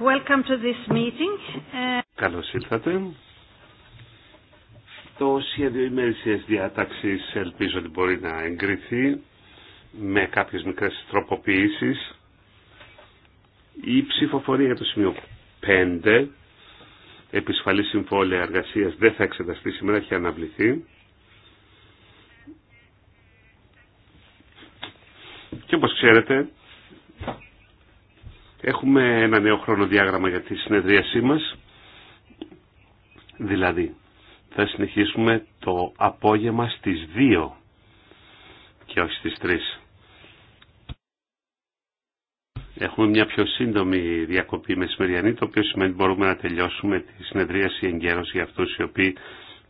Welcome to this meeting. Καλώς ήρθατε. Το σχέδιο ημέρησης διάταξης ελπίζω ότι μπορεί να εγκριθεί με κάποιες μικρές τροποποιήσεις. Η ψηφοφορία για το σημείο 5, επισφαλή συμβόλαια εργασίας, δεν θα εξεταστεί σήμερα, έχει αναβληθεί. Και όπως ξέρετε, Έχουμε ένα νέο χρονοδιάγραμμα για τη συνεδρίασή μας. Δηλαδή, θα συνεχίσουμε το απόγευμα στις 2 και όχι στις 3. Έχουμε μια πιο σύντομη διακοπή μεσημεριανή, το οποίο σημαίνει ότι μπορούμε να τελειώσουμε τη συνεδρίαση εγκαίρως για αυτούς οι οποίοι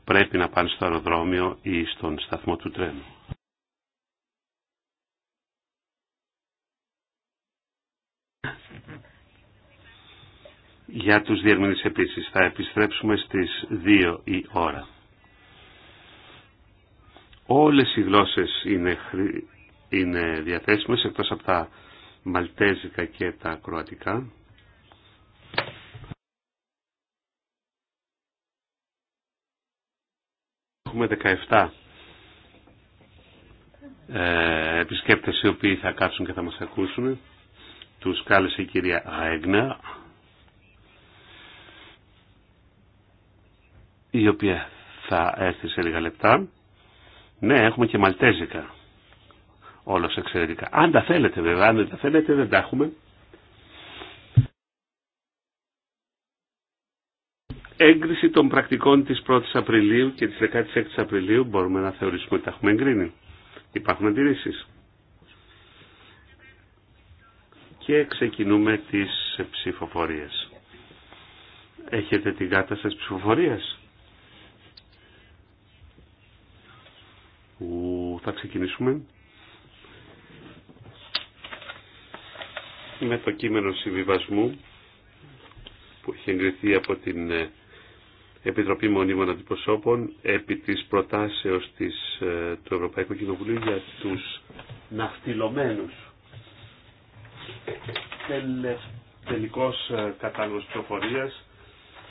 πρέπει να πάνε στο αεροδρόμιο ή στον σταθμό του τρένου. για τους διερμηνείς επίσης. Θα επιστρέψουμε στις 2 η ώρα. Όλες οι γλώσσες είναι, είναι διαθέσιμες εκτός από τα μαλτέζικα και τα κροατικά. Έχουμε 17 ε, επισκέπτες οι οποίοι θα κάψουν και θα μας ακούσουν. Τους κάλεσε η κυρία Αέγνα η οποία θα έρθει σε λίγα λεπτά. Ναι, έχουμε και μαλτέζικα. Όλο εξαιρετικά. Αν τα θέλετε βέβαια, αν δεν τα θέλετε δεν τα έχουμε. Έγκριση των πρακτικών της 1ης Απριλίου και της 16ης Απριλίου μπορούμε να θεωρήσουμε ότι τα έχουμε εγκρίνει. Υπάρχουν αντιρρήσεις. Και ξεκινούμε τις ψηφοφορίες. Έχετε την κάρτα σας ψηφοφορίας. που θα ξεκινήσουμε με το κείμενο συμβιβασμού που έχει εγκριθεί από την ε, Επιτροπή Μονίμων Αντιπροσώπων επί της προτάσεως της, ε, του Ευρωπαϊκού Κοινοβουλίου για τους ναυτιλωμένους. Τελικός ε, κατάλογος προφορίας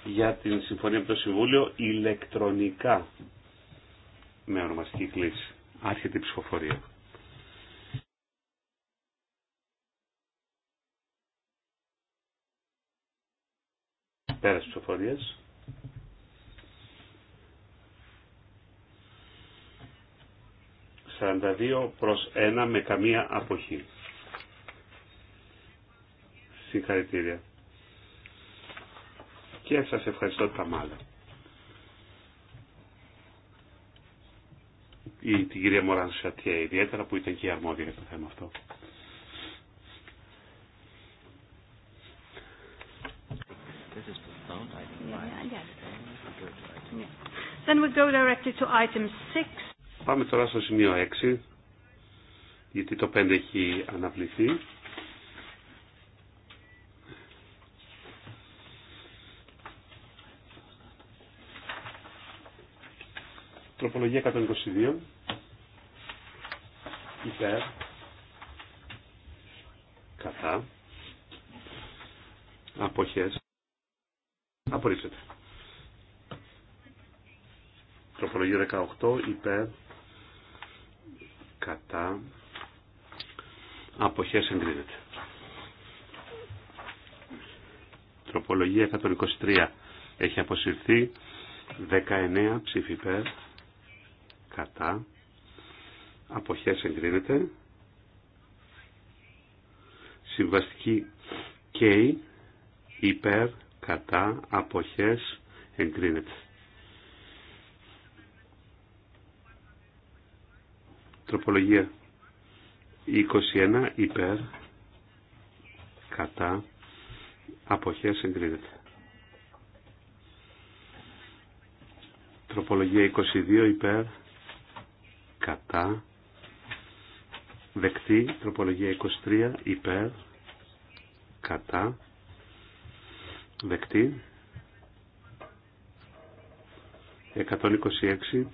για την συμφωνία με το Συμβούλιο ηλεκτρονικά με ονομαστική κλίση. Άρχεται η ψηφοφορία. Πέρα ψηφοφορίας. «42 προς 1 με καμία αποχή». Συγχαρητήρια. Και σας ευχαριστώ τα μάλλον. ή την κυρία Μωράν Σατιέ ιδιαίτερα που ήταν και η αρμόδια για το θέμα αυτό. Πάμε τώρα στο σημείο 6, γιατί το 5 έχει αναβληθεί. Τροπολογία 122. Υπέρ. Κατά. Αποχές. Απορρίψετε. Τροπολογία 18. Υπέρ. Κατά. Αποχές εγκρίνεται. Τροπολογία 123 έχει αποσυρθεί. 19 ψήφι υπέρ κατά αποχές εγκρίνεται συμβαστική K υπέρ κατά αποχές εγκρίνεται τροπολογία 21 υπέρ κατά αποχές εγκρίνεται τροπολογία 22 υπέρ κατά δεκτή τροπολογία 23 υπέρ κατά δεκτή 126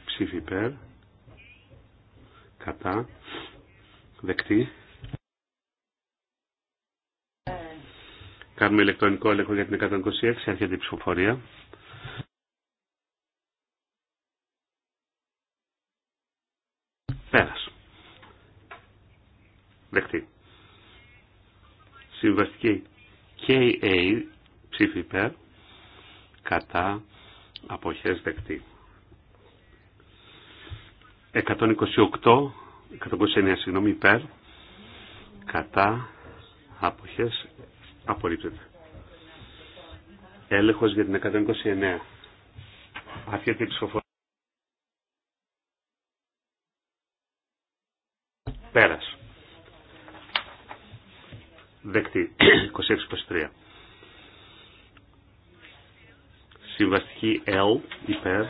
ψήφι υπέρ κατά δεκτή Κάνουμε ηλεκτρονικό έλεγχο για την 126, έρχεται η ψηφοφορία. Δεκτή. Συμβαστική KA ψήφι υπέρ κατά αποχές δεκτή. 128, 129 συγγνώμη υπέρ κατά αποχές απορρίπτεται. Έλεγχος για την 129. Αρχιέται η ψηφοφορία. Πέρασε δεκτή. 26-23. Συμβαστική L υπέρ.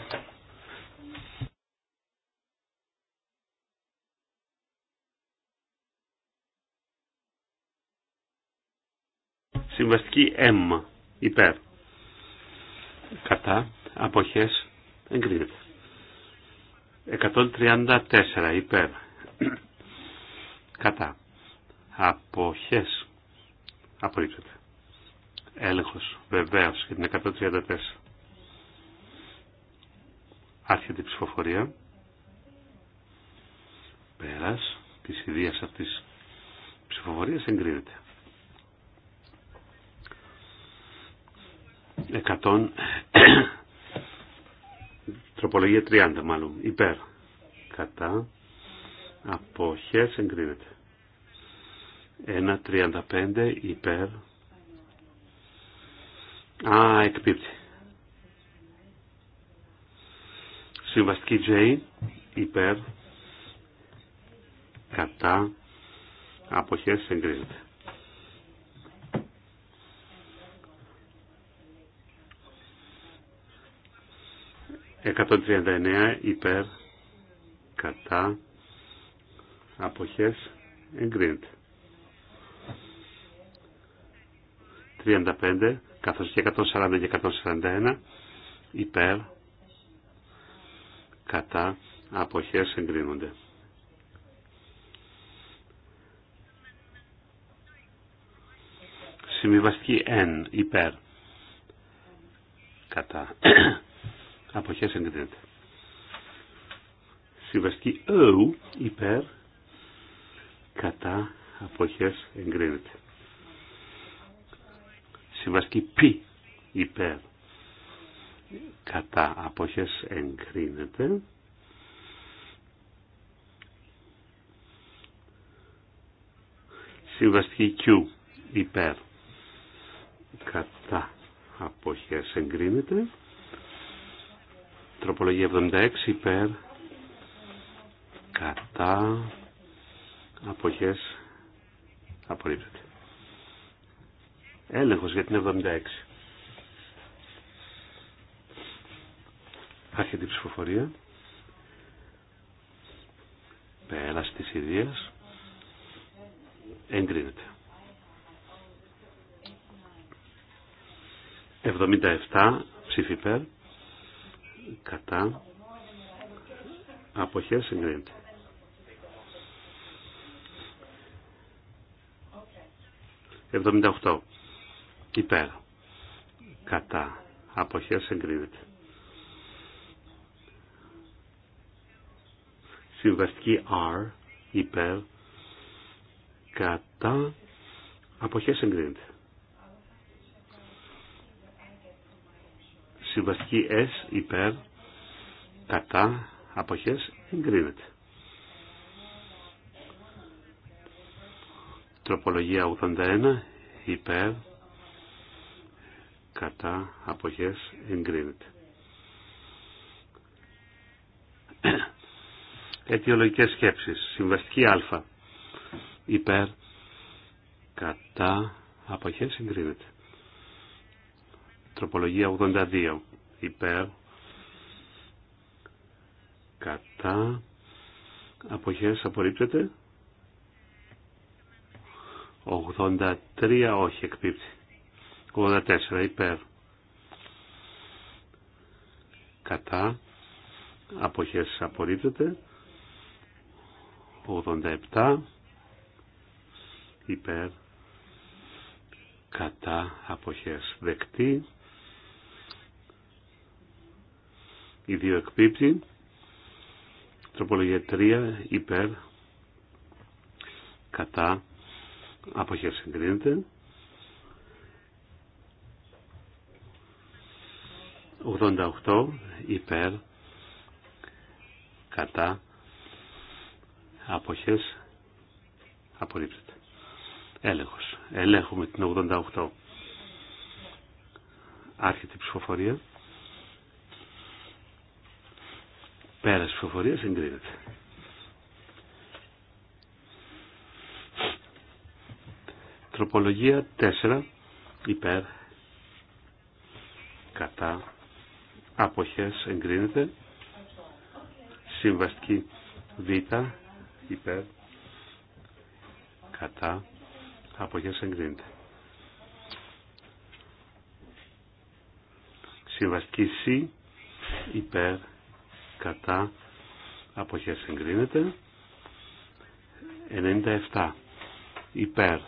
Συμβαστική M υπέρ. Κατά αποχές εγκρίνεται. 134 υπέρ. Κατά αποχές Απορρίπτεται. Έλεγχος. Βεβαίως. Για την 134. Άρχεται η ψηφοφορία. Πέρας της ιδίας αυτής ψηφοφορίας εγκρίνεται. 100 τροπολογία 30 μάλλον υπέρ κατά αποχές εγκρίνεται 1.35 υπέρ. Α, εκπίπτει. Συμβαστική J υπέρ. Κατά. Αποχές εγκρίνεται. Εκατόν υπέρ κατά αποχές εγκρίνεται. 25, καθώς και 140 και 141 υπέρ κατά αποχές εγκρίνονται. Συμβιβαστική N υπέρ κατά αποχές εγκρίνεται. Συμβιβαστική O υπέρ κατά αποχές εγκρίνεται. Συμβαστική πι υπέρ κατά αποχές εγκρίνεται. Συμβαστική Q υπέρ κατά αποχές εγκρίνεται. Τροπολογία 76 υπέρ κατά αποχές απορρίπτεται. Έλεγχος για την 76. Άρχεται η ψηφοφορία. Πέρας της ιδίας. Εγκρίνεται. 77 ψήφι υπέρ. Κατά. Αποχές εγκρίνεται. Okay. 78 υπέρ κατά αποχές εγκρίνεται. Συμβαστική R υπέρ κατά αποχές εγκρίνεται. Συμβαστική S υπέρ κατά αποχές εγκρίνεται. Τροπολογία 81 υπέρ κατά αποχές εγκρίνεται. Αιτιολογικές σκέψεις. Συμβαστική α. Υπέρ κατά αποχές εγκρίνεται. Τροπολογία 82. Υπέρ κατά αποχές απορρίπτεται. 83 όχι εκπίπτει. 84 υπέρ κατά αποχές απορρίπτεται 87 υπέρ κατά αποχές δεκτή οι δύο εκπίπτει τροπολογία 3 υπέρ κατά αποχές εγκρίνεται 88 υπέρ κατά αποχές απορρίπτεται. Έλεγχος. Ελέγχουμε την 88. Άρχεται η ψηφοφορία. Πέρας ψηφοφορία συγκρίνεται. Τροπολογία 4 υπέρ κατά αποχές εγκρίνεται. Συμβαστική Β υπέρ κατά αποχές εγκρίνεται. Συμβαστική Σ υπέρ κατά αποχές εγκρίνεται. 97 υπέρ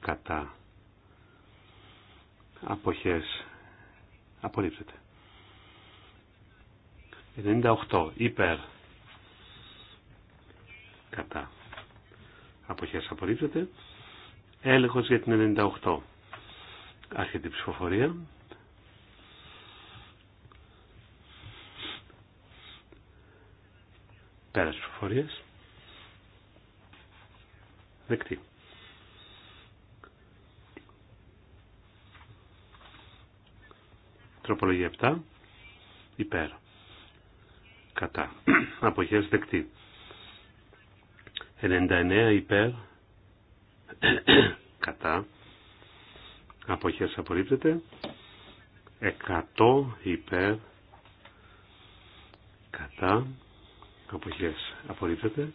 κατά αποχές Απορρίπτεται. 98. Υπέρ. Κατά. Αποχές απορρίπτεται. Έλεγχος για την 98. Άρχεται η ψηφοφορία. Πέρας ψηφοφορίας. Δεκτή. Τροπολογία 7. Υπέρ. Κατά. Αποχές δεκτή. 99 υπέρ. Κατά. Αποχές απορρίπτεται. 100 υπέρ. Κατά. Αποχές απορρίπτεται.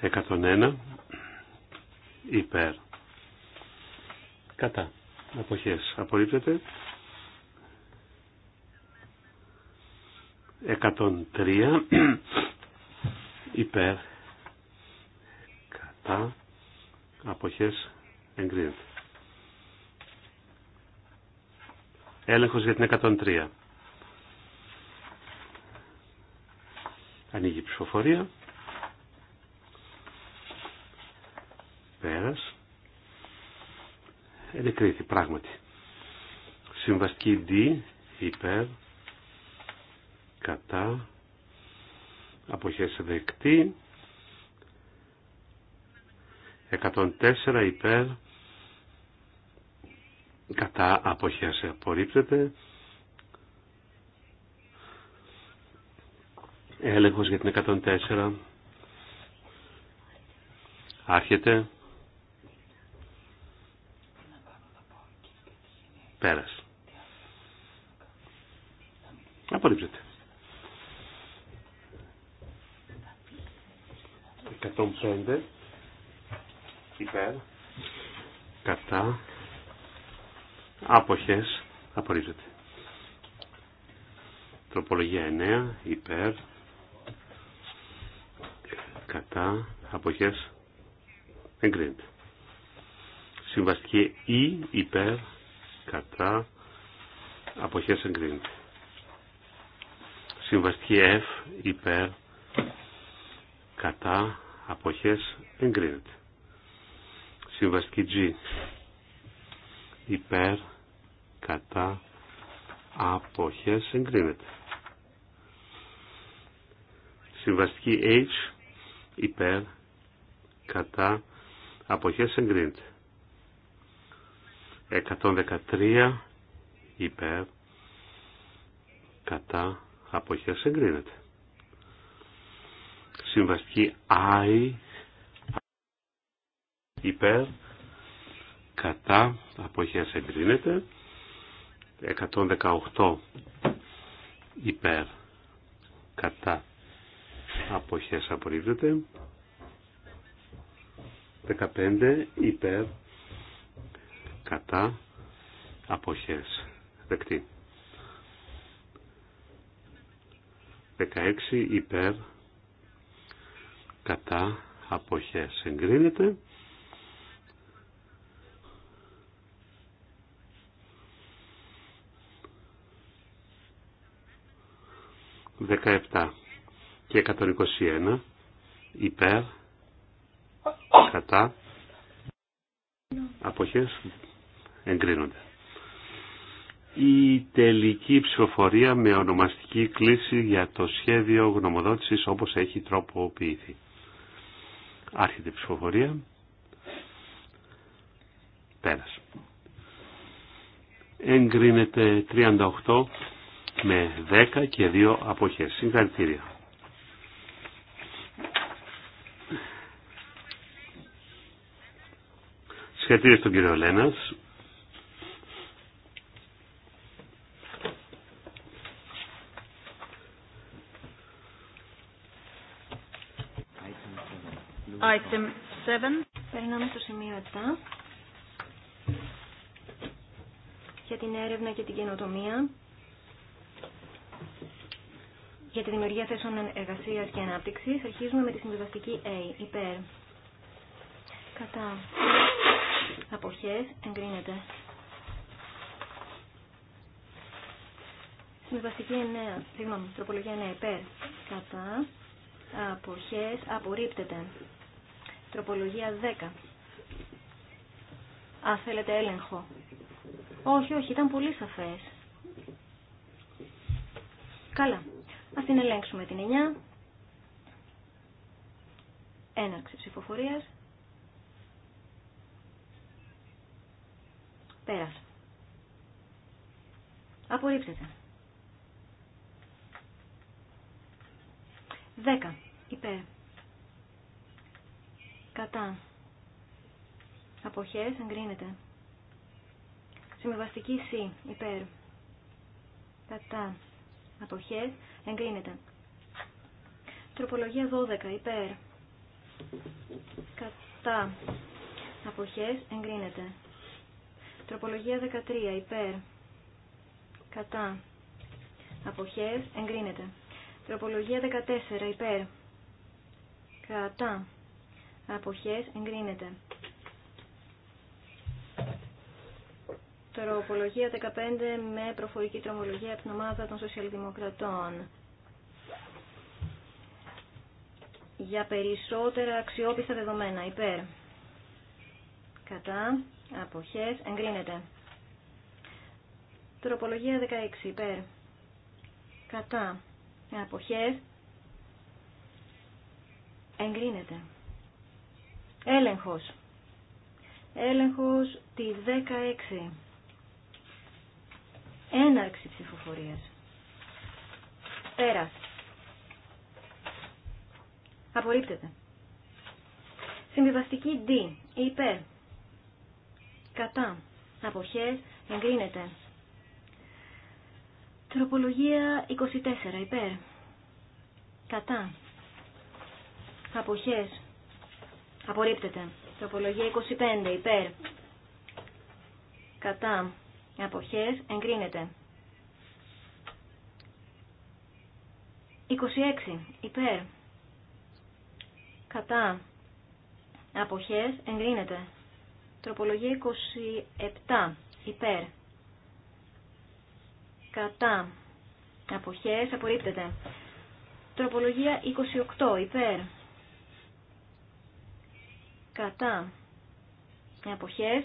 101 υπέρ. Κατά. Αποχές απορρίπτεται. 103 υπέρ κατά αποχές εγκρίνεται. Έλεγχος για την 103. Ανοίγει η ψηφοφορία. Πέρας. Ενεκρίθη πράγματι. Συμβαστική D υπέρ κατά αποχές δεκτή 104 υπέρ κατά αποχές απορρίπτεται έλεγχος για την 104 άρχεται πέρασε, απορρίπτεται 105 υπέρ κατά άποχες απορρίζεται. Τροπολογία 9 υπέρ κατά αποχές εγκρίνεται. Συμβαστική ή υπέρ κατά αποχές εγκρίνεται. Συμβαστική F υπέρ κατά αποχές εγκρίνεται. Συμβαστική G υπέρ κατά αποχές εγκρίνεται. Συμβαστική H υπέρ κατά αποχές εγκρίνεται. 113 υπέρ κατά αποχές εγκρίνεται. Συμβαστική I υπέρ κατά αποχές εγκρίνεται 118 υπέρ κατά αποχές απορρίπτεται 15 υπέρ κατά αποχές δεκτή 16 υπέρ κατά αποχές εγκρίνεται. 17 και 121 υπέρ κατά αποχές εγκρίνονται. Η τελική ψηφοφορία με ονομαστική κλίση για το σχέδιο γνωμοδότησης όπως έχει τροποποιηθεί. Άρχεται η ψηφοφορία. Πέρασε. Εγκρίνεται 38 με 10 και 2 αποχές. Συγχαρητήρια. Συγχαρητήρια στον κύριο Λένας. item 7. Περνάμε στο σημείο 7 για την έρευνα και την καινοτομία για τη δημιουργία θέσεων εργασία και ανάπτυξη. Αρχίζουμε με τη συμβιβαστική A, υπέρ. Κατά Αποχέ. εγκρίνεται. Συμβιβαστική 9, συγγνώμη, τροπολογία 9, υπέρ. Κατά Αποχέ. απορρίπτεται. Τροπολογία 10. Αν θέλετε έλεγχο. Όχι, όχι, ήταν πολύ σαφές. Καλά. Ας την ελέγξουμε την 9. Έναρξη ψηφοφορίας. Πέρασε. Απορρίψετε. 10. Υπέρ. Κατά. Αποχές εγκρίνεται. Συμβαστική C. Υπέρ. Κατά. Αποχές εγκρίνεται. Τροπολογία 12. Υπέρ. Κατά. Αποχές εγκρίνεται. Τροπολογία 13. Υπέρ. Κατά. Αποχές εγκρίνεται. Τροπολογία 14. Υπέρ. Κατά αποχές εγκρίνεται. Τροπολογία 15 με προφορική τρομολογία από την ομάδα των Σοσιαλδημοκρατών. Για περισσότερα αξιόπιστα δεδομένα. Υπέρ. Κατά. Αποχές. Εγκρίνεται. Τροπολογία 16. Υπέρ. Κατά. Αποχές. Εγκρίνεται. Έλεγχος. Έλεγχος τη 16. Έναρξη ψηφοφορίας. Πέρας. Απορρίπτεται. Συμβιβαστική D. Υπέρ. Κατά. Αποχές. Εγκρίνεται. Τροπολογία 24. Υπέρ. Κατά. Αποχές. Απορρίπτεται. Τροπολογία 25. Υπέρ. Κατά. Αποχές. Εγκρίνεται. 26. Υπέρ. Κατά. Αποχές. Εγκρίνεται. Τροπολογία 27. Υπέρ. Κατά. Αποχές. Απορρίπτεται. Τροπολογία 28. Υπέρ κατά εποχές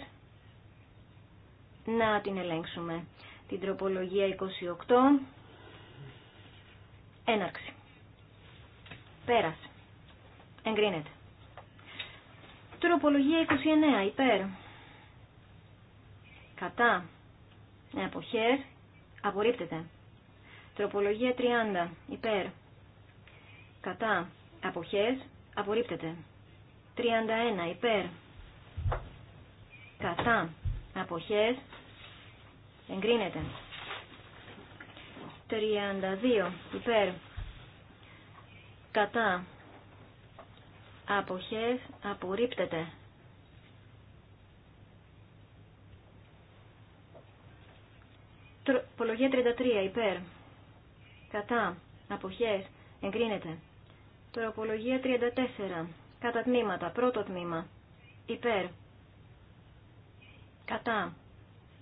να την ελέγξουμε. Την τροπολογία 28 έναρξη. Πέρασε. Εγκρίνεται. Τροπολογία 29 υπέρ κατά εποχές, απορρίπτεται. Τροπολογία 30 υπέρ κατά εποχές, απορρίπτεται. 31 υπέρ κατά αποχές εγκρίνεται 32 υπέρ κατά αποχές απορρίπτεται 33 υπέρ κατά αποχές εγκρίνεται Τροπολογία 34 Κατά τμήματα. Πρώτο τμήμα. Υπέρ. Κατά.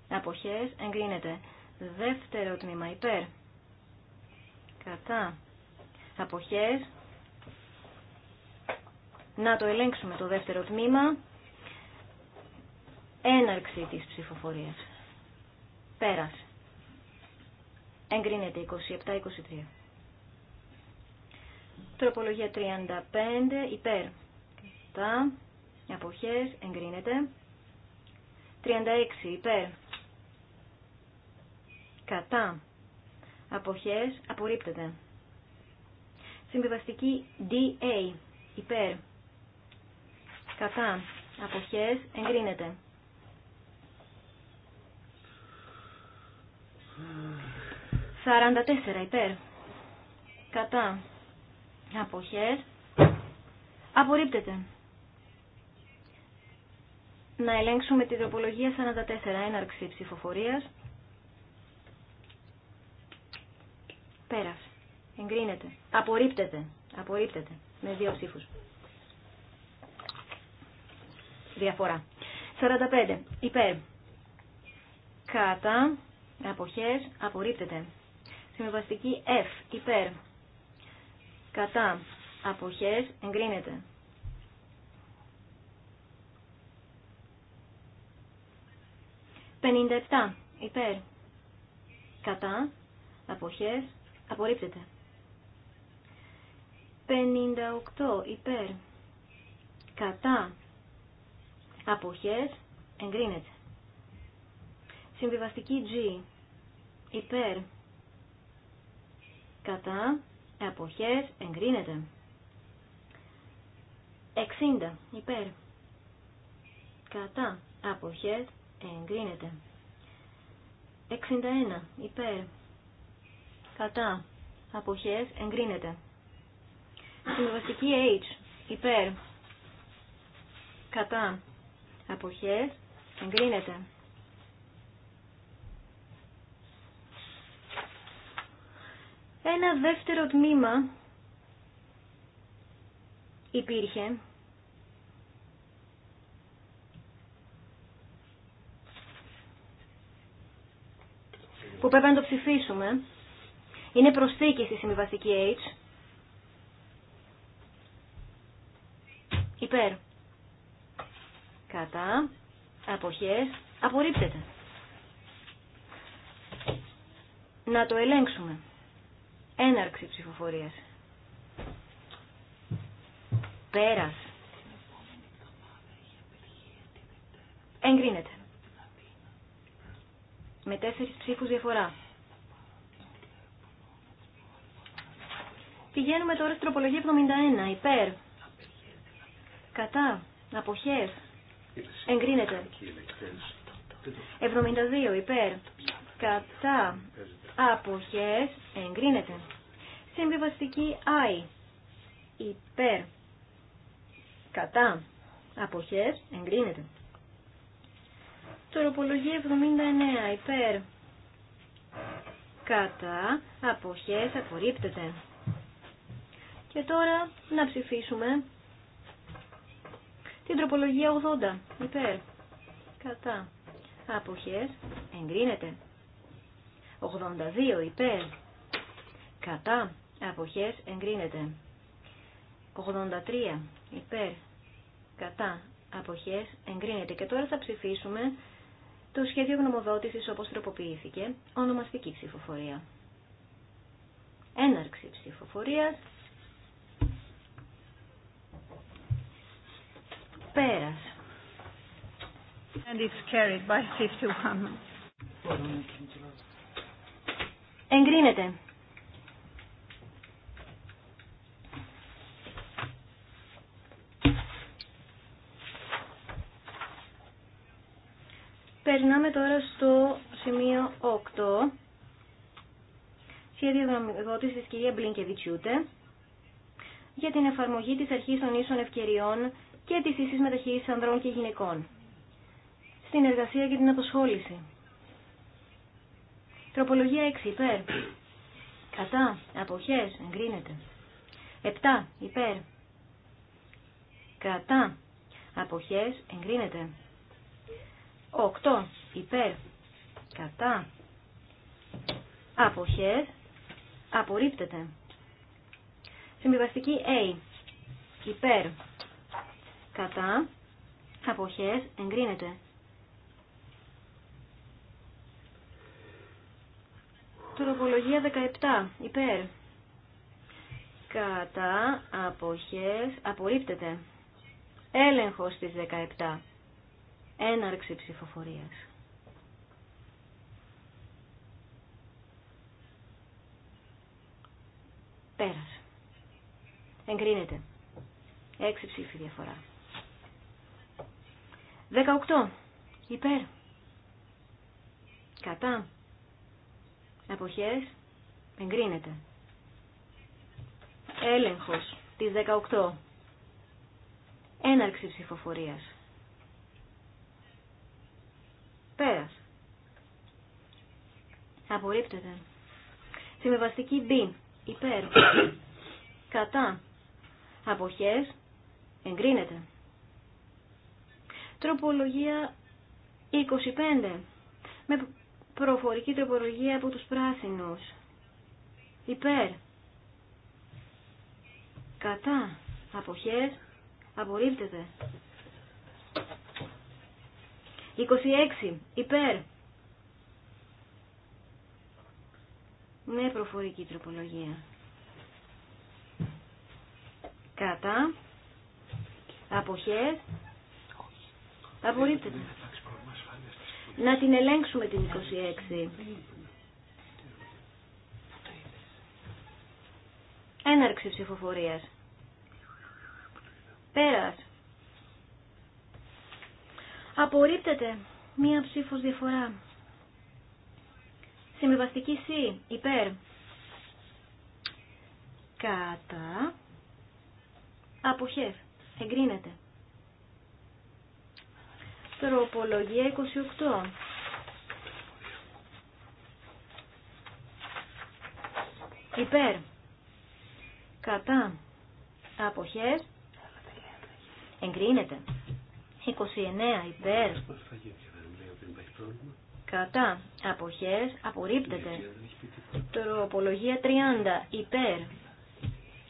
Αποχές. Εγκρίνεται. Δεύτερο τμήμα. Υπέρ. Κατά. Αποχές. Να το ελέγξουμε το δεύτερο τμήμα. Έναρξη της ψηφοφοριας περας Πέρασε. Εγκρίνεται 27-23. Τροπολογία 35 υπέρ κατά, αποχές, εγκρίνεται. 36 υπέρ, κατά, αποχές, απορρίπτεται. Συμβιβαστική DA, υπέρ, κατά, αποχές, εγκρίνεται. 44 τέσσερα υπέρ. Κατά. Αποχές. Απορρίπτεται να ελέγξουμε τη τροπολογία 44, έναρξη ψηφοφορίας. Πέρασε. Εγκρίνεται. Απορρίπτεται. Απορρίπτεται. Με δύο ψήφους. Διαφορά. 45. Υπέρ. Κάτα. Αποχές. Απορρίπτεται. Συμβαστική F. Υπέρ. Κατά. Αποχές. Εγκρίνεται. 57 υπέρ κατά αποχές απορρίπτεται. 58 υπέρ κατά αποχές εγκρίνεται. Συμβιβαστική G υπέρ κατά αποχές εγκρίνεται. 60 υπέρ κατά αποχές εγκρίνεται. 61 υπέρ κατά αποχές εγκρίνεται. Συμβαστική H υπέρ κατά αποχές εγκρίνεται. Ένα δεύτερο τμήμα υπήρχε που πρέπει να το ψηφίσουμε. Είναι προσθήκη στη συμβιβαστική H. Υπέρ. Κατά. Αποχές. Απορρίπτεται. Να το ελέγξουμε. Έναρξη ψηφοφορίας. Πέρας. Εγκρίνεται με τέσσερις ψήφους διαφορά. Πηγαίνουμε τώρα στην τροπολογία 71. Υπέρ. Κατά. Αποχές. Εγκρίνεται. 72. Υπέρ. Κατά. Αποχές. Εγκρίνεται. Συμβιβαστική I. Υπέρ. Κατά. Αποχές. Εγκρίνεται. Τροπολογία 79 υπέρ κατά αποχές απορρίπτεται. Και τώρα να ψηφίσουμε την τροπολογία 80 υπέρ κατά αποχές εγκρίνεται. 82 υπέρ κατά αποχές εγκρίνεται. 83 υπέρ κατά αποχές εγκρίνεται. Και τώρα θα ψηφίσουμε το σχέδιο γνωμοδότησης όπως τροποποιήθηκε, ονομαστική ψηφοφορία. Έναρξη ψηφοφορία. Πέρας. And it's carried by 51. Εγκρίνεται. Περνάμε τώρα στο σημείο 8. Σχέδιο δρομηγότηση τη κυρία Μπλίνκεβιτσιούτε για την εφαρμογή τη αρχή των ίσων ευκαιριών και τη ίση μεταχείριση ανδρών και γυναικών στην εργασία και την αποσχόληση. Τροπολογία 6 υπέρ. Κατά. αποχέ, Εγκρίνεται. 7 υπέρ. Κατά. απόχέ, Εγκρίνεται. 8 υπέρ κατά αποχές απορρίπτεται. Συμβιβαστική A υπέρ κατά αποχές εγκρίνεται. Τροπολογία 17 υπέρ κατά αποχές απορρίπτεται. Έλεγχος της 17 έναρξη ψηφοφορίας. Πέρασε. Εγκρίνεται. Έξι ψήφι διαφορά. 18. Υπέρ. Κατά. Εποχές. Εγκρίνεται. Έλεγχος Τις 18. Έναρξη ψηφοφορίας. Πέρας. Απορρίπτεται. Συμβεβαστική B. Υπέρ. Κατά. Αποχές. Εγκρίνεται. Τροπολογία 25. Με προφορική τροπολογία από τους πράσινους. Υπέρ. Κατά. Αποχές. Απορρίπτεται. 26 υπέρ. Με προφορική τροπολογία. Κατά. Αποχές. Απορρίπτεται. Να την ελέγξουμε την 26. Έναρξη ψηφοφορίας. Πέρας. Απορρίπτεται. Μία ψήφος διαφορά. Συμβιβαστική C. Υπέρ. Κατά. αποχεύ. Εγκρίνεται. Τροπολογία 28. Υπέρ. Κατά. Αποχές. Εγκρίνεται. 29 υπέρ. Κατά αποχές απορρίπτεται. Τροπολογία 30 υπέρ.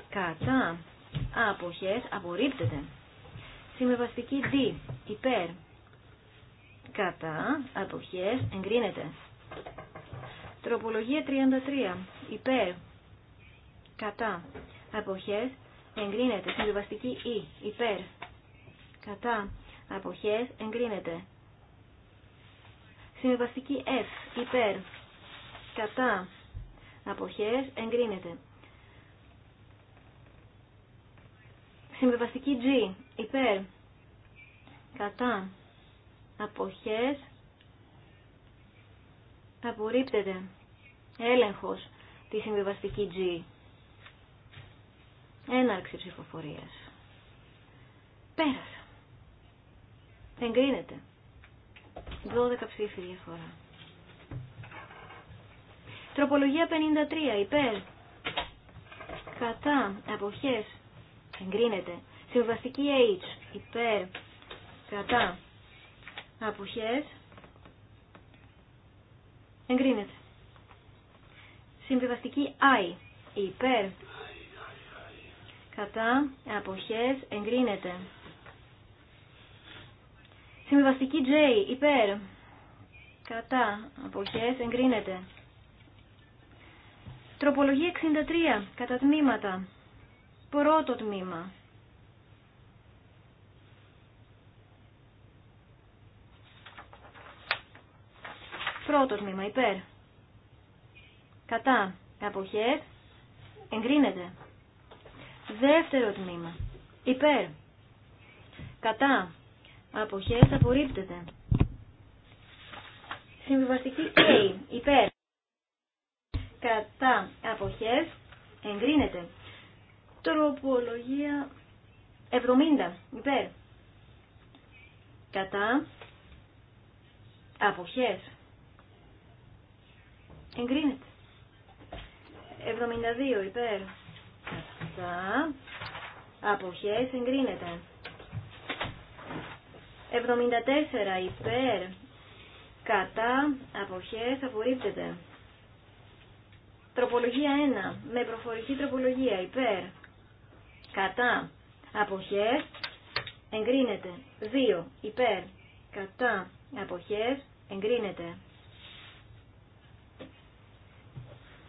Κατά αποχές απορρίπτεται. Συμβεβαστική D υπέρ. Κατά αποχές εγκρίνεται. Τροπολογία 33 υπέρ. Κατά αποχές εγκρίνεται. Συμβεβαστική E υπέρ. Κατά αποχές εγκρίνεται. Συμβαστική F υπέρ κατά αποχές εγκρίνεται. Συμβιβαστική G υπέρ κατά αποχές απορρίπτεται έλεγχος τη συμβιβαστική G έναρξη ψηφοφορίας πέρασε Εγκρίνεται. 12 ψήφοι διαφορά. Τροπολογία 53. Υπέρ. Κατά. Αποχές. Εγκρίνεται. Συμβαστική H. Υπέρ. Κατά. Αποχές. Εγκρίνεται. Συμβιβαστική I. Υπέρ. Κατά. Αποχές. Εγκρίνεται. Συμβιβαστική J, υπέρ. Κατά. Αποχές εγκρίνεται. Τροπολογία 63, κατά τμήματα. Πρώτο τμήμα. Πρώτο τμήμα, υπέρ. Κατά. Αποχές εγκρίνεται. Δεύτερο τμήμα. Υπέρ. Κατά αποχές απορρίπτεται. Συμβιβαστική A υπέρ κατά αποχές εγκρίνεται. Τροπολογία 70 υπέρ κατά αποχές εγκρίνεται. 72 υπέρ κατά αποχές εγκρίνεται. 74 υπέρ κατά αποχές απορρίπτεται. Τροπολογία 1 με προφορική τροπολογία υπέρ κατά αποχές εγκρίνεται. 2 υπέρ κατά αποχές εγκρίνεται.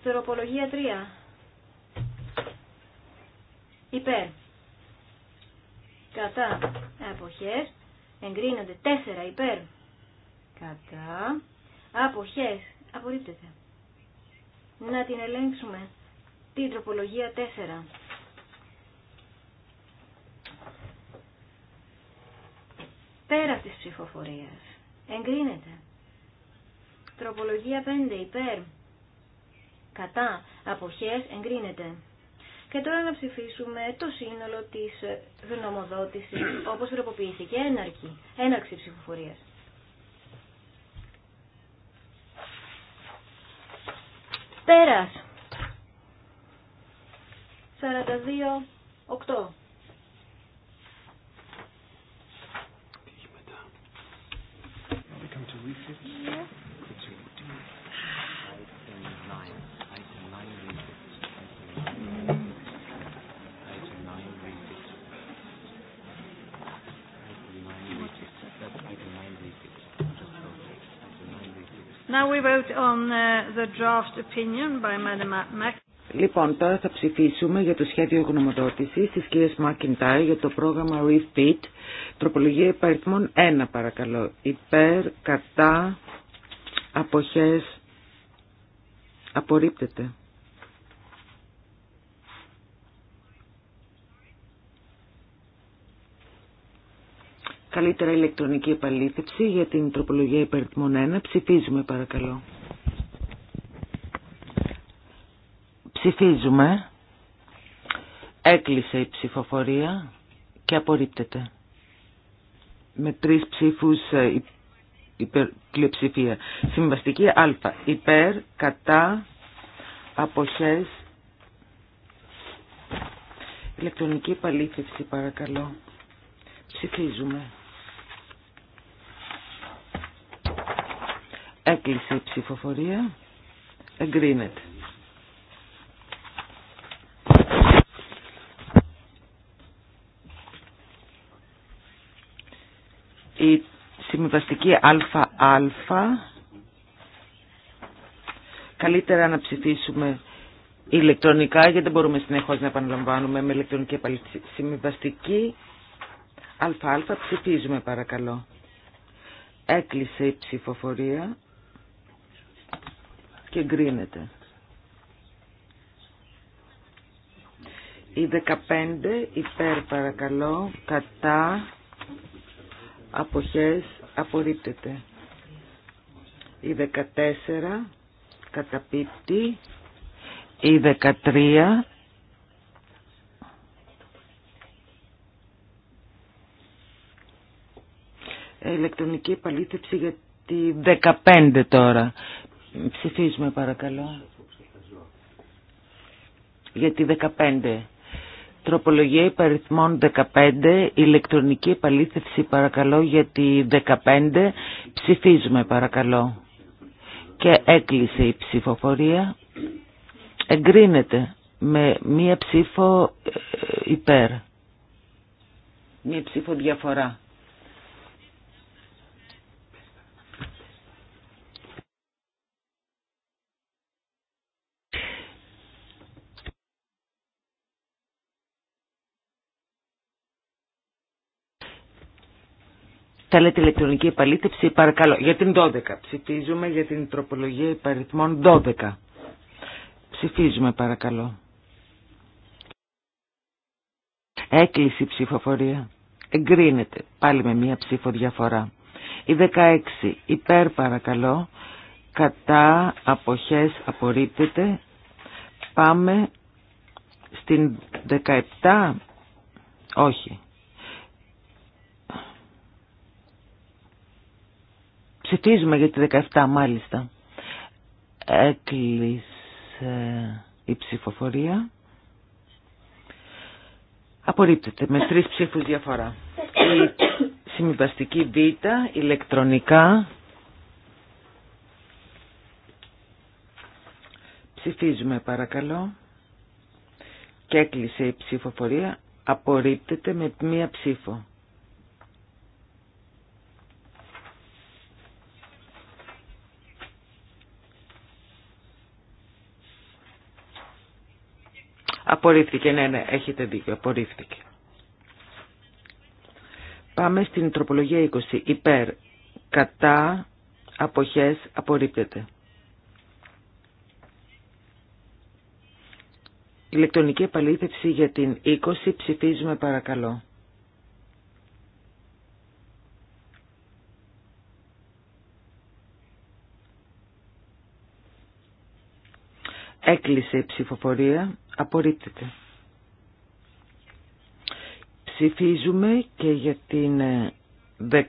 Τροπολογία 3 υπέρ κατά αποχές εγκρίνονται τέσσερα υπέρ κατά αποχές απορρίπτεται. Να την ελέγξουμε την τροπολογία τέσσερα. Πέρα της ψηφοφορίας. Εγκρίνεται. Τροπολογία πέντε υπέρ. Κατά. Αποχές εγκρίνεται. Και τώρα να ψηφίσουμε το σύνολο τη γνωμοδότησης, όπως τροποποιήθηκε, έναρκη, έναρξη ψηφοφορίας. Πέρας. 42-8. Yeah. we vote on uh, the draft opinion by Madam Λοιπόν, τώρα θα ψηφίσουμε για το σχέδιο γνωμοδότησης της κυρίας Μάκιντάι για το πρόγραμμα ReFit, τροπολογία υπαριθμών 1 παρακαλώ, υπέρ, κατά, αποχές, απορρίπτεται. καλύτερα ηλεκτρονική επαλήθευση για την τροπολογία υπερτιμών 1. Ψηφίζουμε παρακαλώ. Ψηφίζουμε. Έκλεισε η ψηφοφορία και απορρίπτεται. Με τρεις ψήφους ε, υπερ, Συμβαστική α. Υπέρ, κατά, αποχές. Ηλεκτρονική επαλήθευση παρακαλώ. Ψηφίζουμε. Έκλεισε η ψηφοφορία. Εγκρίνεται. Η συμβιβαστική ΑΑ καλύτερα να ψηφίσουμε ηλεκτρονικά γιατί δεν μπορούμε συνεχώ να επαναλαμβάνουμε με ηλεκτρονική επαλήθεια. Συμβαστική ΑΑ ψηφίζουμε παρακαλώ. Έκλεισε η ψηφοφορία και γκρίνεται. Η 15 υπέρ παρακαλώ, κατά, αποχές, απορρίπτεται. Η 14 καταπίπτει. Η 13 ηλεκτρονική επαλήθευση για τη 15 τώρα. Ψηφίζουμε παρακαλώ. Γιατί 15. Τροπολογία υπαριθμών 15. Ηλεκτρονική επαλήθευση παρακαλώ για τη 15. Ψηφίζουμε παρακαλώ. Και έκλεισε η ψηφοφορία. Εγκρίνεται με μία ψήφο ε, υπέρ. Μία ψήφο διαφορά. Θέλετε ηλεκτρονική επαλήθευση, παρακαλώ. Για την 12. Ψηφίζουμε για την τροπολογία υπαριθμών 12. Ψηφίζουμε, παρακαλώ. Έκλεισε η ψηφοφορία. Εγκρίνεται. Πάλι με μία ψήφο διαφορά. Η 16. Υπέρ, παρακαλώ. Κατά αποχές απορρίπτεται. Πάμε στην 17. Όχι. Ψηφίζουμε για τη 17 μάλιστα. Έκλεισε η ψηφοφορία. Απορρίπτεται με τρεις ψήφους διαφορά. Η συμβιβαστική Β ηλεκτρονικά Ψηφίζουμε παρακαλώ. Και έκλεισε η ψηφοφορία. Απορρίπτεται με μία ψήφο. Απορρίφθηκε, ναι, ναι, έχετε δίκιο, απορρίφθηκε. Πάμε στην τροπολογία 20. Υπέρ, κατά, αποχές, απορρίπτεται. Ηλεκτρονική επαλήθευση για την 20 ψηφίζουμε παρακαλώ. Έκλεισε η ψηφοφορία. Απορρίπτεται. Ψηφίζουμε και για την 18. Ε,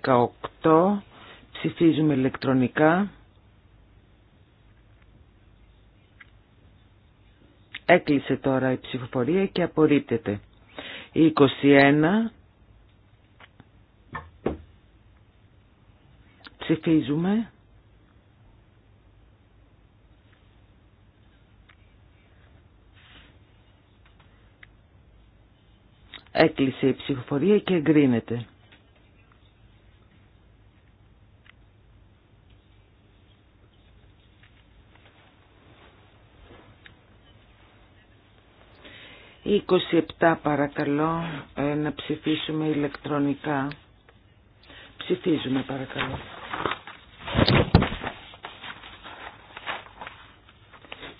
ψηφίζουμε ηλεκτρονικά. Έκλεισε τώρα η ψηφοφορία και απορρίπτεται. Η 21 ψηφίζουμε. Έκλεισε η ψηφοφορία και εγκρίνεται. 27 παρακαλώ ε, να ψηφίσουμε ηλεκτρονικά. Ψηφίζουμε παρακαλώ.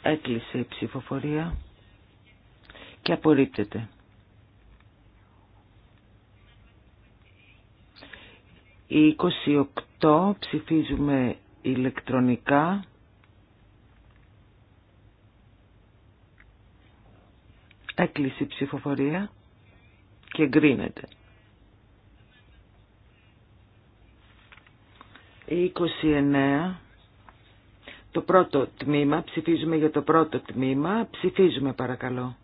Έκλεισε η ψηφοφορία και απορρίπτεται. Η 28 ψηφίζουμε ηλεκτρονικά. Έκλεισε η ψηφοφορία και γκρίνεται. Η 29. Το πρώτο τμήμα, ψηφίζουμε για το πρώτο τμήμα, ψηφίζουμε παρακαλώ.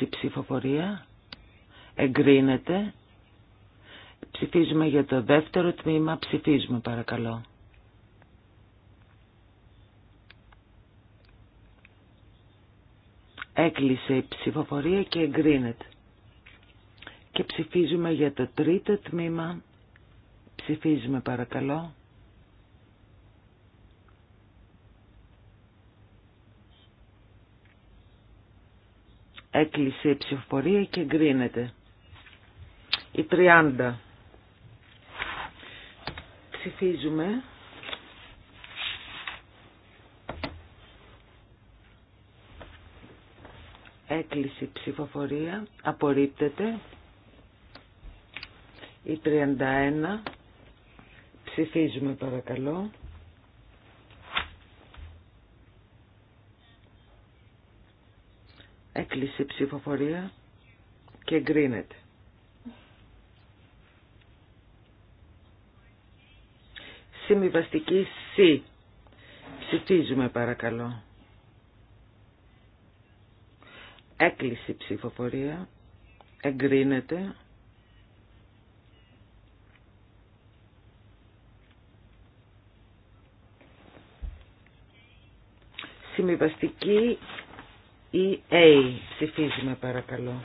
η ψηφοφορία. Εγκρίνεται. Ψηφίζουμε για το δεύτερο τμήμα. Ψηφίζουμε παρακαλώ. Έκλεισε η ψηφοφορία και εγκρίνεται. Και ψηφίζουμε για το τρίτο τμήμα. Ψηφίζουμε παρακαλώ. Έκλεισε η ψηφοφορία και εγκρίνεται. Η 30. Ψηφίζουμε. Έκλεισε η ψηφοφορία. Απορρίπτεται. Η 31. Ψηφίζουμε παρακαλώ. Έκλεισε η ψηφοφορία και εγκρίνεται. Συμβιβαστική C. Ψηφίζουμε παρακαλώ. Έκλεισε η ψηφοφορία. Εγκρίνεται. Συμβιβαστική A Ψηφίζουμε παρακαλώ.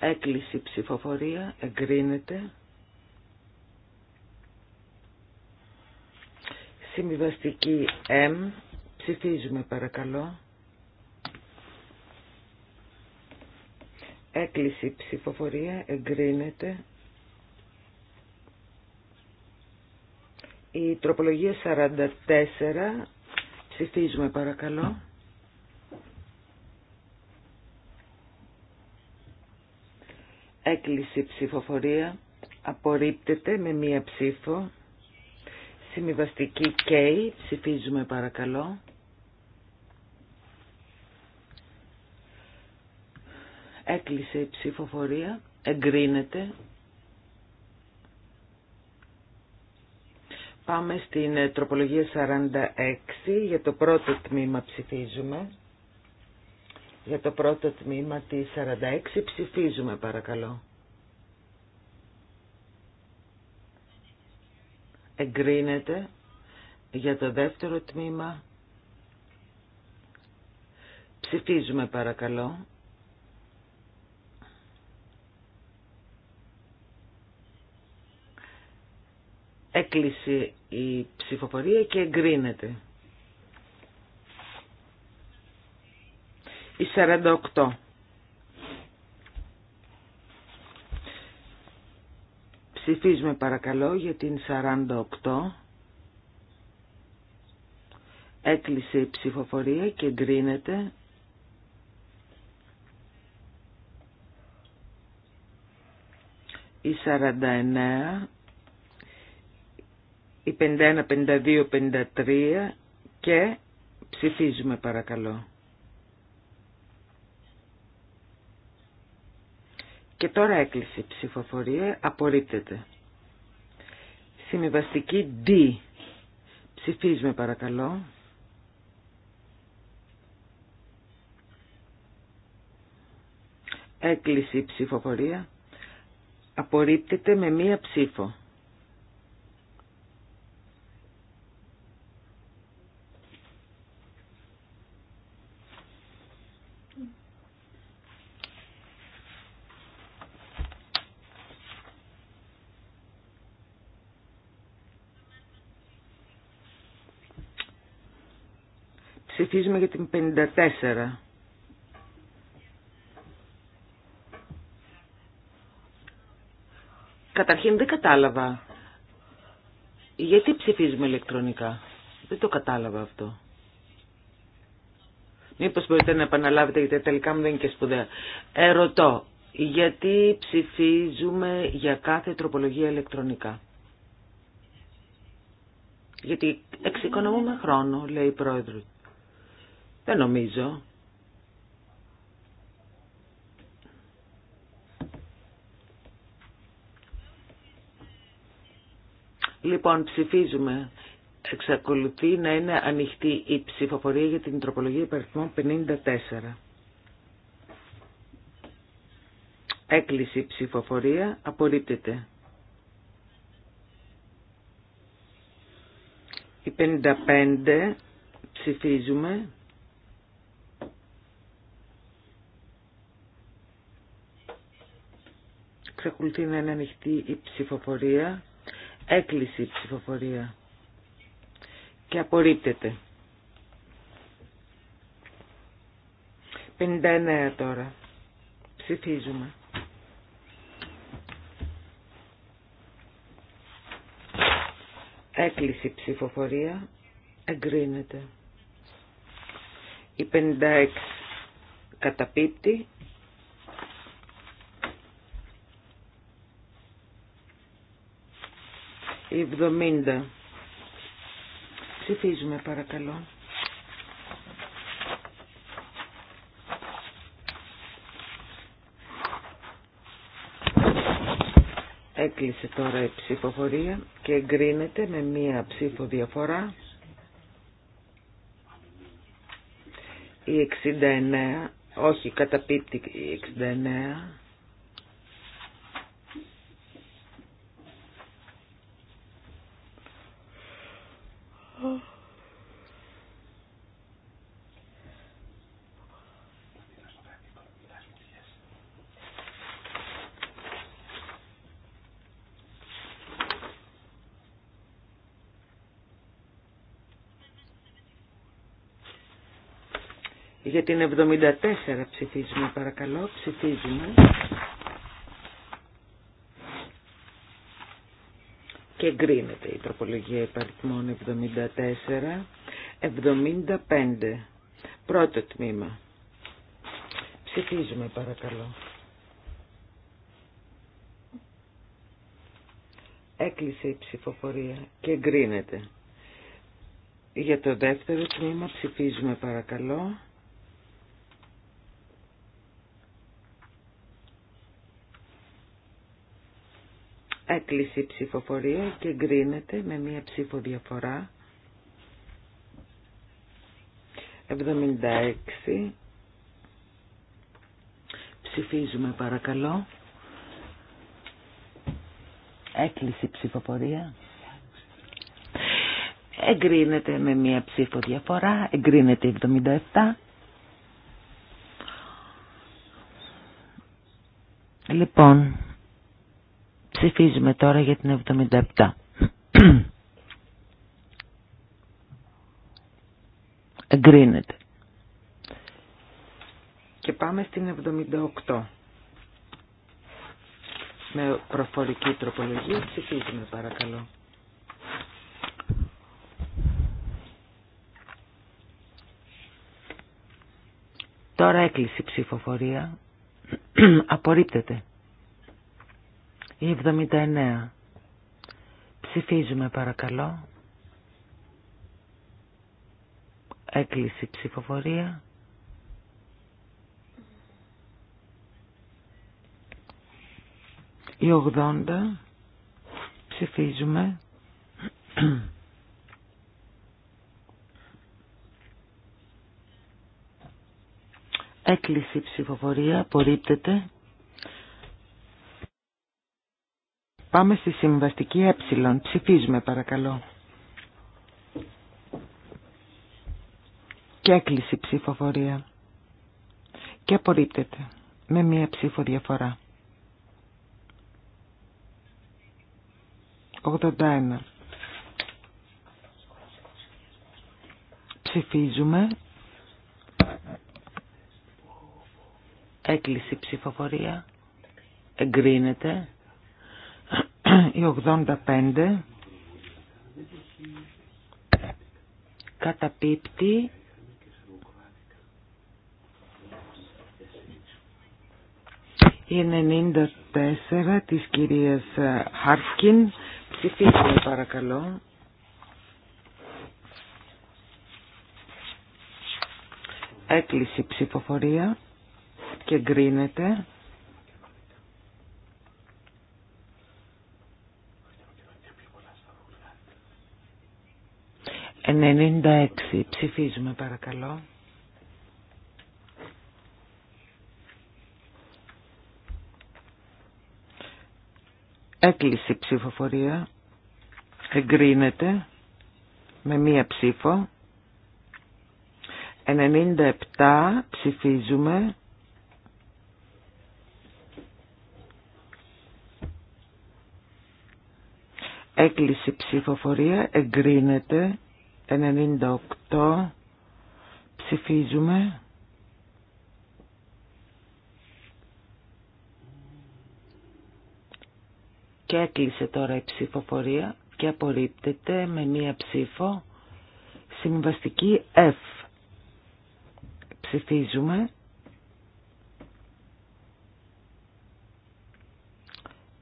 Έκλειση ψηφοφορία. Εγκρίνεται. Συμβιβαστική M. Ψηφίζουμε παρακαλώ. Έκλειση ψηφοφορία. Εγκρίνεται. Η τροπολογία 44. Ψηφίζουμε παρακαλώ. Έκλεισε ψηφοφορία. Απορρίπτεται με μία ψήφο. Συμβιβαστική K. Ψηφίζουμε παρακαλώ. Έκλεισε η ψηφοφορία. Εγκρίνεται. Πάμε στην ε, τροπολογία 46. Για το πρώτο τμήμα ψηφίζουμε. Για το πρώτο τμήμα τη 46 ψηφίζουμε παρακαλώ. Εγκρίνεται. Για το δεύτερο τμήμα ψηφίζουμε παρακαλώ. Έκλεισε η ψηφοφορία και εγκρίνεται. Η 48. Ψηφίζουμε παρακαλώ για την 48. Έκλεισε η ψηφοφορία και εγκρίνεται. Η 49 η 51, 52, 53 και ψηφίζουμε παρακαλώ. Και τώρα έκλεισε η ψηφοφορία, απορρίπτεται. Συμβιβαστική D. Ψηφίζουμε παρακαλώ. Έκλεισε η ψηφοφορία. Απορρίπτεται με μία ψήφο. Ψηφίζουμε για την 54. Καταρχήν δεν κατάλαβα. Γιατί ψηφίζουμε ηλεκτρονικά. Δεν το κατάλαβα αυτό. Μήπως μπορείτε να επαναλάβετε γιατί τελικά μου δεν είναι και σπουδαία. Ερωτώ. Γιατί ψηφίζουμε για κάθε τροπολογία ηλεκτρονικά. Γιατί εξοικονομούμε χρόνο, λέει η πρόεδρο. Δεν νομίζω. Λοιπόν, ψηφίζουμε. Εξακολουθεί να είναι ανοιχτή η ψηφοφορία για την τροπολογία υπερθυμών 54. Έκλειση ψηφοφορία. Απορρίπτεται. Η 55 ψηφίζουμε. Ξεκολουθεί να είναι ανοιχτή η ψηφοφορία. Έκλεισε η ψηφοφορία. Και απορρίπτεται. 59 τώρα. Ψηφίζουμε. Έκλεισε η ψηφοφορία. Εγκρίνεται. Η 56 καταπίπτει. 70. Ψηφίζουμε παρακαλώ. Έκλεισε τώρα η ψηφοφορία και εγκρίνεται με μία ψήφο διαφορά. Η 69, όχι καταπίπτει η 69. Για την 74 ψηφίζουμε παρακαλώ. Ψηφίζουμε. Και εγκρίνεται η τροπολογία υπαριθμών 74. 75. Πρώτο τμήμα. Ψηφίζουμε παρακαλώ. Έκλεισε η ψηφοφορία και εγκρίνεται. Για το δεύτερο τμήμα ψηφίζουμε παρακαλώ. κλείσει η ψηφοφορία και εγκρίνεται με μία ψήφο διαφορά. 76. Ψηφίζουμε παρακαλώ. Έκλεισε η ψηφοφορία. Εγκρίνεται με μία ψήφο διαφορά. Εγκρίνεται 77. Λοιπόν, Ψηφίζουμε τώρα για την 77. Εγκρίνεται. Και πάμε στην 78. Με προφορική τροπολογία ψηφίζουμε παρακαλώ. Τώρα έκλεισε η ψηφοφορία. Απορρίπτεται. Η 79. Ψηφίζουμε παρακαλώ. Έκλειση ψηφοφορία. Η 80. Ψηφίζουμε. Έκλειση ψηφοφορία. Απορρίπτεται. Πάμε στη συμβαστική ε. Ψηφίζουμε παρακαλώ. Και έκλεισε η ψηφοφορία. Και απορρίπτεται με μία ψήφο διαφορά. 81. Ψηφίζουμε. Έκλεισε η ψηφοφορία. Εγκρίνεται η 85 καταπίπτει η 94 της κυρίας Χάρφκιν ψηφίστε παρακαλώ έκλεισε ψηφοφορία και γκρίνεται 96. Ψηφίζουμε παρακαλώ. Έκλεισε η ψηφοφορία. Εγκρίνεται με μία ψήφο. 97 ψηφίζουμε. Έκλεισε ψηφοφορία. Εγκρίνεται 98 ψηφίζουμε. Και έκλεισε τώρα η ψηφοφορία και απορρίπτεται με μία ψήφο συμβαστική F. Ψηφίζουμε.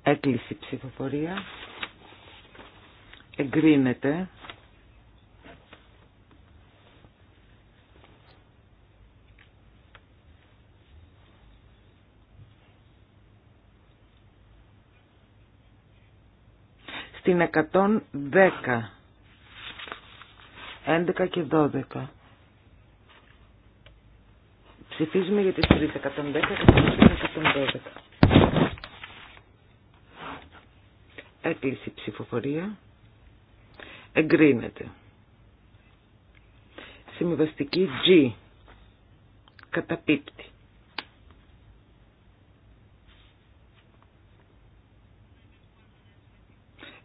Έκλεισε η ψηφοφορία. Εγκρίνεται. την 110. 11 και 12. Ψηφίζουμε για τις 3. 110 και 112. Έκλεισε η ψηφοφορία. Εγκρίνεται. Συμβαστική G. Καταπίπτει.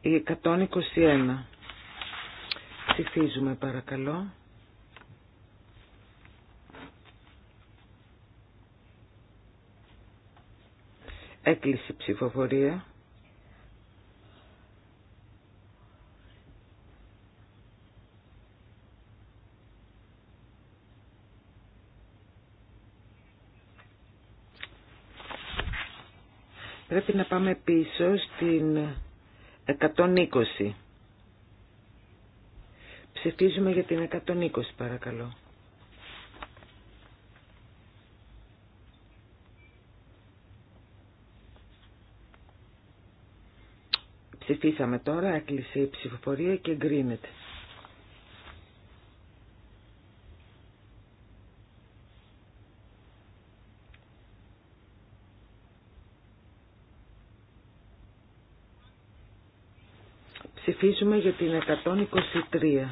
Η 121. Ψηφίζουμε παρακαλώ. Έκλεισε ψηφοφορία. Πρέπει να πάμε πίσω στην 120. Ψηφίζουμε για την 120 παρακαλώ. Ψηφίσαμε τώρα, έκλεισε η ψηφοφορία και εγκρίνεται. ψηφίζουμε για την 123.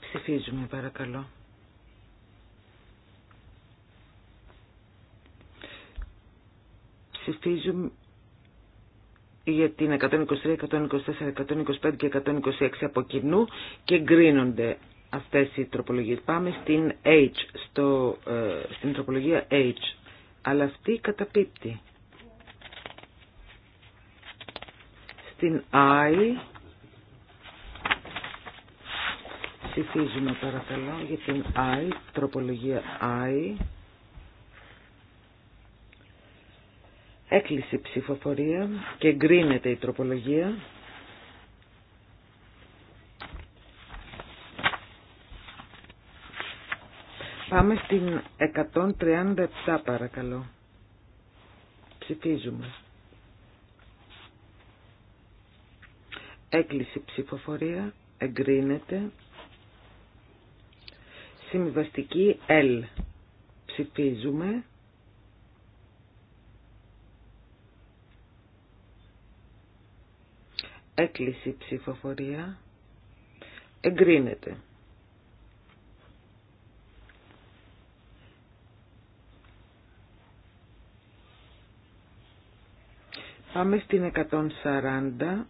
Ψηφίζουμε παρακαλώ. Ψηφίζουμε για την 123, 124, 125 και 126 από κοινού και γκρίνονται αυτές οι τροπολογίες. Πάμε στην H, στο, ε, στην τροπολογία H. Αλλά αυτή καταπίπτει. στην ΆΗ. Ψηφίζουμε παρακαλώ για την ΆΗ, τροπολογία ΆΗ. Έκλεισε ψηφοφορία και εγκρίνεται η τροπολογία. Πάμε στην 137 παρακαλώ. Ψηφίζουμε. Έκλειση ψηφοφορία. Εγκρίνεται. Συμβαστική L. Ψηφίζουμε. Έκλεισε ψηφοφορία. Εγκρίνεται. Πάμε στην 140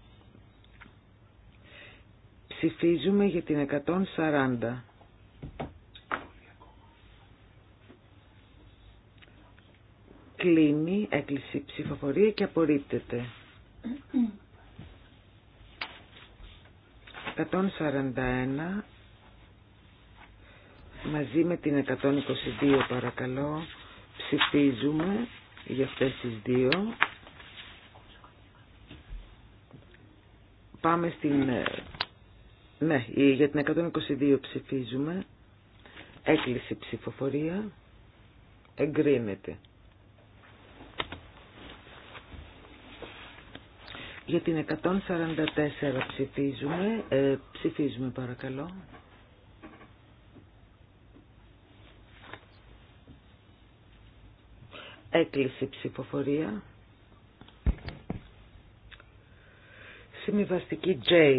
Ψηφίζουμε για την 140. Κλείνει, έκλεισε η ψηφοφορία και απορρίπτεται. 141 μαζί με την 122 παρακαλώ ψηφίζουμε για αυτές τις δύο. Πάμε στην ε, ναι, για την 122 ψηφίζουμε. Έκλεισε ψηφοφορία. Εγκρίνεται. Για την 144 ψηφίζουμε. Ε, ψηφίζουμε παρακαλώ. Έκλεισε ψηφοφορία. Συμβιβαστική J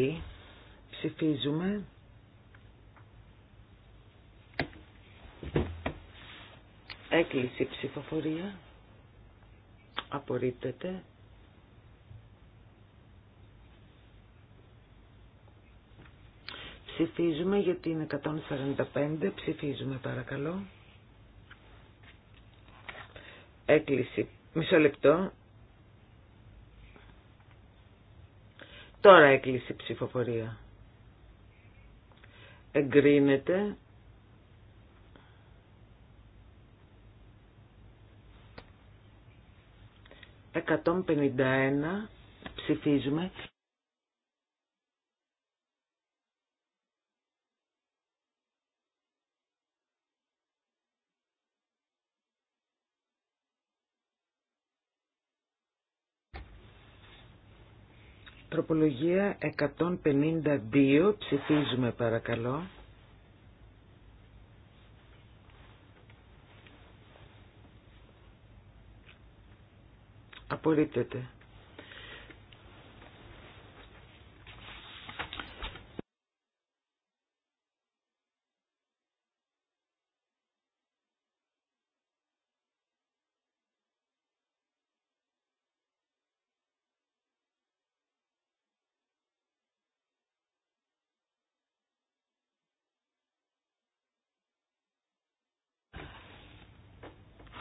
Ψηφίζουμε. Έκλεισε ψηφοφορία. Απορρίπτεται. Ψηφίζουμε για την 145. Ψηφίζουμε παρακαλώ. Έκλεισε. Μισό λεπτό. Τώρα έκλεισε η ψηφοφορία. Εγκρίνεται 151 ψηφίζουμε. Τροπολογία 152. Ψηφίζουμε παρακαλώ. Απορρίπτεται.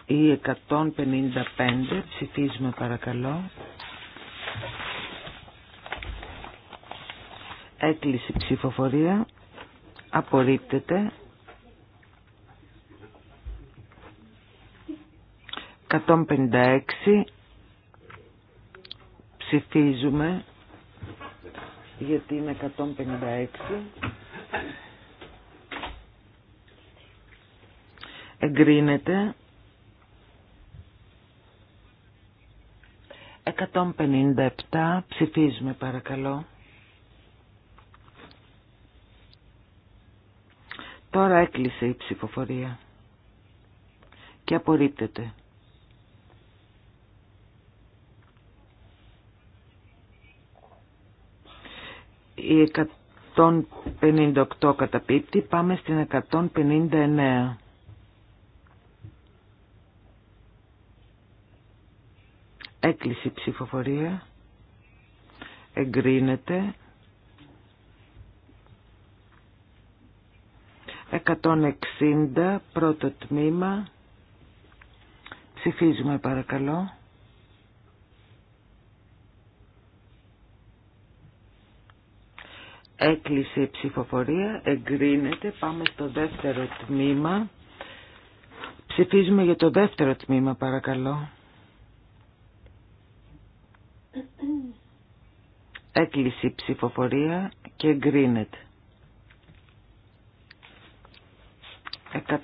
Η 155 ψηφίζουμε παρακαλώ. Έκλειση ψηφοφορία. Απορρίπτεται. 156 ψηφίζουμε γιατί είναι 156 εγκρίνεται 157 ψηφίζουμε παρακαλώ. Τώρα έκλεισε η ψηφοφορία και απορρίπτεται. 158 καταπίπτει, πάμε στην 159. Έκλεισε η ψηφοφορία. Εγκρίνεται. 160 πρώτο τμήμα. Ψηφίζουμε παρακαλώ. Έκλεισε η ψηφοφορία, εγκρίνεται, πάμε στο δεύτερο τμήμα. Ψηφίζουμε για το δεύτερο τμήμα παρακαλώ. Έκλεισε η ψηφοφορία και εγκρίνεται.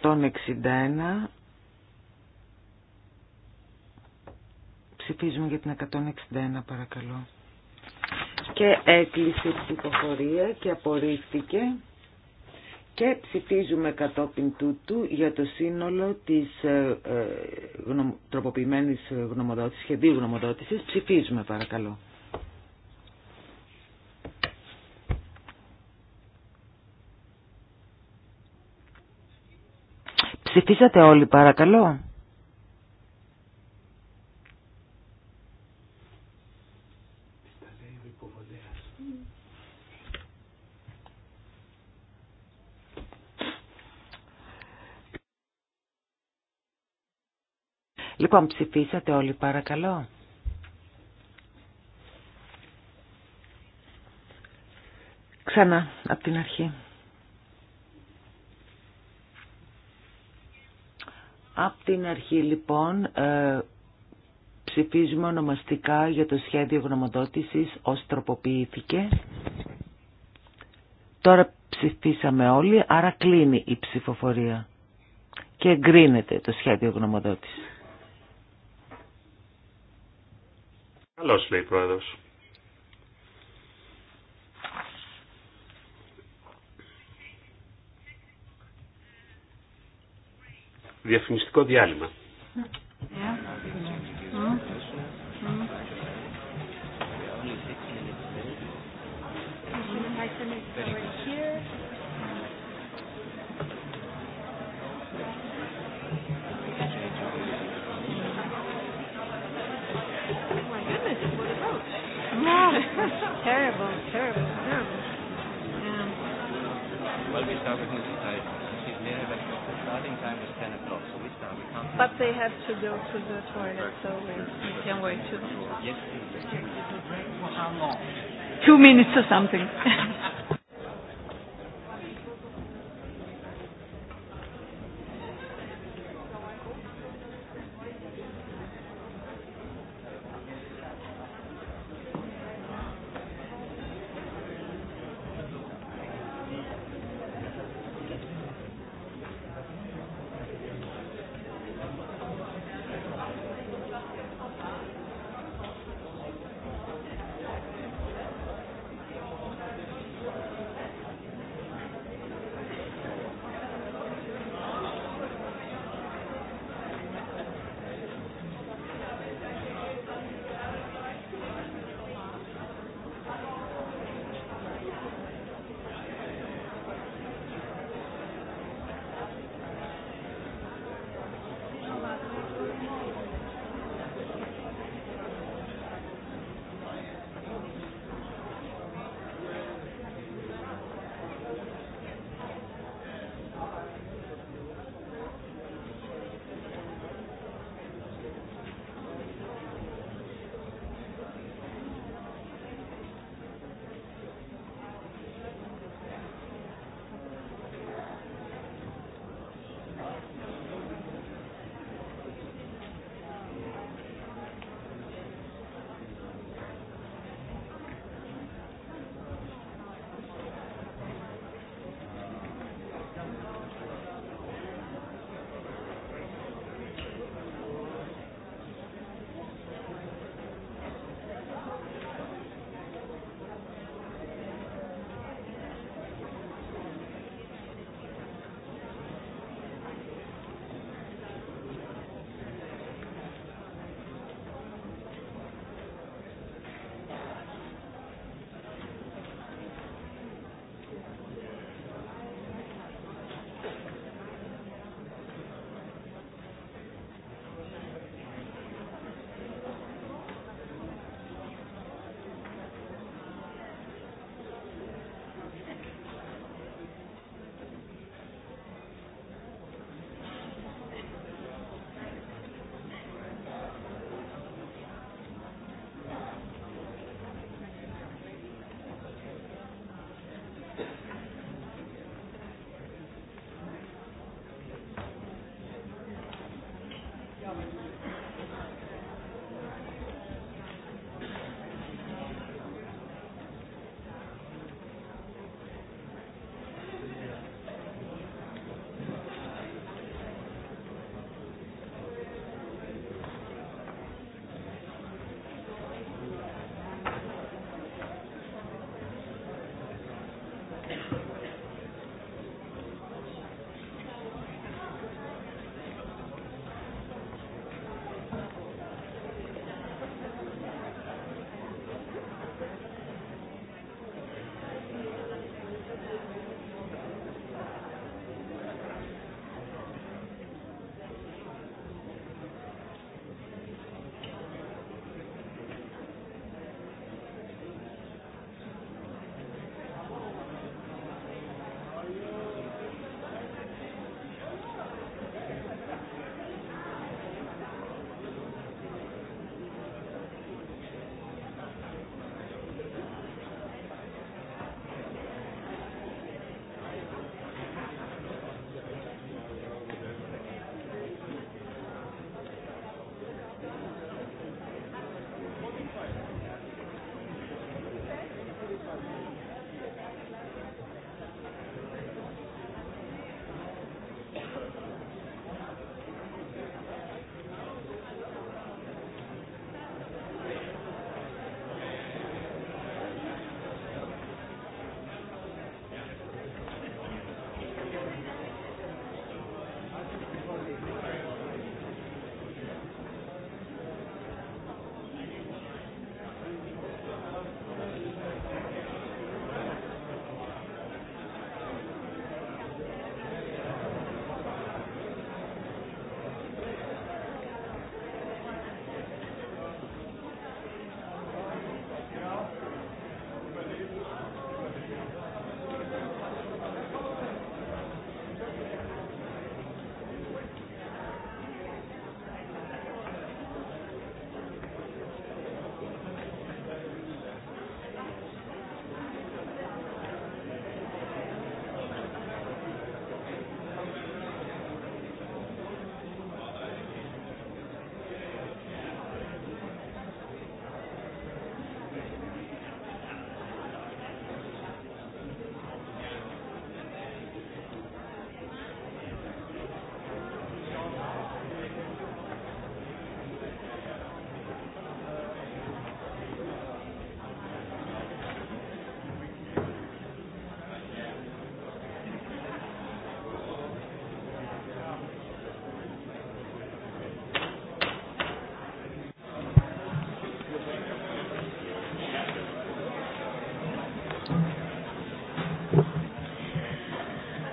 161. Ψηφίζουμε για την 161 παρακαλώ. Και έκλεισε η ψηφοφορία και απορρίφθηκε και ψηφίζουμε κατόπιν τούτου για το σύνολο της ε, ε, γνω, τροποποιημένης γνωμοδότησης, σχεδίου γνωμοδότησης. Ψηφίζουμε παρακαλώ. Ψηφίσατε όλοι παρακαλώ. Λοιπόν, ψηφίσατε όλοι παρακαλώ. Ξανά, από την αρχή. Από την αρχή λοιπόν ε, ψηφίζουμε ονομαστικά για το σχέδιο γνωμοδότησης ως τροποποιήθηκε. Τώρα ψηφίσαμε όλοι, άρα κλείνει η ψηφοφορία και εγκρίνεται το σχέδιο γνωμοδότησης. Καλώ, λέει η Πρόεδρος. Διαφημιστικό διάλειμμα. Yeah. we start with Mrs. Tyson. She's near, but the starting time is 10 o'clock, so we start. We can't but they have to go to the toilet, so we, we can wait two minutes. Yes, How long? Two minutes or something.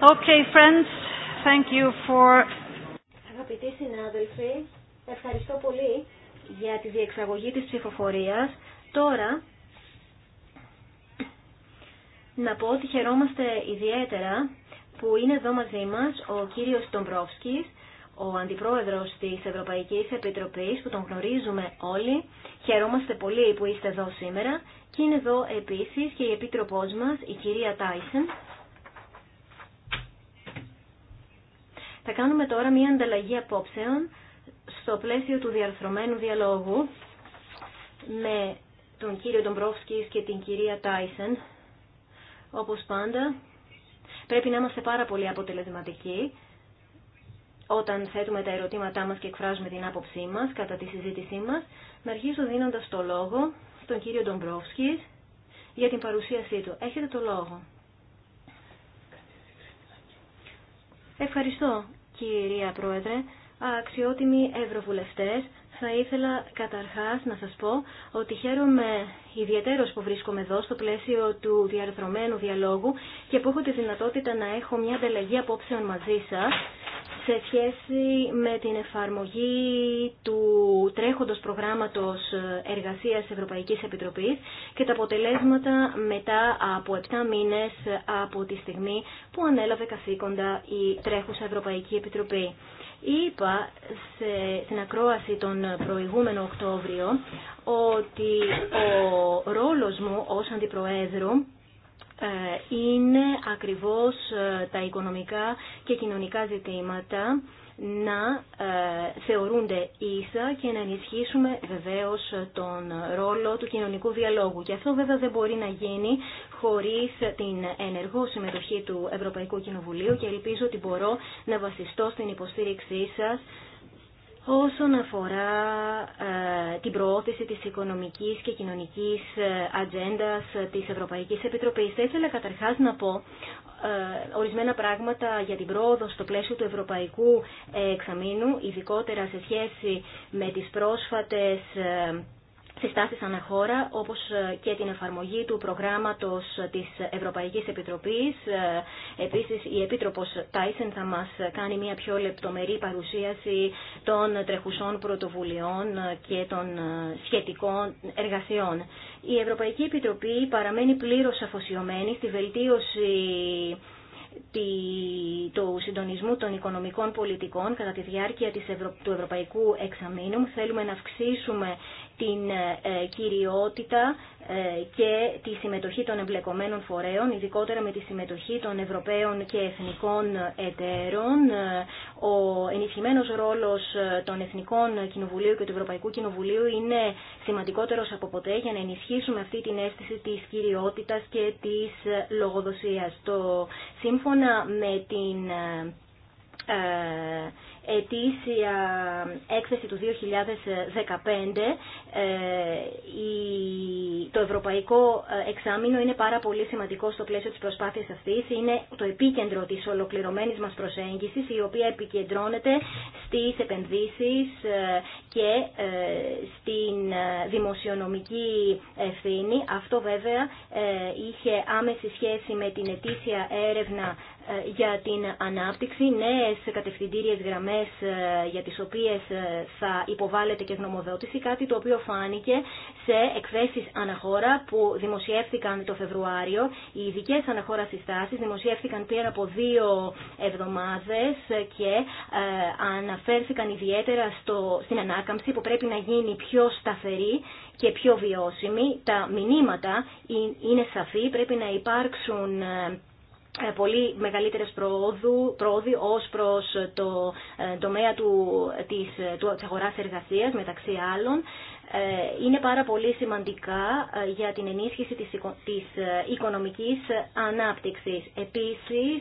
Okay, friends, thank you for... Αγαπητοί συνάδελφοι, ευχαριστώ πολύ για τη διεξαγωγή της ψηφοφορίας. Τώρα, να πω ότι χαιρόμαστε ιδιαίτερα που είναι εδώ μαζί μας ο κύριος Τομπρόφσκης, ο Αντιπρόεδρος της Ευρωπαϊκής Επιτροπής, που τον γνωρίζουμε όλοι. Χαιρόμαστε πολύ που είστε εδώ σήμερα και είναι εδώ επίσης και η Επίτροπός μας, η κυρία Τάισεν, τώρα μια ανταλλαγή απόψεων στο πλαίσιο του διαρθρωμένου διαλόγου με τον κύριο Ντομπρόφσκι και την κυρία Τάισεν. Όπως πάντα, πρέπει να είμαστε πάρα πολύ αποτελεσματικοί όταν θέτουμε τα ερωτήματά μας και εκφράζουμε την άποψή μας κατά τη συζήτησή μας, να αρχίσω δίνοντας το λόγο στον κύριο Ντομπρόφσκι για την παρουσίασή του. Έχετε το λόγο. Ευχαριστώ κυρία Πρόεδρε. Αξιότιμοι Ευρωβουλευτές, θα ήθελα καταρχάς να σας πω ότι χαίρομαι ιδιαίτερος που βρίσκομαι εδώ στο πλαίσιο του διαρθρωμένου διαλόγου και που έχω τη δυνατότητα να έχω μια ανταλλαγή απόψεων μαζί σας σε σχέση με την εφαρμογή του τρέχοντος προγράμματος εργασίας Ευρωπαϊκής Επιτροπής και τα αποτελέσματα μετά από 7 μήνες από τη στιγμή που ανέλαβε καθήκοντα η τρέχουσα Ευρωπαϊκή Επιτροπή. Είπα σε, στην ακρόαση τον προηγούμενο Οκτώβριο ότι ο ρόλος μου ως Αντιπροέδρου ε, είναι ακριβώς ε, τα οικονομικά και κοινωνικά ζητήματα να ε, θεωρούνται ίσα και να ενισχύσουμε βεβαίως τον ρόλο του κοινωνικού διαλόγου. Και αυτό βέβαια δεν μπορεί να γίνει χωρίς την ενεργό συμμετοχή του Ευρωπαϊκού Κοινοβουλίου και ελπίζω ότι μπορώ να βασιστώ στην υποστήριξή σας όσον αφορά ε, την προώθηση της οικονομικής και κοινωνικής ε, ατζέντα ε, της Ευρωπαϊκής Επιτροπής. Θα ήθελα καταρχάς να πω ορισμένα πράγματα για την πρόοδο στο πλαίσιο του Ευρωπαϊκού Εξαμήνου, ειδικότερα σε σχέση με τις πρόσφατες συστάσεις αναχώρα, όπως ε, και την εφαρμογή του προγράμματος της Ευρωπαϊκής Επιτροπής. Ε, επίσης, η Επίτροπος Τάισεν θα μας κάνει μια πιο λεπτομερή παρουσίαση των τρεχουσών πρωτοβουλειών και των ε, σχετικών εργασιών. Η Ευρωπαϊκή Επιτροπή παραμένει πλήρως αφοσιωμένη στη βελτίωση του συντονισμού των οικονομικών πολιτικών κατά τη διάρκεια του Ευρωπαϊκού Εξαμήνου. Θέλουμε να αυξήσουμε την ε, ε, κυριότητα ε, και τη συμμετοχή των εμπλεκομένων φορέων, ειδικότερα με τη συμμετοχή των Ευρωπαίων και Εθνικών Εταίρων. Ο ενισχυμένος ρόλος των Εθνικών Κοινοβουλίου και του Ευρωπαϊκού Κοινοβουλίου είναι σημαντικότερος από ποτέ για να ενισχύσουμε αυτή την αίσθηση της κυριότητας και της λογοδοσίας. Το, σύμφωνα με την ετήσια έκθεση του 2015 ε, το ευρωπαϊκό ε, εξάμεινο είναι πάρα πολύ σημαντικό στο πλαίσιο της προσπάθειας αυτής. Είναι το επίκεντρο της ολοκληρωμένης μας προσέγγισης η οποία επικεντρώνεται στις επενδύσεις ε, και στην δημοσιονομική ευθύνη. Αυτό βέβαια είχε άμεση σχέση με την ετήσια έρευνα ε, για την ανάπτυξη, νέες κατευθυντήριες γραμμές ε, για τις οποίες ε, θα υποβάλλεται και γνωμοδότηση, κάτι το οποίο φάνηκε σε εκθέσεις αναχώρα που δημοσιεύτηκαν το Φεβρουάριο. Οι ειδικέ αναχώρα συστάσεις δημοσιεύτηκαν πριν από δύο εβδομάδες και αναφέρθηκαν ιδιαίτερα στο, στην ανάκαμψη που πρέπει να γίνει πιο σταθερή και πιο βιώσιμη. Τα μηνύματα είναι σαφή, πρέπει να υπάρξουν ε, πολύ μεγαλύτερες προόδου, ως προς το ε, τομέα του, της, του, της αγοράς εργασίας μεταξύ άλλων ε, είναι πάρα πολύ σημαντικά για την ενίσχυση της, της οικονομικής ανάπτυξης. Επίσης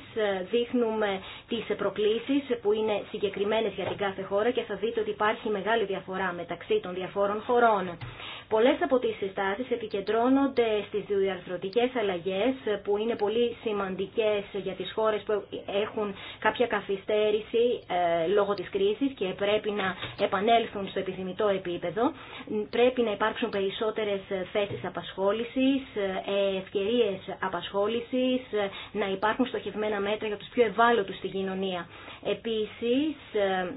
δείχνουμε τις προκλήσεις που είναι συγκεκριμένες για την κάθε χώρα και θα δείτε ότι υπάρχει μεγάλη διαφορά μεταξύ των διαφόρων χωρών. Πολλές από τις συστάσεις επικεντρώνονται στις διαρθρωτικές αλλαγές που είναι πολύ σημαντικές για τις χώρες που έχουν κάποια καθυστέρηση ε, λόγω της κρίσης και πρέπει να επανέλθουν στο επιθυμητό επίπεδο. Πρέπει να υπάρξουν περισσότερες θέσεις απασχόλησης, ε, ευκαιρίες απασχόλησης, να υπάρχουν στοχευμένα μέτρα για τους πιο ευάλωτους στην κοινωνία. Επίσης, ε,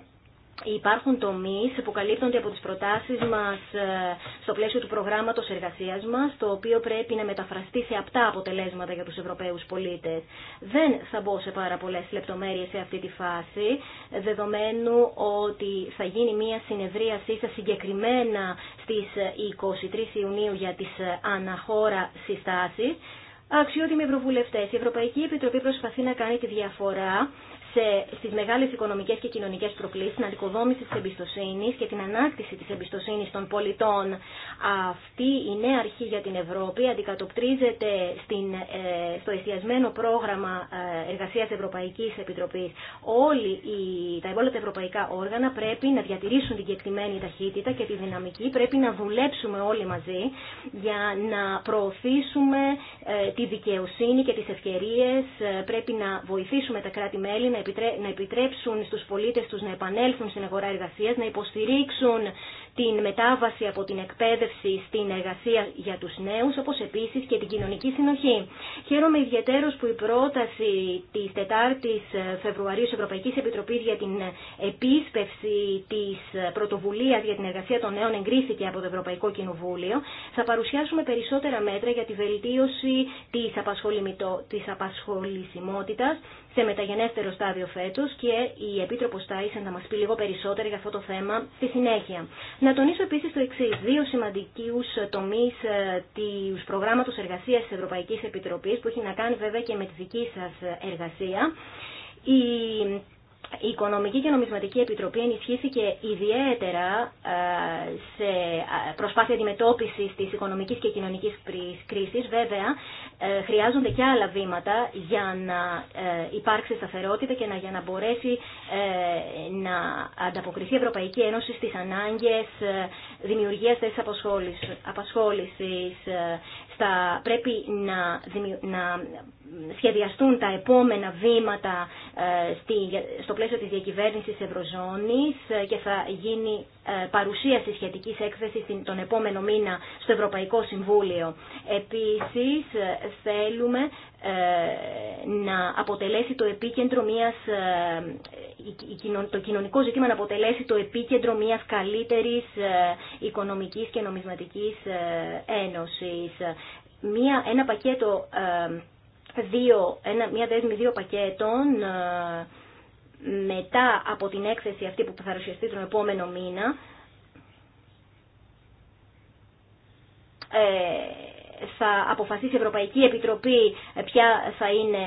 Υπάρχουν τομείς που καλύπτονται από τις προτάσεις μας ε, στο πλαίσιο του προγράμματος εργασίας μας, το οποίο πρέπει να μεταφραστεί σε απτά αποτελέσματα για τους Ευρωπαίους πολίτες. Δεν θα μπω σε πάρα πολλές λεπτομέρειες σε αυτή τη φάση, δεδομένου ότι θα γίνει μια συνεδρίασή σας συγκεκριμένα στις 23 ε, Ιουνίου για τις ε, αναχώρα συστάσεις. Αξιότιμοι Ευρωβουλευτές, η Ευρωπαϊκή Επιτροπή προσπαθεί να κάνει τη διαφορά σε, στις μεγάλες οικονομικές και κοινωνικές προκλήσεις, την αντικοδόμηση της εμπιστοσύνης και την ανάκτηση της εμπιστοσύνης των πολιτών. Αυτή η νέα αρχή για την Ευρώπη αντικατοπτρίζεται στην, ε, στο εστιασμένο πρόγραμμα ε, εργασίας Ευρωπαϊκής Επιτροπής. Όλοι οι, τα υπόλοιπα ευρωπαϊκά όργανα πρέπει να διατηρήσουν την κεκτημένη ταχύτητα και τη δυναμική. Πρέπει να δουλέψουμε όλοι μαζί για να προωθήσουμε ε, τη δικαιοσύνη και τις ευκαιρίες. πρέπει να βοηθήσουμε τα κράτη-μέλη να επιτρέψουν στους πολίτες τους να επανέλθουν στην αγορά εργασίας, να υποστηρίξουν την μετάβαση από την εκπαίδευση στην εργασία για τους νέους, όπως επίσης και την κοινωνική συνοχή. Χαίρομαι ιδιαίτερως που η πρόταση της 4ης Φεβρουαρίου της Ευρωπαϊκής Επιτροπής για την επίσπευση της πρωτοβουλίας για την εργασία των νέων εγκρίθηκε από το Ευρωπαϊκό Κοινοβούλιο. Θα παρουσιάσουμε περισσότερα μέτρα για τη βελτίωση της, της απασχολησιμότητας σε μεταγενέστερο στάδιο φέτος και η Επίτροπος Τάισεν θα μας πει λίγο περισσότερο για αυτό το θέμα στη συνέχεια. Να τονίσω επίση το εξή. Δύο σημαντικού τομεί ε, του προγράμματο εργασία τη Ευρωπαϊκή Επιτροπή, που έχει να κάνει βέβαια και με τη δική σα εργασία. Η η Οικονομική και Νομισματική Επιτροπή ενισχύθηκε ιδιαίτερα ε, σε ε, προσπάθεια αντιμετώπισης της οικονομικής και κοινωνικής κρίσης. Βέβαια, ε, χρειάζονται και άλλα βήματα για να υπάρξει σταθερότητα και για να μπορέσει να ανταποκριθεί η Ευρωπαϊκή Ένωση στις ανάγκες δημιουργίας θέσης απασχόλησης θα πρέπει να, να σχεδιαστούν τα επόμενα βήματα ε, στο πλαίσιο της διακυβέρνησης Ευρωζώνης ε, και θα γίνει ε, παρουσίαση σχετικής έκθεσης τον επόμενο μήνα στο Ευρωπαϊκό Συμβούλιο. Επίσης ε, θέλουμε ε, να αποτελέσει το επίκεντρο μιας το κοινωνικό ζήτημα να αποτελέσει το επίκεντρο μιας καλύτερης οικονομικής και νομισματικής ένωσης. Μια, ένα πακέτο δύο, ένα, μια δέσμη δύο πακέτων μετά από την έκθεση αυτή που θα παρουσιαστεί τον επόμενο μήνα, ε, θα αποφασίσει η Ευρωπαϊκή Επιτροπή ε, ποια θα είναι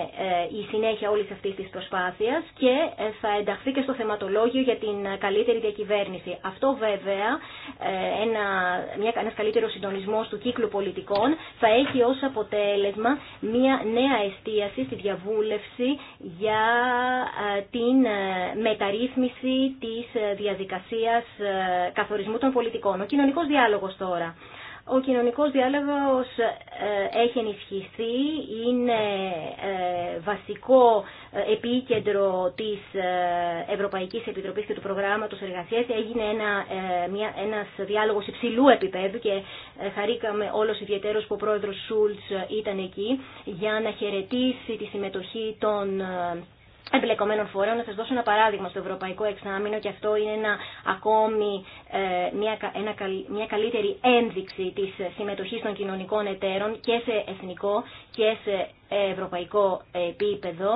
ε, η συνέχεια όλης αυτής της προσπάθειας και ε, θα ενταχθεί και στο θεματολόγιο για την καλύτερη διακυβέρνηση. Αυτό βέβαια, ένα, μια, ένας καλύτερος συντονισμός του κύκλου πολιτικών θα έχει ως αποτέλεσμα μια νέα εστίαση στη διαβούλευση για την μεταρρύθμιση της διαδικασίας καθορισμού των πολιτικών. Ο κοινωνικός διάλογος τώρα. Ο κοινωνικός διάλογος ε, έχει ενισχυθεί, είναι ε, βασικό ε, επίκεντρο της Ευρωπαϊκής Επιτροπής και του Προγράμματος Εργασίας. Έγινε ένα, μια, ένας διάλογος υψηλού επίπεδου και χαρήκαμε όλος ιδιαιτέρους που ο πρόεδρος Σούλτς ήταν εκεί για να χαιρετήσει τη συμμετοχή των εμπλεκομένων φορέων. Να σα δώσω ένα παράδειγμα στο Ευρωπαϊκό Εξάμεινο και αυτό είναι ένα, ακόμη ε, μια, μια καλύτερη ένδειξη τη συμμετοχή των κοινωνικών εταίρων και σε εθνικό και σε ευρωπαϊκό επίπεδο.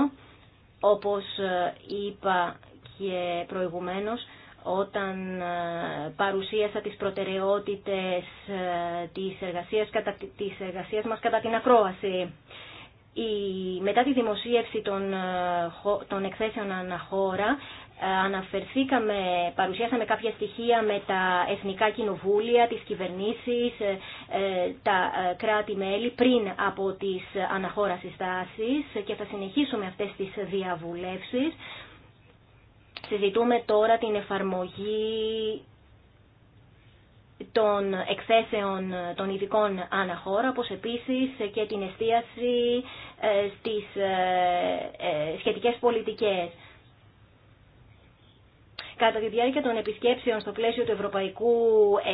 όπω ε, είπα και προηγουμένω όταν ε, παρουσίασα τις προτεραιότητες της εργασίας, της εργασίας μας κατά την ακρόαση μετά τη δημοσίευση των, ε, των εκθέσεων αναχώρα ε, αναφερθήκαμε, παρουσιάσαμε κάποια στοιχεία με τα εθνικά κοινοβούλια, τις κυβερνήσεις, ε, τα κράτη-μέλη πριν από τις αναχώρα συστάσεις και θα συνεχίσουμε αυτές τις διαβουλεύσεις. Συζητούμε τώρα την εφαρμογή των εκθέσεων των ειδικών αναχώρα, όπως επίσης και την εστίαση ε, στις ε, ε, σχετικές πολιτικές. Κατά τη διάρκεια των επισκέψεων στο πλαίσιο του Ευρωπαϊκού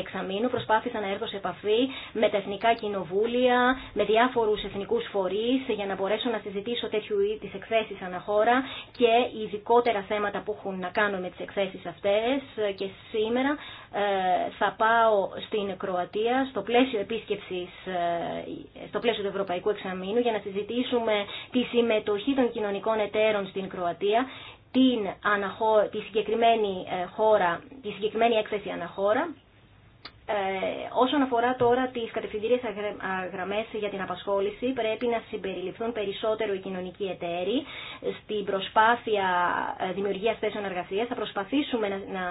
Εξαμήνου προσπάθησα να έρθω σε επαφή με τα εθνικά κοινοβούλια, με διάφορους εθνικούς φορείς για να μπορέσω να συζητήσω τέτοιου ή τις εκθέσεις αναχώρα και ειδικότερα θέματα που έχουν να κάνουν με τις εκθέσεις αυτές και σήμερα ε, θα πάω στην Κροατία στο πλαίσιο επίσκεψης, ε, στο πλαίσιο του Ευρωπαϊκού Εξαμήνου για να συζητήσουμε τη συμμετοχή των κοινωνικών εταίρων στην Κροατία την, αναχώ τη συγκεκριμένη ε, χώρα, τη συγκεκριμένη έκθεση αναχώρα. Ε, όσον αφορά τώρα τις κατευθυντήριες γραμμές για την απασχόληση, πρέπει να συμπεριληφθούν περισσότερο οι κοινωνικοί εταίροι στην προσπάθεια ε, δημιουργίας θέσεων εργασίας. Θα προσπαθήσουμε να, να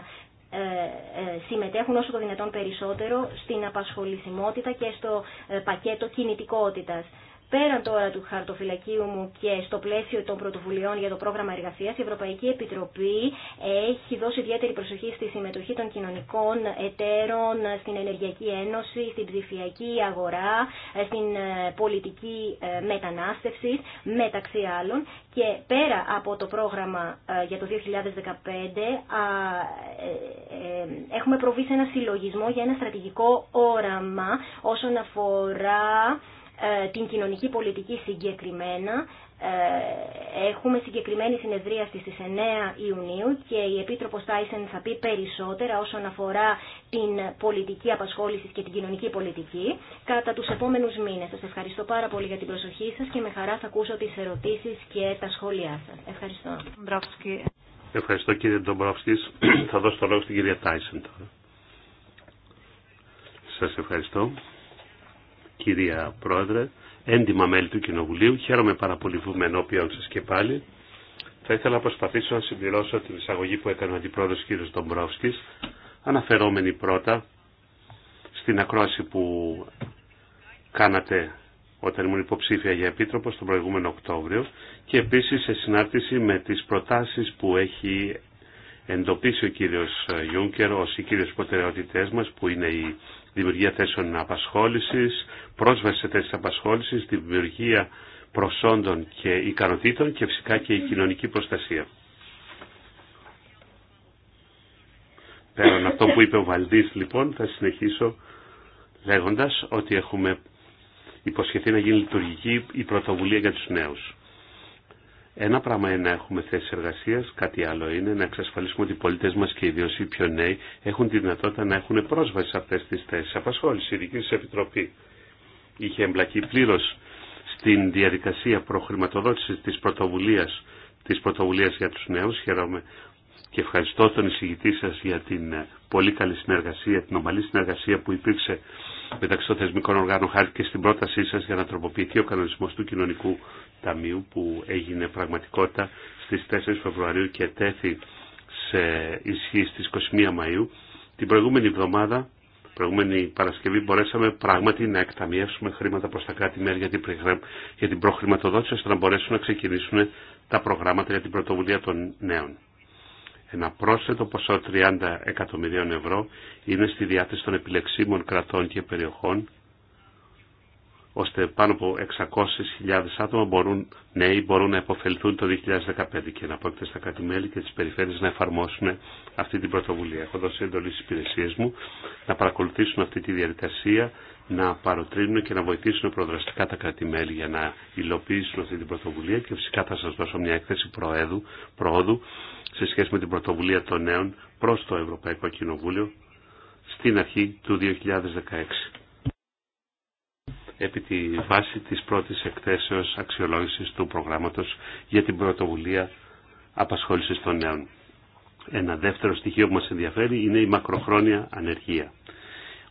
ε, συμμετέχουν όσο το δυνατόν περισσότερο στην απασχολησιμότητα και στο πακέτο κινητικότητας. Πέραν τώρα του χαρτοφυλακίου μου και στο πλαίσιο των πρωτοβουλειών για το πρόγραμμα εργασία, η Ευρωπαϊκή Επιτροπή έχει δώσει ιδιαίτερη προσοχή στη συμμετοχή των κοινωνικών εταίρων στην Ενεργειακή Ένωση, στην ψηφιακή αγορά, στην ε, πολιτική ε, μετανάστευση, μεταξύ άλλων. Και πέρα από το πρόγραμμα ε, για το 2015, έχουμε προβεί σε ένα συλλογισμό για ένα στρατηγικό όραμα όσον αφορά ε, την κοινωνική πολιτική συγκεκριμένα. Ε, έχουμε συγκεκριμένη συνεδρία στις 9 Ιουνίου και η Επίτροπος Τάισεν θα πει περισσότερα όσον αφορά την πολιτική απασχόληση και την κοινωνική πολιτική κατά τους επόμενους μήνες. Σας ευχαριστώ πάρα πολύ για την προσοχή σας και με χαρά θα ακούσω τις ερωτήσεις και τα σχόλιά σας. Ευχαριστώ. Ευχαριστώ κύριε Ντομπρόφσκης. θα δώσω το λόγο στην κυρία Τάισεν τώρα. Σας ευχαριστώ κυρία Πρόεδρε, έντιμα μέλη του Κοινοβουλίου. Χαίρομαι πάρα πολύ που είμαι ενώπιον σας και πάλι. Θα ήθελα να προσπαθήσω να συμπληρώσω την εισαγωγή που έκανε ο Αντιπρόεδρο κ. Ντομπρόφσκη, αναφερόμενη πρώτα στην ακρόαση που κάνατε όταν ήμουν υποψήφια για επίτροπο τον προηγούμενο Οκτώβριο και επίσης σε συνάρτηση με τις προτάσεις που έχει εντοπίσει ο κύριος Γιούνκερ ως οι κύριες προτεραιότητές μας που είναι η δημιουργία θέσεων απασχόλησης, πρόσβαση σε θέσεις απασχόλησης, δημιουργία προσόντων και ικανοτήτων και φυσικά και η κοινωνική προστασία. Πέραν αυτό που είπε ο Βαλδής λοιπόν θα συνεχίσω λέγοντας ότι έχουμε υποσχεθεί να γίνει λειτουργική η πρωτοβουλία για τους νέους. Ένα πράγμα είναι να έχουμε θέσει εργασία, κάτι άλλο είναι να εξασφαλίσουμε ότι οι πολίτε μα και ιδίω οι πιο νέοι έχουν τη δυνατότητα να έχουν πρόσβαση σε αυτέ τι θέσει απασχόληση. Η δική επιτροπή είχε εμπλακεί πλήρω στην διαδικασία προχρηματοδότηση τη πρωτοβουλία της πρωτοβουλίας για τους νέους. Χαίρομαι και ευχαριστώ τον εισηγητή σας για την ε, πολύ καλή συνεργασία, την ομαλή συνεργασία που υπήρξε μεταξύ των θεσμικών οργάνων χάρη και στην πρότασή σας για να τροποποιηθεί ο κανονισμός του κοινωνικού ταμείου που έγινε πραγματικότητα στις 4 Φεβρουαρίου και τέθη σε ισχύ στις 21 Μαΐου. Την προηγούμενη εβδομάδα, την προηγούμενη Παρασκευή, μπορέσαμε πράγματι να εκταμιεύσουμε χρήματα προς τα κράτη-μέρη για την προχρηματοδότηση ώστε να μπορέσουν να ξεκινήσουν τα προγράμματα για την πρωτοβουλία των νέων. Ένα πρόσθετο ποσό 30 εκατομμυρίων ευρώ είναι στη διάθεση των επιλεξίμων κρατών και περιοχών ώστε πάνω από 600.000 άτομα μπορούν, νέοι μπορούν να υποφελθούν το 2015 και να πρόκειται στα κράτη-μέλη και τις περιφέρειες να εφαρμόσουν αυτή την πρωτοβουλία. Έχω δώσει εντολή στις υπηρεσίες μου να παρακολουθήσουν αυτή τη διαδικασία να παροτρύνουν και να βοηθήσουν προδραστικά τα κράτη-μέλη για να υλοποιήσουν αυτή την πρωτοβουλία και φυσικά θα σας δώσω μια έκθεση προόδου σε σχέση με την πρωτοβουλία των νέων προς το Ευρωπαϊκό Κοινοβούλιο στην αρχή του 2016 επί τη βάση της πρώτης εκθέσεως αξιολόγησης του προγράμματος για την πρωτοβουλία απασχόλησης των νέων. Ένα δεύτερο στοιχείο που μας ενδιαφέρει είναι η μακροχρόνια ανεργία.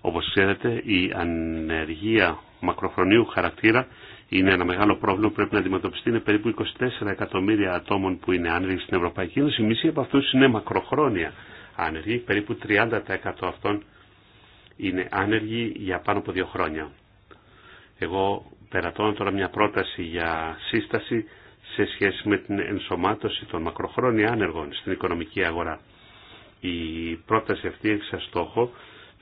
Όπως ξέρετε, η ανεργία μακροχρονίου χαρακτήρα είναι ένα μεγάλο πρόβλημα που πρέπει να αντιμετωπιστεί. Είναι περίπου 24 εκατομμύρια ατόμων που είναι άνεργοι στην Ευρωπαϊκή Ένωση. Η μισή από αυτούς είναι μακροχρόνια άνεργοι. Περίπου 30% αυτών είναι άνεργοι για πάνω από δύο χρόνια. Εγώ περατώνω τώρα μια πρόταση για σύσταση σε σχέση με την ενσωμάτωση των μακροχρόνια άνεργων στην οικονομική αγορά. Η πρόταση αυτή έχει σαν στόχο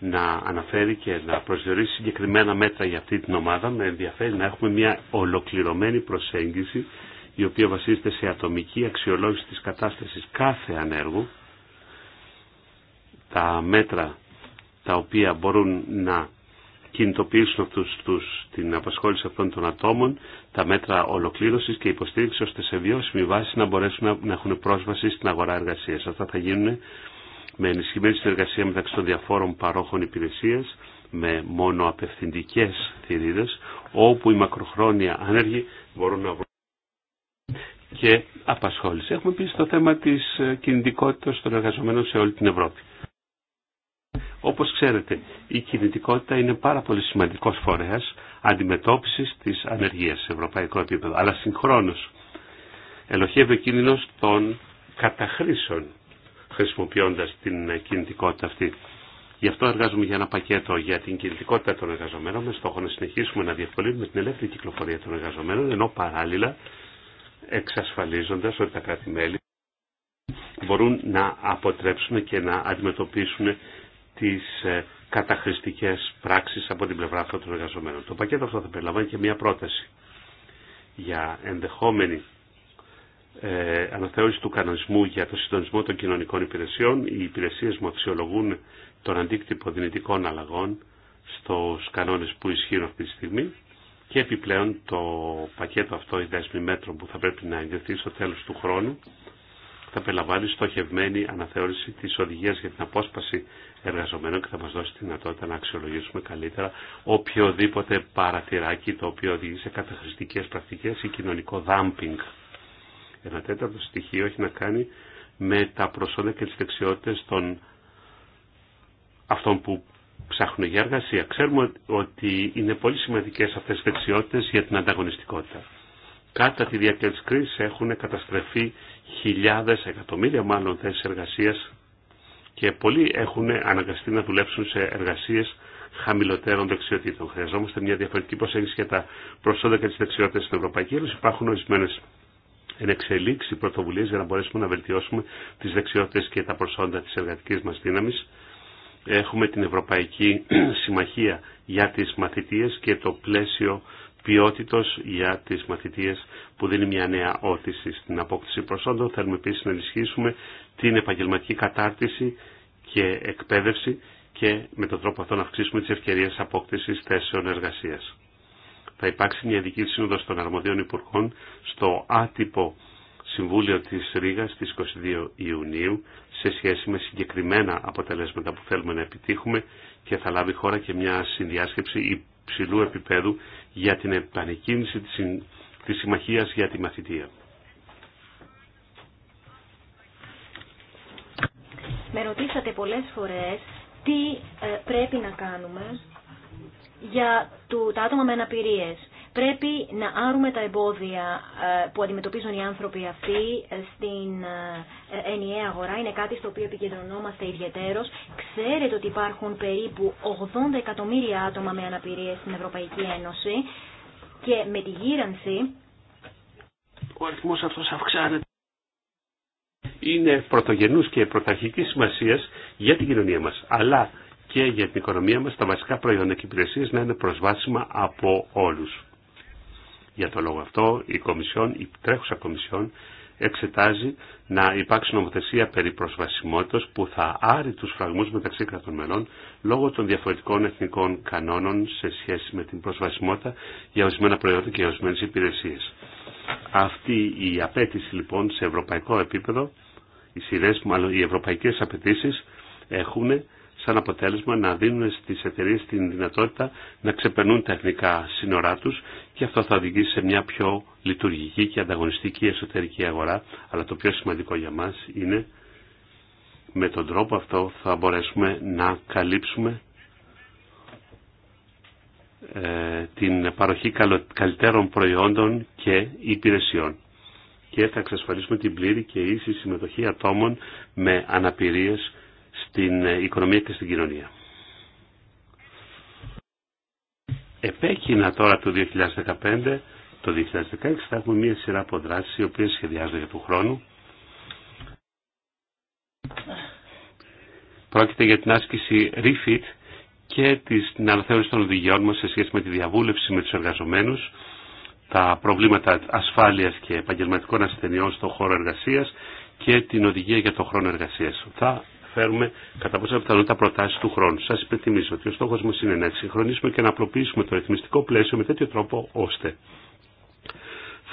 να αναφέρει και να προσδιορίσει συγκεκριμένα μέτρα για αυτή την ομάδα. Με ενδιαφέρει να έχουμε μια ολοκληρωμένη προσέγγιση η οποία βασίζεται σε ατομική αξιολόγηση της κατάστασης κάθε ανέργου. Τα μέτρα τα οποία μπορούν να κινητοποιήσουν αυτούς τους, την απασχόληση αυτών των ατόμων, τα μέτρα ολοκλήρωσης και υποστήριξη ώστε σε βιώσιμη βάση να μπορέσουν να, έχουν πρόσβαση στην αγορά εργασίας. Αυτά θα γίνουν με ενισχυμένη συνεργασία μεταξύ των διαφόρων παρόχων υπηρεσίας, με μόνο απευθυντικές θηρίδες, όπου οι μακροχρόνια άνεργοι μπορούν να βρουν και απασχόληση. Έχουμε επίση το θέμα της ε, κινητικότητας των εργαζομένων σε όλη την Ευρώπη. Όπως ξέρετε, η κινητικότητα είναι πάρα πολύ σημαντικός φορέας αντιμετώπισης της ανεργίας σε ευρωπαϊκό επίπεδο, αλλά συγχρόνως ελοχεύει ο κίνδυνος των καταχρήσεων χρησιμοποιώντας την κινητικότητα αυτή. Γι' αυτό εργάζομαι για ένα πακέτο για την κινητικότητα των εργαζομένων με στόχο να συνεχίσουμε να διευκολύνουμε την ελεύθερη κυκλοφορία των εργαζομένων ενώ παράλληλα εξασφαλίζοντας ότι τα κράτη-μέλη μπορούν να αποτρέψουν και να αντιμετωπίσουν τις ε, καταχρηστικές πράξεις από την πλευρά αυτών των εργαζομένων. Το πακέτο αυτό θα περιλαμβάνει και μια πρόταση για ενδεχόμενη ε, αναθεώρηση του κανονισμού για το συντονισμό των κοινωνικών υπηρεσιών. Οι υπηρεσίες μου αξιολογούν τον αντίκτυπο δυνητικών αλλαγών στους κανόνες που ισχύουν αυτή τη στιγμή και επιπλέον το πακέτο αυτό, η δέσμη μέτρων που θα πρέπει να εγκριθεί στο τέλος του χρόνου θα περιλαμβάνει στοχευμένη αναθεώρηση της οδηγίας για την απόσπαση εργαζομένων και θα μας δώσει τη δυνατότητα να αξιολογήσουμε καλύτερα οποιοδήποτε παραθυράκι το οποίο οδηγεί σε καταχρηστικές πρακτικές ή κοινωνικό dumping. Ένα τέταρτο στοιχείο έχει να κάνει με τα προσόντα και τις δεξιότητες των αυτών που ψάχνουν για εργασία. Ξέρουμε ότι είναι πολύ σημαντικές αυτές οι δεξιότητες για την ανταγωνιστικότητα. Κατά τη διάρκεια της κρίσης έχουν καταστρεφεί χιλιάδες, εκατομμύρια μάλλον θέσεις εργασίας και πολλοί έχουν αναγκαστεί να δουλέψουν σε εργασίες χαμηλότερων δεξιοτήτων. Χρειαζόμαστε μια διαφορετική προσέγγιση για τα προσόντα και τι δεξιότητε στην Ευρωπαϊκή Ένωση. Υπάρχουν ορισμένε εξελίξει πρωτοβουλίε για να μπορέσουμε να βελτιώσουμε τι δεξιότητε και τα προσόντα τη εργατική μα δύναμη. Έχουμε την Ευρωπαϊκή Συμμαχία για τι μαθητείε και το πλαίσιο ποιότητο για τι μαθητείε που δίνει μια νέα όθηση στην απόκτηση προσόντων. Θέλουμε επίση να ενισχύσουμε την επαγγελματική κατάρτιση και εκπαίδευση και με τον τρόπο αυτό να αυξήσουμε τι ευκαιρίες απόκτηση θέσεων εργασία θα υπάρξει μια ειδική σύνοδος των αρμοδίων υπουργών στο άτυπο Συμβούλιο της Ρήγας στις 22 Ιουνίου σε σχέση με συγκεκριμένα αποτελέσματα που θέλουμε να επιτύχουμε και θα λάβει χώρα και μια συνδιάσκεψη υψηλού επίπεδου για την επανεκκίνηση της συμμαχίας για τη μαθητεία. Με ρωτήσατε πολλές φορές τι ε, πρέπει να κάνουμε για του, τα άτομα με αναπηρίες. Πρέπει να άρουμε τα εμπόδια ε, που αντιμετωπίζουν οι άνθρωποι αυτοί ε, στην ε, ενιαία αγορά. Είναι κάτι στο οποίο επικεντρωνόμαστε ιδιαίτερος. Ξέρετε ότι υπάρχουν περίπου 80 εκατομμύρια άτομα με αναπηρίες στην Ευρωπαϊκή Ένωση και με τη γύρανση ο αριθμός αυτός αυξάνεται. Είναι πρωτογενούς και πρωταρχικής σημασίας για την κοινωνία μας. Αλλά και για την οικονομία μας τα βασικά προϊόντα και υπηρεσίε να είναι προσβάσιμα από όλους. Για τον λόγο αυτό η, Κομισιόν, η τρέχουσα Κομισιόν εξετάζει να υπάρξει νομοθεσία περί προσβασιμότητας που θα άρει τους φραγμούς μεταξύ κρατών μελών λόγω των διαφορετικών εθνικών κανόνων σε σχέση με την προσβασιμότητα για ορισμένα προϊόντα και για ορισμένε υπηρεσίε. Αυτή η απέτηση λοιπόν σε ευρωπαϊκό επίπεδο, οι σειρές, μάλλον οι ευρωπαϊκές απαιτήσει έχουν σαν αποτέλεσμα να δίνουν στις εταιρείες την δυνατότητα να ξεπερνούν τα εθνικά σύνορά τους και αυτό θα οδηγήσει σε μια πιο λειτουργική και ανταγωνιστική εσωτερική αγορά. Αλλά το πιο σημαντικό για μας είναι με τον τρόπο αυτό θα μπορέσουμε να καλύψουμε ε, την παροχή καλύτερων προϊόντων και υπηρεσιών και θα εξασφαλίσουμε την πλήρη και ίση συμμετοχή ατόμων με αναπηρίες στην ε, οικονομία και στην κοινωνία. Επέκεινα τώρα το 2015, το 2016 θα έχουμε μια σειρά από δράσεις οι οποίες σχεδιάζονται για του χρόνου. Πρόκειται για την άσκηση refit και την αναθεώρηση των οδηγιών μας σε σχέση με τη διαβούλευση με τους εργαζομένους, τα προβλήματα ασφάλειας και επαγγελματικών ασθενειών στον χώρο εργασίας και την οδηγία για τον χρόνο εργασίας. Θα φέρουμε κατά πόσα πιθανότητα προτάσει του χρόνου. Σα υπενθυμίζω ότι ο στόχο μα είναι να εξυγχρονίσουμε και να απλοποιήσουμε το ρυθμιστικό πλαίσιο με τέτοιο τρόπο ώστε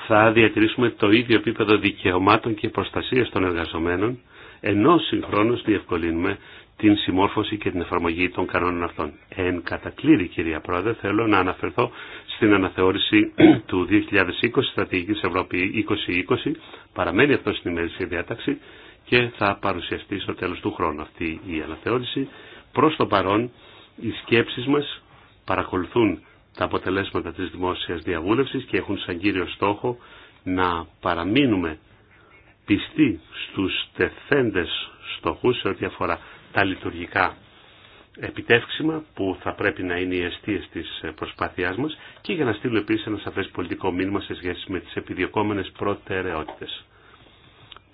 θα διατηρήσουμε το ίδιο επίπεδο δικαιωμάτων και προστασία των εργαζομένων, ενώ συγχρόνω διευκολύνουμε την συμμόρφωση και την εφαρμογή των κανόνων αυτών. Εν κατακλείδη, κυρία Πρόεδρε, θέλω να αναφερθώ στην αναθεώρηση του 2020 Στρατηγική Ευρώπη 2020. Παραμένει αυτό στην ημερήσια διάταξη και θα παρουσιαστεί στο τέλος του χρόνου αυτή η αναθεώρηση. Προς το παρόν οι σκέψεις μας παρακολουθούν τα αποτελέσματα της δημόσιας διαβούλευσης και έχουν σαν κύριο στόχο να παραμείνουμε πιστοί στους τεθέντες στοχούς σε ό,τι αφορά τα λειτουργικά επιτεύξιμα που θα πρέπει να είναι οι αιστείες της προσπάθειάς μας και για να στείλουμε επίσης ένα σαφές πολιτικό μήνυμα σε σχέση με τις επιδιωκόμενες προτεραιότητες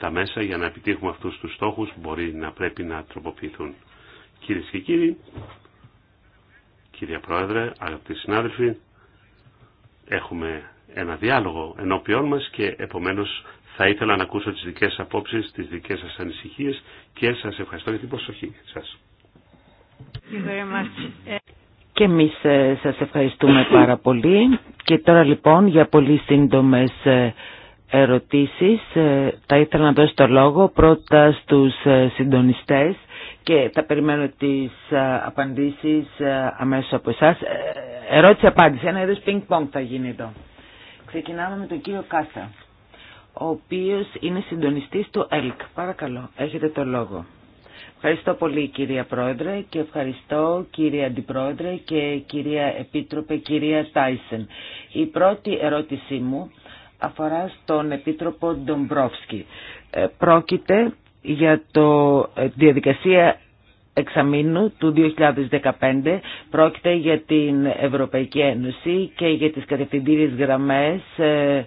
τα μέσα για να επιτύχουμε αυτούς τους στόχους μπορεί να πρέπει να τροποποιηθούν. Κυρίε και κύριοι, κύριε Πρόεδρε, αγαπητοί συνάδελφοι, έχουμε ένα διάλογο ενώπιόν μας και επομένως θα ήθελα να ακούσω τις δικές απόψεις, τις δικές σας ανησυχίες και σας ευχαριστώ για την προσοχή σας. Και εμείς ε, σας ευχαριστούμε πάρα πολύ και τώρα λοιπόν για πολύ σύντομες ε, ερωτήσεις θα ε, ήθελα να δώσω το λόγο πρώτα στους ε, συντονιστές και θα περιμένω τις ε, απαντήσεις αμέσως από εσάς. Ερώτηση-απάντηση, ένα είδος πονκ θα γίνει εδώ. Ξεκινάμε με τον κύριο Κάστα, ο οποίος είναι συντονιστής του ΕΛΚ. Παρακαλώ, έχετε το λόγο. Ευχαριστώ πολύ κυρία Πρόεδρε και ευχαριστώ κυρία Αντιπρόεδρε και κυρία Επίτροπε, κυρία Τάισεν. Η πρώτη ερώτησή μου αφορά στον Επίτροπο Ντομπρόφσκι. Ε, πρόκειται για το ε, διαδικασία εξαμήνου του 2015 πρόκειται για την Ευρωπαϊκή Ένωση και για τις κατευθυντήριες γραμμές ε,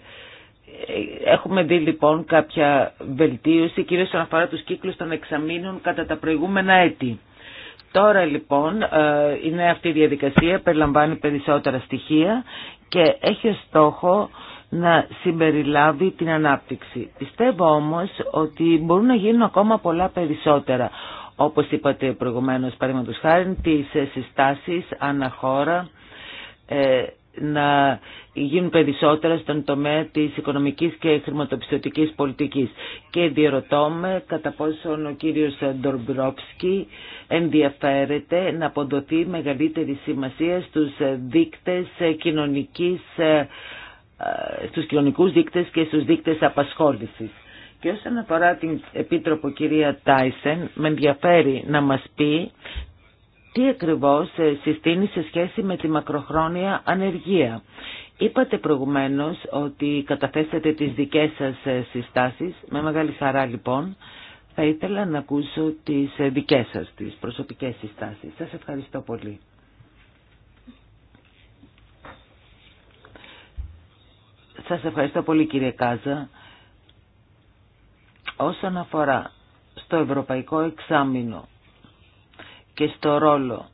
Έχουμε δει λοιπόν κάποια βελτίωση κυρίως όσον αφορά τους κύκλους των εξαμήνων κατά τα προηγούμενα έτη. Τώρα λοιπόν είναι αυτή η διαδικασία, περιλαμβάνει περισσότερα στοιχεία και έχει στόχο να συμπεριλάβει την ανάπτυξη. Πιστεύω όμως ότι μπορούν να γίνουν ακόμα πολλά περισσότερα. Όπως είπατε προηγουμένως, παραδείγματος χάρη, τις συστάσεις αναχώρα ε, να γίνουν περισσότερα στον τομέα της οικονομικής και χρηματοπιστωτικής πολιτικής. Και διερωτώ κατά πόσον ο κύριος Ντορμπρόψκι ενδιαφέρεται να αποδοθεί μεγαλύτερη σημασία στους δείκτες κοινωνικής ε, ε, στους κοινωνικούς δείκτες και στους δείκτες απασχόλησης. Και όσον αφορά την Επίτροπο κυρία Τάισεν, με ενδιαφέρει να μας πει τι ακριβώς ε, συστήνει σε σχέση με τη μακροχρόνια ανεργία. Είπατε προηγουμένως ότι καταθέσατε τις δικές σας ε, συστάσεις, με μεγάλη χαρά λοιπόν. Θα ήθελα να ακούσω τις δικές σας, τις προσωπικές συστάσεις. Σας ευχαριστώ πολύ. Σας ευχαριστώ πολύ κύριε Κάζα. Όσον αφορά στο Ευρωπαϊκό Εξάμεινο και στο ρόλο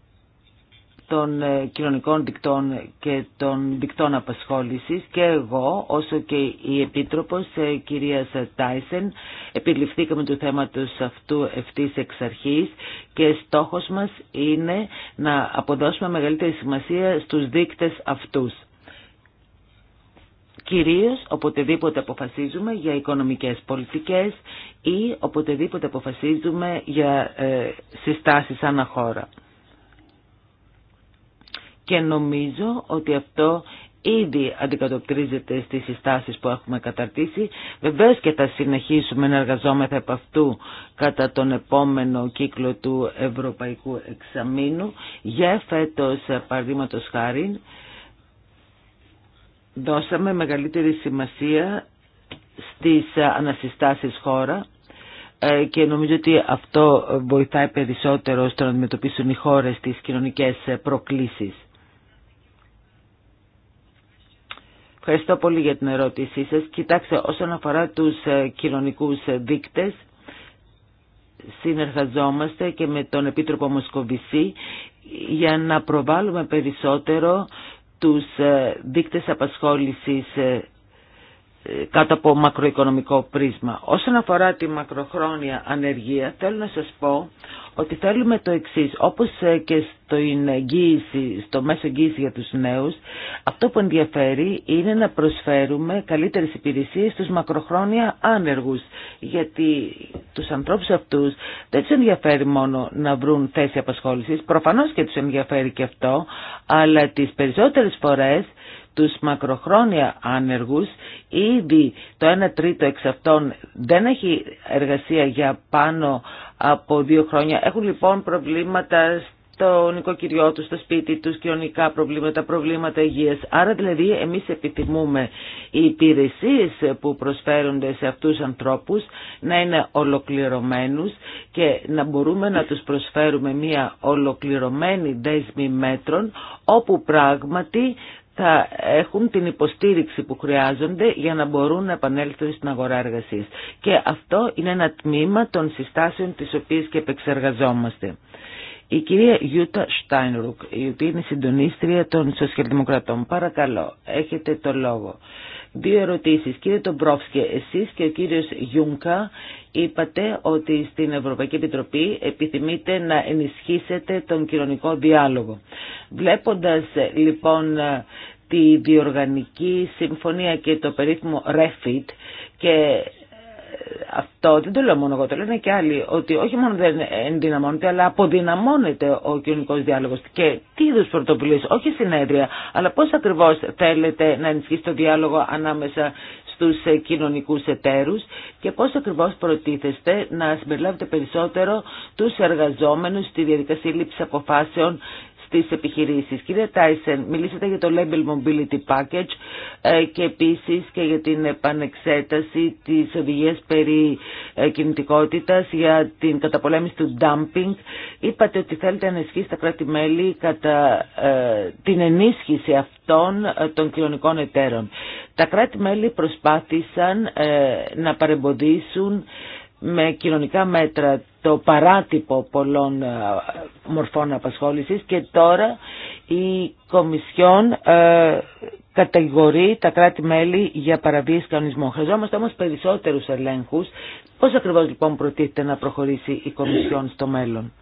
των ε, κοινωνικών δικτών και των δικτών απασχόλησης και εγώ όσο και η Επίτροπος ε, κυρία Τάισεν επιληφθήκαμε του θέματος αυτού ευθύς εξ αρχής και στόχος μας είναι να αποδώσουμε μεγαλύτερη σημασία στους δείκτες αυτούς κυρίως οποτεδήποτε αποφασίζουμε για οικονομικές πολιτικές ή οποτεδήποτε αποφασίζουμε για ε, συστάσεις ανά χώρα. Και νομίζω ότι αυτό ήδη αντικατοπτρίζεται στις συστάσεις που έχουμε καταρτήσει. Βεβαίως και θα συνεχίσουμε να εργαζόμεθα από αυτού κατά τον επόμενο κύκλο του Ευρωπαϊκού Εξαμήνου. Για φέτος, παραδείγματος χάρη, δώσαμε μεγαλύτερη σημασία στις ε, ανασυστάσεις χώρα ε, και νομίζω ότι αυτό βοηθάει περισσότερο στο να αντιμετωπίσουν οι χώρες τις κοινωνικές ε, προκλήσεις. Ευχαριστώ πολύ για την ερώτησή σας. Κοιτάξτε, όσον αφορά τους κοινωνικούς δείκτες, συνεργαζόμαστε και με τον Επίτροπο Μοσκοβισή για να προβάλλουμε περισσότερο τους ε, δείκτες απασχόλησης ε, κάτω από μακροοικονομικό πρίσμα. Όσον αφορά τη μακροχρόνια ανεργία, θέλω να σας πω ότι θέλουμε το εξής, όπως ε, και στο, στο μέσο εγγύηση για τους νέους, αυτό που ενδιαφέρει είναι να προσφέρουμε καλύτερες υπηρεσίες στους μακροχρόνια άνεργους, γιατί τους ανθρώπους αυτούς δεν τους ενδιαφέρει μόνο να βρουν θέση απασχόλησης, προφανώς και τους ενδιαφέρει και αυτό, αλλά τις περισσότερες φορές τους μακροχρόνια άνεργους, ήδη το 1 τρίτο εξ αυτών δεν έχει εργασία για πάνω από δύο χρόνια. Έχουν λοιπόν προβλήματα στο νοικοκυριό τους, στο σπίτι τους, κοινωνικά προβλήματα, προβλήματα υγείας. Άρα δηλαδή εμείς επιθυμούμε οι υπηρεσίες που προσφέρονται σε αυτούς τους ανθρώπους να είναι ολοκληρωμένους και να μπορούμε να τους προσφέρουμε μια ολοκληρωμένη δέσμη μέτρων όπου πράγματι θα έχουν την υποστήριξη που χρειάζονται για να μπορούν να επανέλθουν στην αγορά εργασίας. Και αυτό είναι ένα τμήμα των συστάσεων τις οποίες και επεξεργαζόμαστε. Η κυρία Γιούτα Στάινρουκ, η οποία είναι συντονίστρια των Σοσιαλδημοκρατών. Παρακαλώ, έχετε το λόγο. Δύο ερωτήσεις. Κύριε Τομπρόφσκε, εσείς και ο κύριος Γιούνκα είπατε ότι στην Ευρωπαϊκή Επιτροπή επιθυμείτε να ενισχύσετε τον κοινωνικό διάλογο. Βλέποντας λοιπόν τη διοργανική συμφωνία και το περίφημο REFIT και αυτό δεν το λέω μόνο εγώ, το λένε και άλλοι, ότι όχι μόνο δεν ενδυναμώνεται, αλλά αποδυναμώνεται ο κοινωνικό διάλογο. Και τι είδου πρωτοβουλίε, όχι συνέδρια, αλλά πώ ακριβώ θέλετε να ενισχύσει το διάλογο ανάμεσα στου κοινωνικού εταίρους και πώ ακριβώ προτίθεστε να συμπεριλάβετε περισσότερο του εργαζόμενου στη διαδικασία λήψη αποφάσεων στις επιχειρήσεις. Κύριε Τάισεν, μιλήσατε για το Label Mobility Package ε, και επίσης και για την επανεξέταση της οδηγίας περί ε, κινητικότητας για την καταπολέμηση του dumping. Είπατε ότι θέλετε να ενισχύσει τα κράτη-μέλη κατά ε, την ενίσχυση αυτών των κοινωνικών εταίρων. Τα κράτη-μέλη προσπάθησαν να παρεμποδίσουν με κοινωνικά μέτρα το παράτυπο πολλών ε, μορφών απασχόλησης και τώρα η Κομισιόν ε, κατηγορεί τα κράτη-μέλη για παραβίαση κανονισμών. Χρειαζόμαστε όμως περισσότερους ελέγχους. Πώς ακριβώς λοιπόν προτίθεται να προχωρήσει η Κομισιόν στο μέλλον.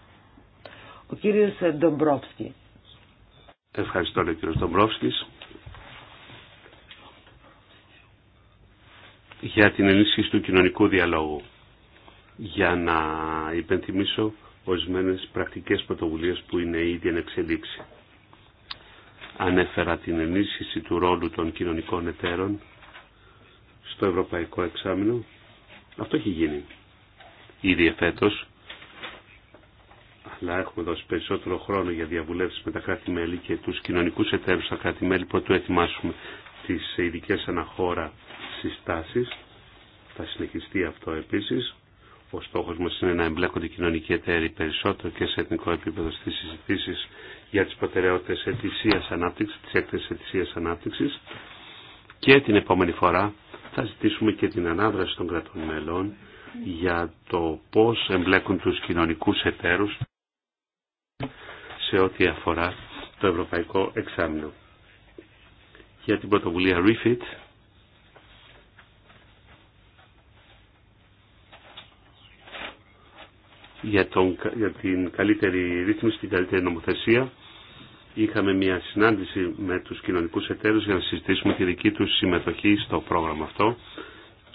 Ο κύριος Ντομπρόφσκι. Ευχαριστώ, ο κύριος Ντομπρόφσκης. για την ενίσχυση του κοινωνικού διαλόγου για να υπενθυμίσω ορισμένες πρακτικές πρωτοβουλίες που είναι ήδη εν εξελίξη. Ανέφερα την ενίσχυση του ρόλου των κοινωνικών εταίρων στο Ευρωπαϊκό Εξάμεινο. Αυτό έχει γίνει ήδη εφέτος, αλλά έχουμε δώσει περισσότερο χρόνο για διαβουλεύσεις με τα κράτη-μέλη και τους κοινωνικούς εταίρους στα κράτη-μέλη το ετοιμάσουμε τις ειδικές αναχώρα συστάσεις. Θα συνεχιστεί αυτό επίσης. Ο στόχος μας είναι να εμπλέκονται οι κοινωνικοί εταίροι περισσότερο και σε εθνικό επίπεδο στις συζητήσεις για τις προτεραιότητες ετησίας ανάπτυξης, τις έκθεσης ετησίας ανάπτυξης και την επόμενη φορά θα ζητήσουμε και την ανάδραση των κρατών μελών για το πώς εμπλέκουν τους κοινωνικούς εταίρους σε ό,τι αφορά το Ευρωπαϊκό Εξάμεινο. Για την πρωτοβουλία REFIT για, τον, την καλύτερη ρύθμιση την καλύτερη νομοθεσία. Είχαμε μια συνάντηση με τους κοινωνικούς εταίρους για να συζητήσουμε τη δική τους συμμετοχή στο πρόγραμμα αυτό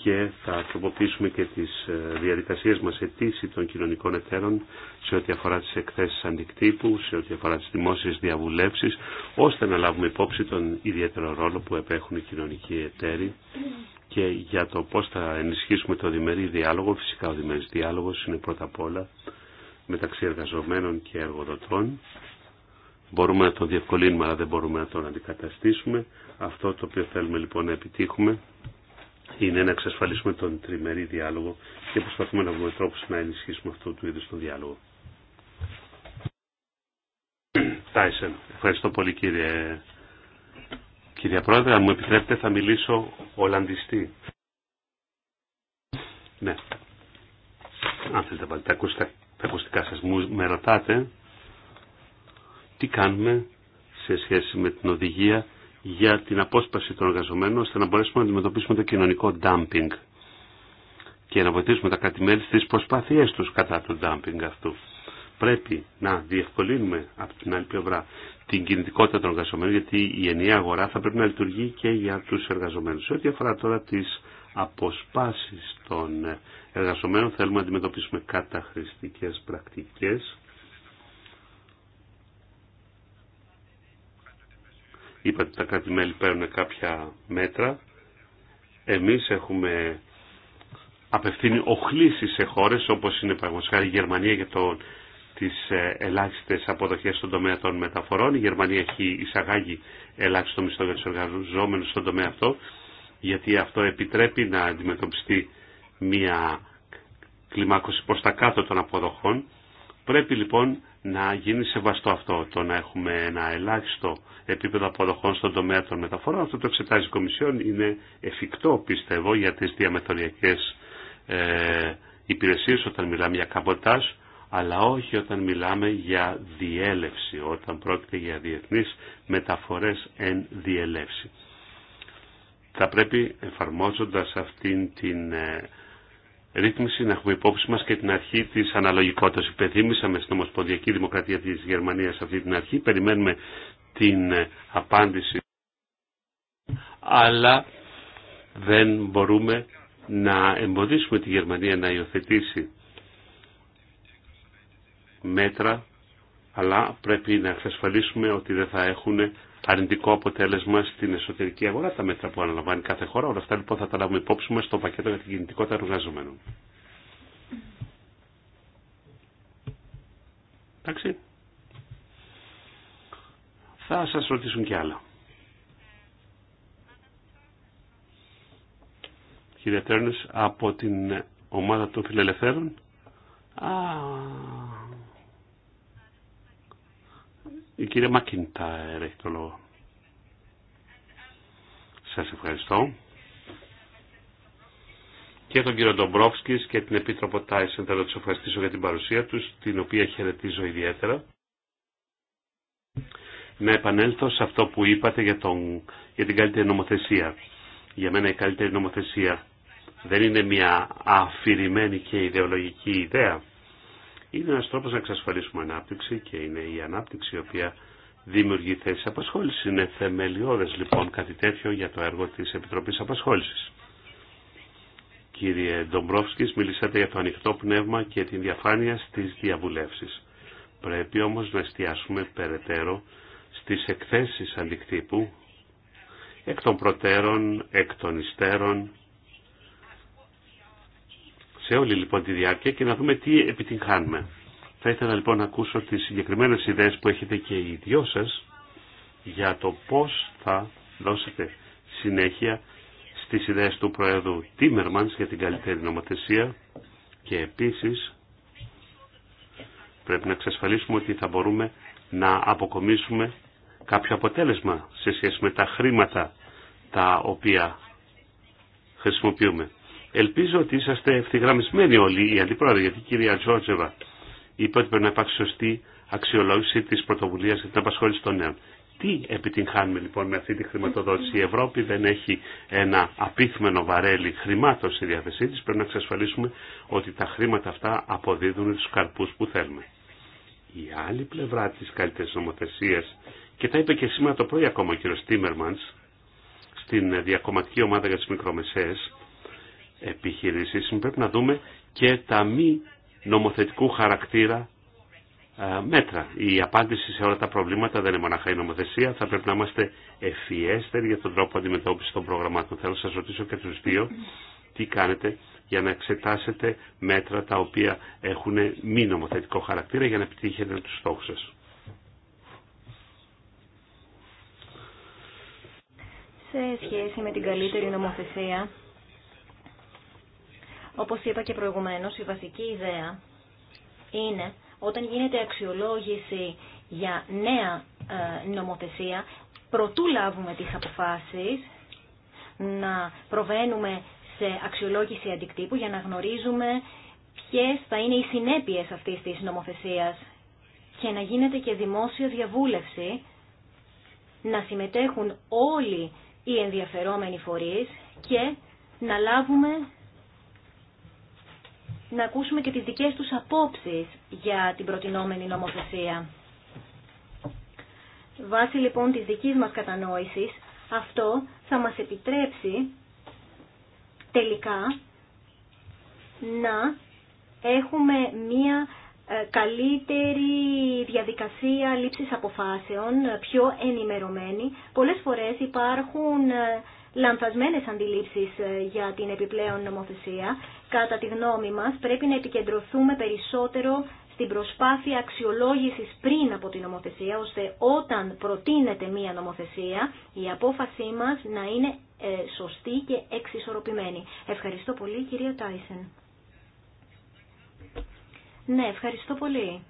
και θα τροποποιήσουμε και τις ε, διαδικασίες μας αιτήσει των κοινωνικών εταίρων σε ό,τι αφορά τις εκθέσεις αντικτύπου, σε ό,τι αφορά τις δημόσιες διαβουλεύσεις, ώστε να λάβουμε υπόψη τον ιδιαίτερο ρόλο που επέχουν οι κοινωνικοί εταίροι και για το πώς θα ενισχύσουμε το διμερή διάλογο. Φυσικά ο διμερής διάλογος είναι πρώτα απ' όλα μεταξύ εργαζομένων και εργοδοτών. Μπορούμε να τον διευκολύνουμε, αλλά δεν μπορούμε να τον αντικαταστήσουμε. Αυτό το οποίο θέλουμε λοιπόν να επιτύχουμε είναι να εξασφαλίσουμε τον τριμερή διάλογο και προσπαθούμε να βρούμε τρόπους να ενισχύσουμε αυτού του είδους τον διάλογο. Τάισεν, ευχαριστώ πολύ κύριε, κύριε Πρόεδρε. Αν μου επιτρέπετε θα μιλήσω Ολλανδιστή. Ναι. Αν θέλετε πάλι τα ακουστικά, τα ακουστικά σας μου με ρωτάτε τι κάνουμε σε σχέση με την οδηγία για την απόσπαση των εργαζομένων ώστε να μπορέσουμε να αντιμετωπίσουμε το κοινωνικό dumping και να βοηθήσουμε τα κράτη-μέλη στις προσπάθειές τους κατά του dumping αυτού. Πρέπει να διευκολύνουμε από την άλλη πλευρά την κινητικότητα των εργαζομένων γιατί η ενιαία αγορά θα πρέπει να λειτουργεί και για τους εργαζομένους. Σε ό,τι αφορά τώρα τις αποσπάσεις των εργαζομένων θέλουμε να αντιμετωπίσουμε καταχρηστικές πρακτικές Είπατε ότι τα κράτη-μέλη παίρνουν κάποια μέτρα. Εμείς έχουμε απευθύνει οχλήσεις σε χώρες όπως είναι πραγματικά η Γερμανία για το, τις ε, ελάχιστες αποδοχές στον τομέα των μεταφορών. Η Γερμανία έχει εισαγάγει ελάχιστο μισθό για τους εργαζόμενους στον τομέα αυτό γιατί αυτό επιτρέπει να αντιμετωπιστεί μια κλιμάκωση προς τα κάτω των αποδοχών Πρέπει λοιπόν να γίνει σεβαστό αυτό, το να έχουμε ένα ελάχιστο επίπεδο αποδοχών στον τομέα των μεταφορών. Αυτό το εξετάζει η Κομισιόν, είναι εφικτό πιστεύω για τις διαμεθοριακές ε, υπηρεσίες όταν μιλάμε για καμποτάζ, αλλά όχι όταν μιλάμε για διέλευση, όταν πρόκειται για διεθνείς μεταφορές εν διελεύση. Θα πρέπει εφαρμόζοντας αυτήν την ε, ρύθμιση να έχουμε υπόψη μας και την αρχή της αναλογικότητας. Υπενθύμησαμε στην Ομοσπονδιακή Δημοκρατία της Γερμανίας αυτή την αρχή. Περιμένουμε την ε, απάντηση. Αλλά δεν μπορούμε να εμποδίσουμε τη Γερμανία να υιοθετήσει μέτρα αλλά πρέπει να εξασφαλίσουμε ότι δεν θα έχουν αρνητικό αποτέλεσμα στην εσωτερική αγορά τα μέτρα που αναλαμβάνει κάθε χώρα. Όλα αυτά λοιπόν θα τα λάβουμε υπόψη μα στο πακέτο για την κινητικότητα εργαζομένων. Εντάξει. Θα σας ρωτήσουν και άλλα. Κύριε Τέρνες, από την ομάδα των φιλελευθέρων. Α, Η κυρία Μακιντάερ έχει το λόγο. Σας ευχαριστώ. Και τον κύριο Ντομπρόφσκη και την Επίτροπο Τάισεν θέλω να ευχαριστήσω για την παρουσία τους, την οποία χαιρετίζω ιδιαίτερα. Να επανέλθω σε αυτό που είπατε για, τον, για την καλύτερη νομοθεσία. Για μένα η καλύτερη νομοθεσία δεν είναι μια αφηρημένη και ιδεολογική ιδέα είναι ένας τρόπος να εξασφαλίσουμε ανάπτυξη και είναι η ανάπτυξη η οποία δημιουργεί θέσει απασχόληση. Είναι θεμελιώδες λοιπόν κάτι τέτοιο για το έργο της Επιτροπής Απασχόλησης. Κύριε Ντομπρόφσκης, μιλήσατε για το ανοιχτό πνεύμα και την διαφάνεια στις διαβουλεύσεις. Πρέπει όμως να εστιάσουμε περαιτέρω στις εκθέσεις αντικτύπου εκ των προτέρων, εκ των υστέρων, σε όλη λοιπόν τη διάρκεια και να δούμε τι επιτυγχάνουμε. Θα ήθελα λοιπόν να ακούσω τις συγκεκριμένες ιδέες που έχετε και οι δυο σας για το πώς θα δώσετε συνέχεια στις ιδέες του Προέδρου Τίμερμανς για την καλύτερη νομοθεσία και επίσης πρέπει να εξασφαλίσουμε ότι θα μπορούμε να αποκομίσουμε κάποιο αποτέλεσμα σε σχέση με τα χρήματα τα οποία χρησιμοποιούμε. Ελπίζω ότι είσαστε ευθυγραμμισμένοι όλοι οι αντιπρόεδροι, γιατί η κυρία Τζότζεβα είπε ότι πρέπει να υπάρξει σωστή αξιολόγηση τη πρωτοβουλία για την απασχόληση των νέων. Τι επιτυγχάνουμε λοιπόν με αυτή τη χρηματοδότηση. Η Ευρώπη δεν έχει ένα απίθμενο βαρέλι χρημάτων στη διάθεσή τη. Πρέπει να εξασφαλίσουμε ότι τα χρήματα αυτά αποδίδουν του καρπού που θέλουμε. Η άλλη πλευρά τη καλύτερη νομοθεσία, και τα είπε και σήμερα το πρωί ακόμα ο κ. Τίμερμαντ στην διακομματική ομάδα για τι μικρομεσαίε, επιχειρήσεις πρέπει να δούμε και τα μη νομοθετικού χαρακτήρα μέτρα. Η απάντηση σε όλα τα προβλήματα δεν είναι μοναχά η νομοθεσία. Θα πρέπει να είμαστε ευφιέστεροι για τον τρόπο αντιμετώπιση των προγραμμάτων. Θέλω να σας ρωτήσω και τους δύο τι κάνετε για να εξετάσετε μέτρα τα οποία έχουν μη νομοθετικό χαρακτήρα για να επιτύχετε τους στόχους σας. Σε σχέση με την καλύτερη νομοθεσία, όπως είπα και προηγουμένως, η βασική ιδέα είναι όταν γίνεται αξιολόγηση για νέα ε, νομοθεσία, προτού λάβουμε τις αποφάσεις, να προβαίνουμε σε αξιολόγηση αντικτύπου για να γνωρίζουμε ποιες θα είναι οι συνέπειες αυτής της νομοθεσίας και να γίνεται και δημόσια διαβούλευση, να συμμετέχουν όλοι οι ενδιαφερόμενοι φορείς και να λάβουμε να ακούσουμε και τις δικές τους απόψεις για την προτινόμενη νομοθεσία. Βάσει λοιπόν της δικής μας κατανόησης, αυτό θα μας επιτρέψει τελικά να έχουμε μία ε, καλύτερη διαδικασία λήψης αποφάσεων, ε, πιο ενημερωμένη. Πολλές φορές υπάρχουν ε, λανθασμένες αντιλήψεις ε, για την επιπλέον νομοθεσία. Κατά τη γνώμη μας πρέπει να επικεντρωθούμε περισσότερο στην προσπάθεια αξιολόγησης πριν από την νομοθεσία, ώστε όταν προτείνεται μία νομοθεσία, η απόφασή μας να είναι ε, σωστή και εξισορροπημένη. Ευχαριστώ πολύ, κυρία Τάισεν. Ναι, ευχαριστώ πολύ.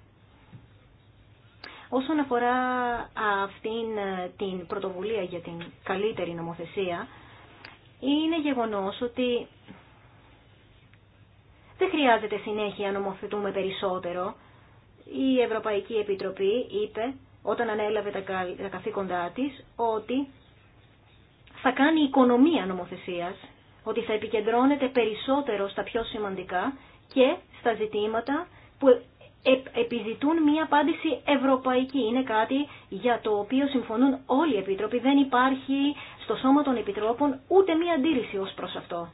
Όσον αφορά αυτήν ε, την πρωτοβουλία για την καλύτερη νομοθεσία, είναι γεγονός ότι δεν χρειάζεται συνέχεια να νομοθετούμε περισσότερο. Η Ευρωπαϊκή Επιτροπή είπε όταν ανέλαβε τα καθήκοντά της ότι θα κάνει οικονομία νομοθεσίας, ότι θα επικεντρώνεται περισσότερο στα πιο σημαντικά και στα ζητήματα που επιζητούν μία απάντηση ευρωπαϊκή. Είναι κάτι για το οποίο συμφωνούν όλοι οι Επίτροποι. Δεν υπάρχει στο σώμα των Επιτρόπων ούτε μία αντίρρηση ως προς αυτό.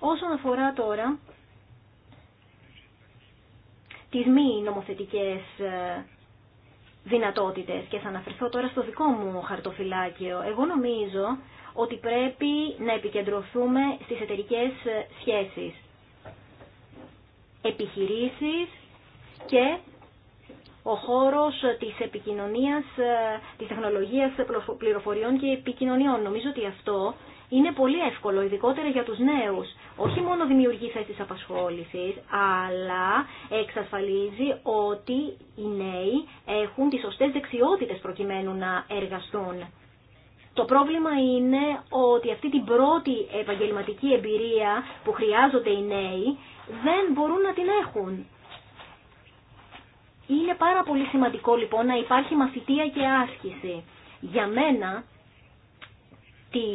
Όσον αφορά τώρα τις μη νομοθετικές ε, δυνατότητες και θα αναφερθώ τώρα στο δικό μου χαρτοφυλάκιο. Εγώ νομίζω ότι πρέπει να επικεντρωθούμε στις εταιρικές ε, σχέσεις επιχειρήσεις και ο χώρος της επικοινωνίας, ε, της τεχνολογίας πληροφοριών και επικοινωνιών. Νομίζω ότι αυτό είναι πολύ εύκολο, ειδικότερα για τους νέους. Όχι μόνο δημιουργεί θέσεις απασχόλησης, αλλά εξασφαλίζει ότι οι νέοι έχουν τις σωστές δεξιότητες προκειμένου να εργαστούν. Το πρόβλημα είναι ότι αυτή την πρώτη επαγγελματική εμπειρία που χρειάζονται οι νέοι δεν μπορούν να την έχουν. Είναι πάρα πολύ σημαντικό λοιπόν να υπάρχει μαθητεία και άσκηση. Για μένα οι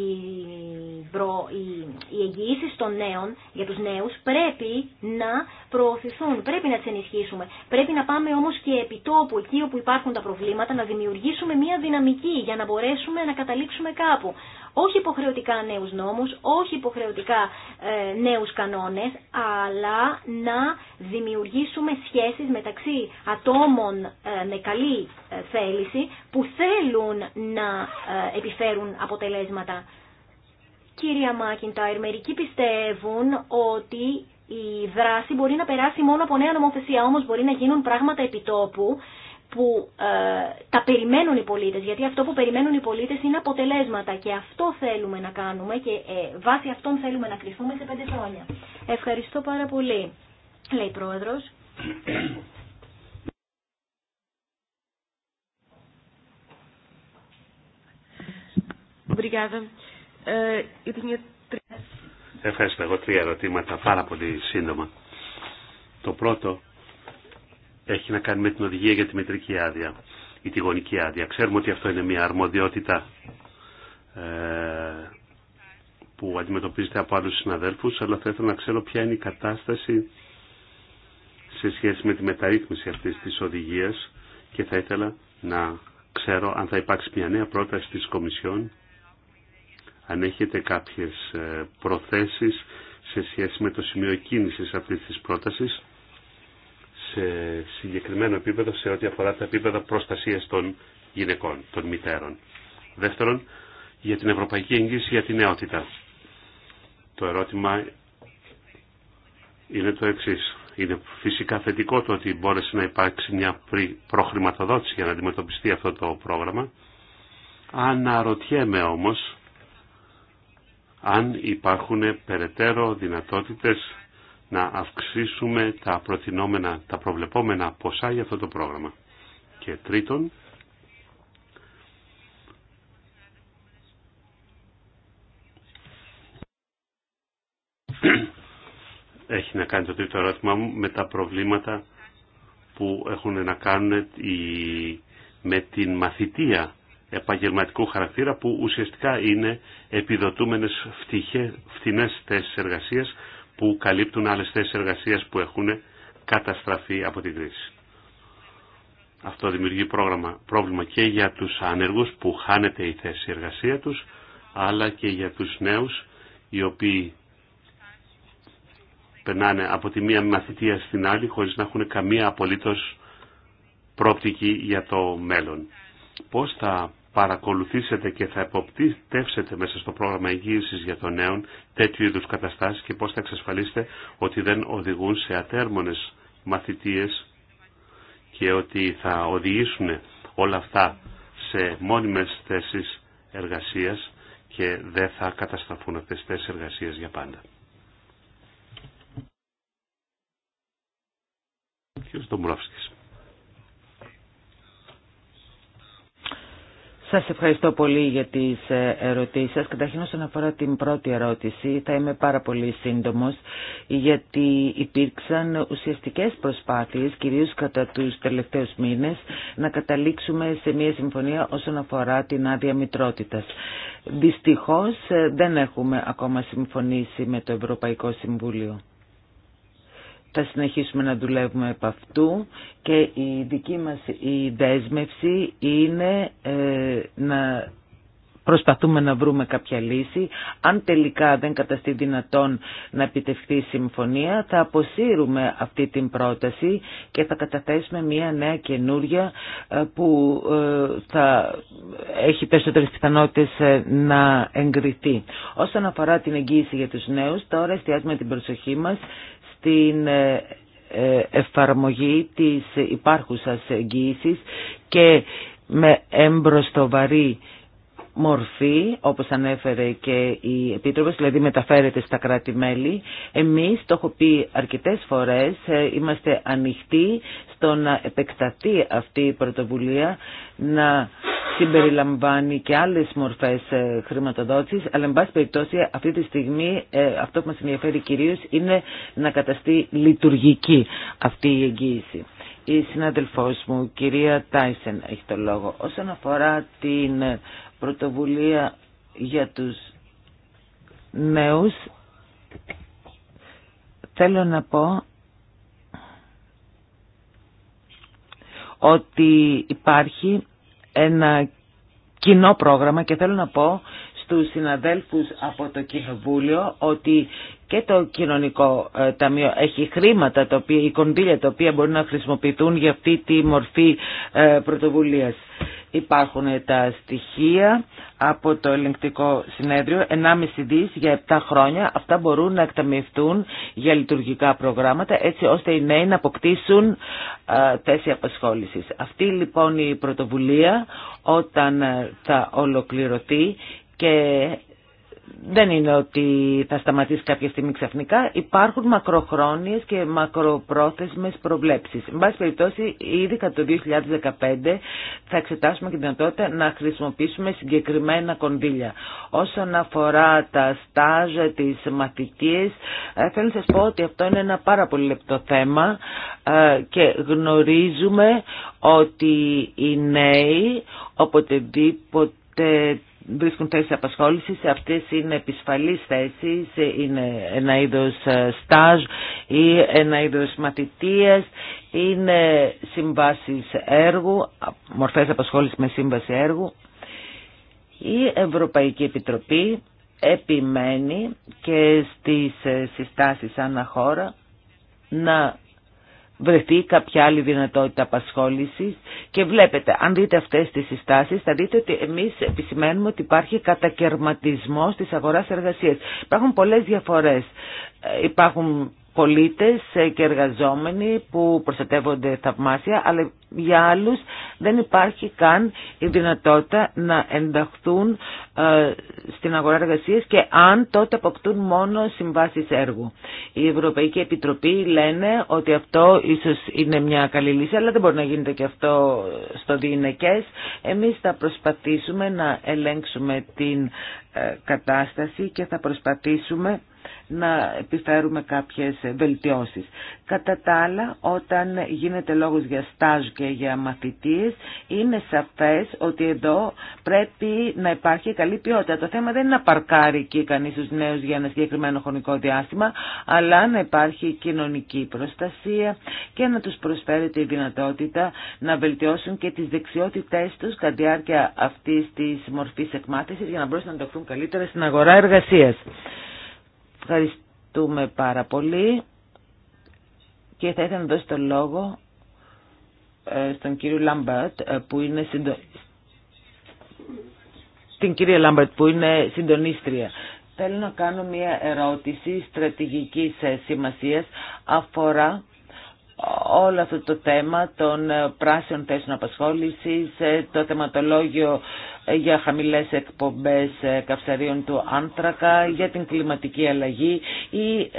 εγγυήσει των νέων για τους νέους πρέπει να προωθηθούν, πρέπει να τις ενισχύσουμε. Πρέπει να πάμε όμως και επιτόπου εκεί όπου υπάρχουν τα προβλήματα να δημιουργήσουμε μια δυναμική για να μπορέσουμε να καταλήξουμε κάπου όχι υποχρεωτικά νέους νόμους, όχι υποχρεωτικά ε, νέους κανόνες, αλλά να δημιουργήσουμε σχέσεις μεταξύ ατόμων ε, με καλή ε, θέληση που θέλουν να επιφέρουν αποτελέσματα. Κυρία Μάκιντάιρ, μερικοί πιστεύουν ότι η δράση μπορεί να περάσει μόνο από νέα νομοθεσία, όμως μπορεί να γίνουν πράγματα επιτόπου που ε, τα περιμένουν οι πολίτες, γιατί αυτό που περιμένουν οι πολίτες είναι αποτελέσματα και αυτό θέλουμε να κάνουμε και ε, βάσει αυτών θέλουμε να κρυφθούμε σε πέντε χρόνια. Ευχαριστώ πάρα πολύ, λέει η Πρόεδρος. Ε, Ευχαριστώ. Εγώ τρία ερωτήματα πάρα πολύ σύντομα. Το πρώτο έχει να κάνει με την οδηγία για τη μετρική άδεια ή τη γονική άδεια. Ξέρουμε ότι αυτό είναι μια αρμοδιότητα ε, που αντιμετωπίζεται από άλλους συναδέλφους, αλλά θα ήθελα να ξέρω ποια είναι η κατάσταση σε σχέση με τη μεταρρύθμιση αυτής της οδηγίας και θα ήθελα να ξέρω αν θα υπάρξει μια νέα πρόταση της Κομισιόν, αν έχετε κάποιες ε, προθέσεις σε σχέση με το σημείο κίνησης αυτής της πρότασης σε συγκεκριμένο επίπεδο σε ό,τι αφορά τα επίπεδα προστασίας των γυναικών, των μητέρων. Δεύτερον, για την Ευρωπαϊκή Εγγύηση για τη Νεότητα. Το ερώτημα είναι το εξή. Είναι φυσικά θετικό το ότι μπόρεσε να υπάρξει μια προχρηματοδότηση για να αντιμετωπιστεί αυτό το πρόγραμμα. Αναρωτιέμαι όμως αν υπάρχουν περαιτέρω δυνατότητες να αυξήσουμε τα προτινόμενα, τα προβλεπόμενα ποσά για αυτό το πρόγραμμα. Και τρίτον, έχει να κάνει το τρίτο ερώτημά μου με τα προβλήματα που έχουν να κάνουν με την μαθητεία επαγγελματικού χαρακτήρα που ουσιαστικά είναι επιδοτούμενες φτηνές θέσεις εργασίας που καλύπτουν άλλες θέσεις εργασίας που έχουν καταστραφεί από την κρίση. Αυτό δημιουργεί πρόβλημα και για τους άνεργους που χάνεται η θέση εργασία τους, αλλά και για τους νέους οι οποίοι περνάνε από τη μία μαθητεία στην άλλη χωρίς να έχουν καμία απολύτως πρόπτικη για το μέλλον. Πώς θα παρακολουθήσετε και θα εποπτεύσετε μέσα στο πρόγραμμα εγγύησης για το νέο τέτοιου είδους καταστάσεις και πώς θα εξασφαλίσετε ότι δεν οδηγούν σε ατέρμονες μαθητείες και ότι θα οδηγήσουν όλα αυτά σε μόνιμες θέσεις εργασίας και δεν θα κατασταθούν αυτές τις θέσεις εργασίας για πάντα. Κύριος Μουλαύσκης. Σας ευχαριστώ πολύ για τις ε, ερωτήσεις σας. Καταρχήν όσον αφορά την πρώτη ερώτηση θα είμαι πάρα πολύ σύντομος γιατί υπήρξαν ουσιαστικές προσπάθειες κυρίως κατά τους τελευταίους μήνες να καταλήξουμε σε μια συμφωνία όσον αφορά την άδεια μητρότητας. Δυστυχώς ε, δεν έχουμε ακόμα συμφωνήσει με το Ευρωπαϊκό Συμβούλιο. Θα συνεχίσουμε να δουλεύουμε επ' αυτού και η δική μας η δέσμευση είναι ε, να προσπαθούμε να βρούμε κάποια λύση. Αν τελικά δεν καταστεί δυνατόν να επιτευχθεί συμφωνία, θα αποσύρουμε αυτή την πρόταση και θα καταθέσουμε μια νέα καινούρια ε, που ε, θα έχει περισσότερες πιθανότητες να εγκριθεί. Όσον αφορά την εγγύηση για τους νέους, τώρα εστιάζουμε την προσοχή μας την ε, ε, εφαρμογή της υπάρχουσας εγγύησης και με βαρύ μορφή, όπως ανέφερε και η Επίτροπος, δηλαδή μεταφέρεται στα κράτη-μέλη. Εμείς, το έχω πει αρκετές φορές, ε, είμαστε ανοιχτοί στο να επεκταθεί αυτή η πρωτοβουλία, να συμπεριλαμβάνει και άλλες μορφές ε, χρηματοδότησης, αλλά εν πάση περιπτώσει αυτή τη στιγμή ε, αυτό που μας ενδιαφέρει κυρίως είναι να καταστεί λειτουργική αυτή η εγγύηση. Η συνάδελφός μου, κυρία Τάισεν, έχει το λόγο. Όσον αφορά την πρωτοβουλία για τους νέους θέλω να πω ότι υπάρχει ένα κοινό πρόγραμμα και θέλω να πω στους συναδέλφους από το Κοινοβούλιο ότι και το κοινωνικό ε, ταμείο έχει χρήματα, τα οποία, η κονδύλια τα οποία μπορούν να χρησιμοποιηθούν για αυτή τη μορφή ε, πρωτοβουλίας. Υπάρχουν ε, τα στοιχεία από το ελεγκτικό συνέδριο, 1,5 δις για 7 χρόνια. Αυτά μπορούν να εκταμιευτούν για λειτουργικά προγράμματα έτσι ώστε οι νέοι να αποκτήσουν θέση απασχόλησης. Αυτή λοιπόν η πρωτοβουλία όταν θα ολοκληρωθεί και δεν είναι ότι θα σταματήσει κάποια στιγμή ξαφνικά. Υπάρχουν μακροχρόνιες και μακροπρόθεσμες προβλέψεις. Εν πάση περιπτώσει, ήδη κατά το 2015 θα εξετάσουμε και την δυνατότητα να χρησιμοποιήσουμε συγκεκριμένα κονδύλια. Όσον αφορά τα στάζ, τις μαθητίες, ε, θέλω να σας πω ότι αυτό είναι ένα πάρα πολύ λεπτό θέμα ε, και γνωρίζουμε ότι οι νέοι οποτεδήποτε βρίσκουν θέσεις απασχόλησης, αυτές απασχόληση. Αυτέ είναι επισφαλίσει ένα είδος ε, στάζ ή ή ένα μαθητείας, είναι συμβάσεις έργου, μορφέ απασχόλησει με σύμβαση έργου. Η ενα ειδο μαθητειας ειναι συμβασει εργου μορφε απασχολησης με συμβαση επιμένει και στι ε, συστάσεις ανά χώρα να βρεθεί κάποια άλλη δυνατότητα απασχόλησης και βλέπετε, αν δείτε αυτές τις συστάσεις θα δείτε ότι εμείς επισημαίνουμε ότι υπάρχει κατακαιρματισμός της αγοράς εργασίας. Υπάρχουν πολλές διαφορές. Ε, υπάρχουν πολίτες και εργαζόμενοι που προστατεύονται θαυμάσια, αλλά για άλλους δεν υπάρχει καν η δυνατότητα να ενταχθούν ε, στην αγορά εργασία και αν τότε αποκτούν μόνο συμβάσεις έργου. Η Ευρωπαϊκή Επιτροπή λένε ότι αυτό ίσως είναι μια καλή λύση, αλλά δεν μπορεί να γίνεται και αυτό στο διηνεκές. Εμείς θα προσπαθήσουμε να ελέγξουμε την ε, κατάσταση και θα προσπαθήσουμε να επιφέρουμε κάποιες βελτιώσεις. Κατά τα άλλα, όταν γίνεται λόγος για στάζ και για μαθητείες, είναι σαφές ότι εδώ πρέπει να υπάρχει καλή ποιότητα. Το θέμα δεν είναι να παρκάρει και κανείς τους νέους για ένα συγκεκριμένο χρονικό διάστημα, αλλά να υπάρχει κοινωνική προστασία και να τους προσφέρεται η δυνατότητα να βελτιώσουν και τις δεξιότητές τους κατά διάρκεια αυτής της μορφής εκμάθησης για να μπορούν να ανταχθούν καλύτερα στην αγορά εργασίας. Ευχαριστούμε πάρα πολύ και θα ήθελα να δώσω το λόγο ε, στον κύριο Λάμπερτ ε, που είναι συντο... στην κυρία Λάμπερτ που είναι συντονίστρια. Θέλω να κάνω μια ερώτηση στρατηγικής ε, σημασίας αφορά όλο αυτό το θέμα των πράσινων θέσεων απασχόλησης, το θεματολόγιο για χαμηλές εκπομπές ε, καυσαρίων του άνθρακα, για την κλιματική αλλαγή. Η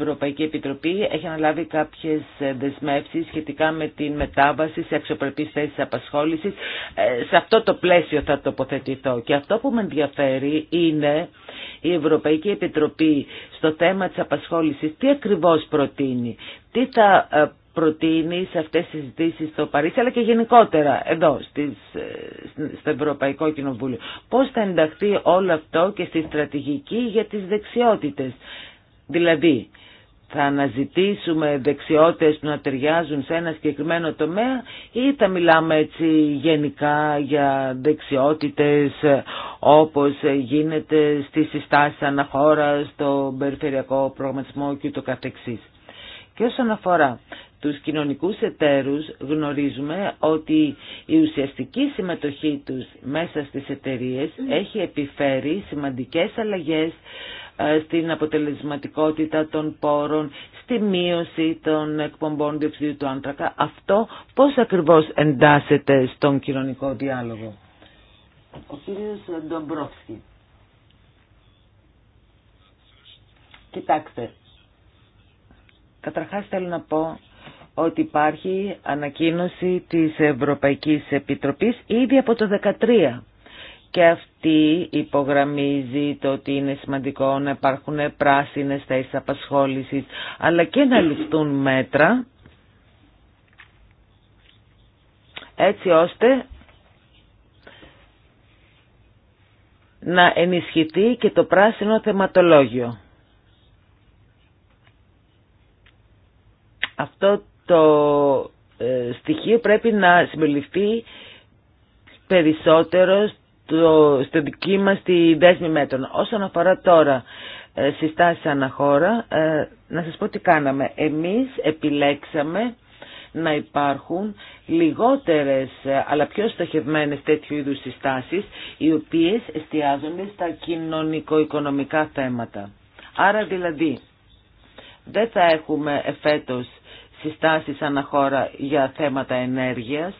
Ευρωπαϊκή Επιτροπή έχει αναλάβει κάποιες ε, δεσμεύσεις σχετικά με την μετάβαση σε αξιοπρεπείς θέσεις απασχόλησης. Ε, σε αυτό το πλαίσιο θα τοποθετηθώ. Και αυτό που με ενδιαφέρει είναι η Ευρωπαϊκή Επιτροπή στο θέμα της απασχόλησης τι ακριβώς προτείνει, τι θα προτείνει σε αυτές τις συζητήσεις στο Παρίσι αλλά και γενικότερα εδώ στις, στο Ευρωπαϊκό Κοινοβούλιο. Πώς θα ενταχθεί όλο αυτό και στη στρατηγική για τις δεξιότητες. Δηλαδή, θα αναζητήσουμε δεξιότητες που να ταιριάζουν σε ένα συγκεκριμένο τομέα ή θα μιλάμε έτσι γενικά για δεξιότητες όπως γίνεται στις συστάσεις αναχώρα, στο περιφερειακό προγραμματισμό και το καθεξής. Και όσον αφορά τους κοινωνικούς εταίρους γνωρίζουμε ότι η ουσιαστική συμμετοχή τους μέσα στις εταιρείες έχει επιφέρει σημαντικές αλλαγές ε, στην αποτελεσματικότητα των πόρων, στη μείωση των εκπομπών διοξιδίου του άνθρακα. Αυτό πώς ακριβώς εντάσσεται στον κοινωνικό διάλογο. Ο κύριος Ντομπρόφσκι. Κοιτάξτε, καταρχάς θέλω να πω ότι υπάρχει ανακοίνωση της Ευρωπαϊκής Επιτροπής ήδη από το 2013 και αυτή υπογραμμίζει το ότι είναι σημαντικό να υπάρχουν πράσινες θέσεις απασχόλησης αλλά και να ληφθούν μέτρα έτσι ώστε να ενισχυθεί και το πράσινο θεματολόγιο. Αυτό το ε, στοιχείο πρέπει να συμπεριληφθεί περισσότερο στο, στο δική μας τη δέσμη μέτρων. Όσον αφορά τώρα ε, συστάσεις αναχώρα, ε, να σας πω τι κάναμε. Εμείς επιλέξαμε να υπάρχουν λιγότερες αλλά πιο στοχευμένες τέτοιου είδους συστάσεις οι οποίες εστιάζονται στα κοινωνικο-οικονομικά θέματα. Άρα δηλαδή δεν θα έχουμε εφέτος συστάσεις αναχώρα για θέματα ενέργειας.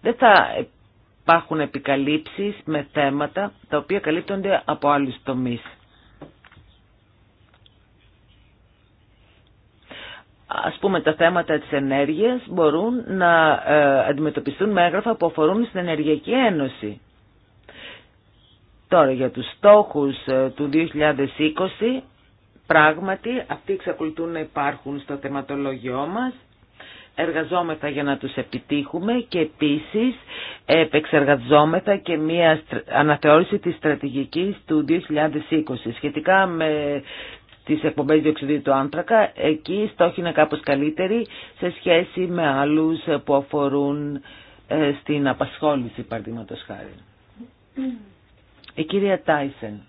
Δεν θα υπάρχουν επικαλύψεις με θέματα τα οποία καλύπτονται από άλλους τομείς. Ας πούμε τα θέματα της ενέργειας μπορούν να ε, αντιμετωπιστούν με έγγραφα που αφορούν στην Ενεργειακή Ένωση. Τώρα για τους στόχους ε, του 2020 Πράγματι, αυτοί εξακολουθούν να υπάρχουν στο θεματολόγιό μας. Εργαζόμεθα για να τους επιτύχουμε και επίσης επεξεργαζόμεθα και μία αναθεώρηση της στρατηγικής του 2020 σχετικά με τις εκπομπές διοξυδίου του άνθρακα. Εκεί η στόχοι είναι κάπως καλύτερη σε σχέση με άλλους που αφορούν ε, στην απασχόληση, παραδείγματος χάρη. Η κυρία Τάισεν.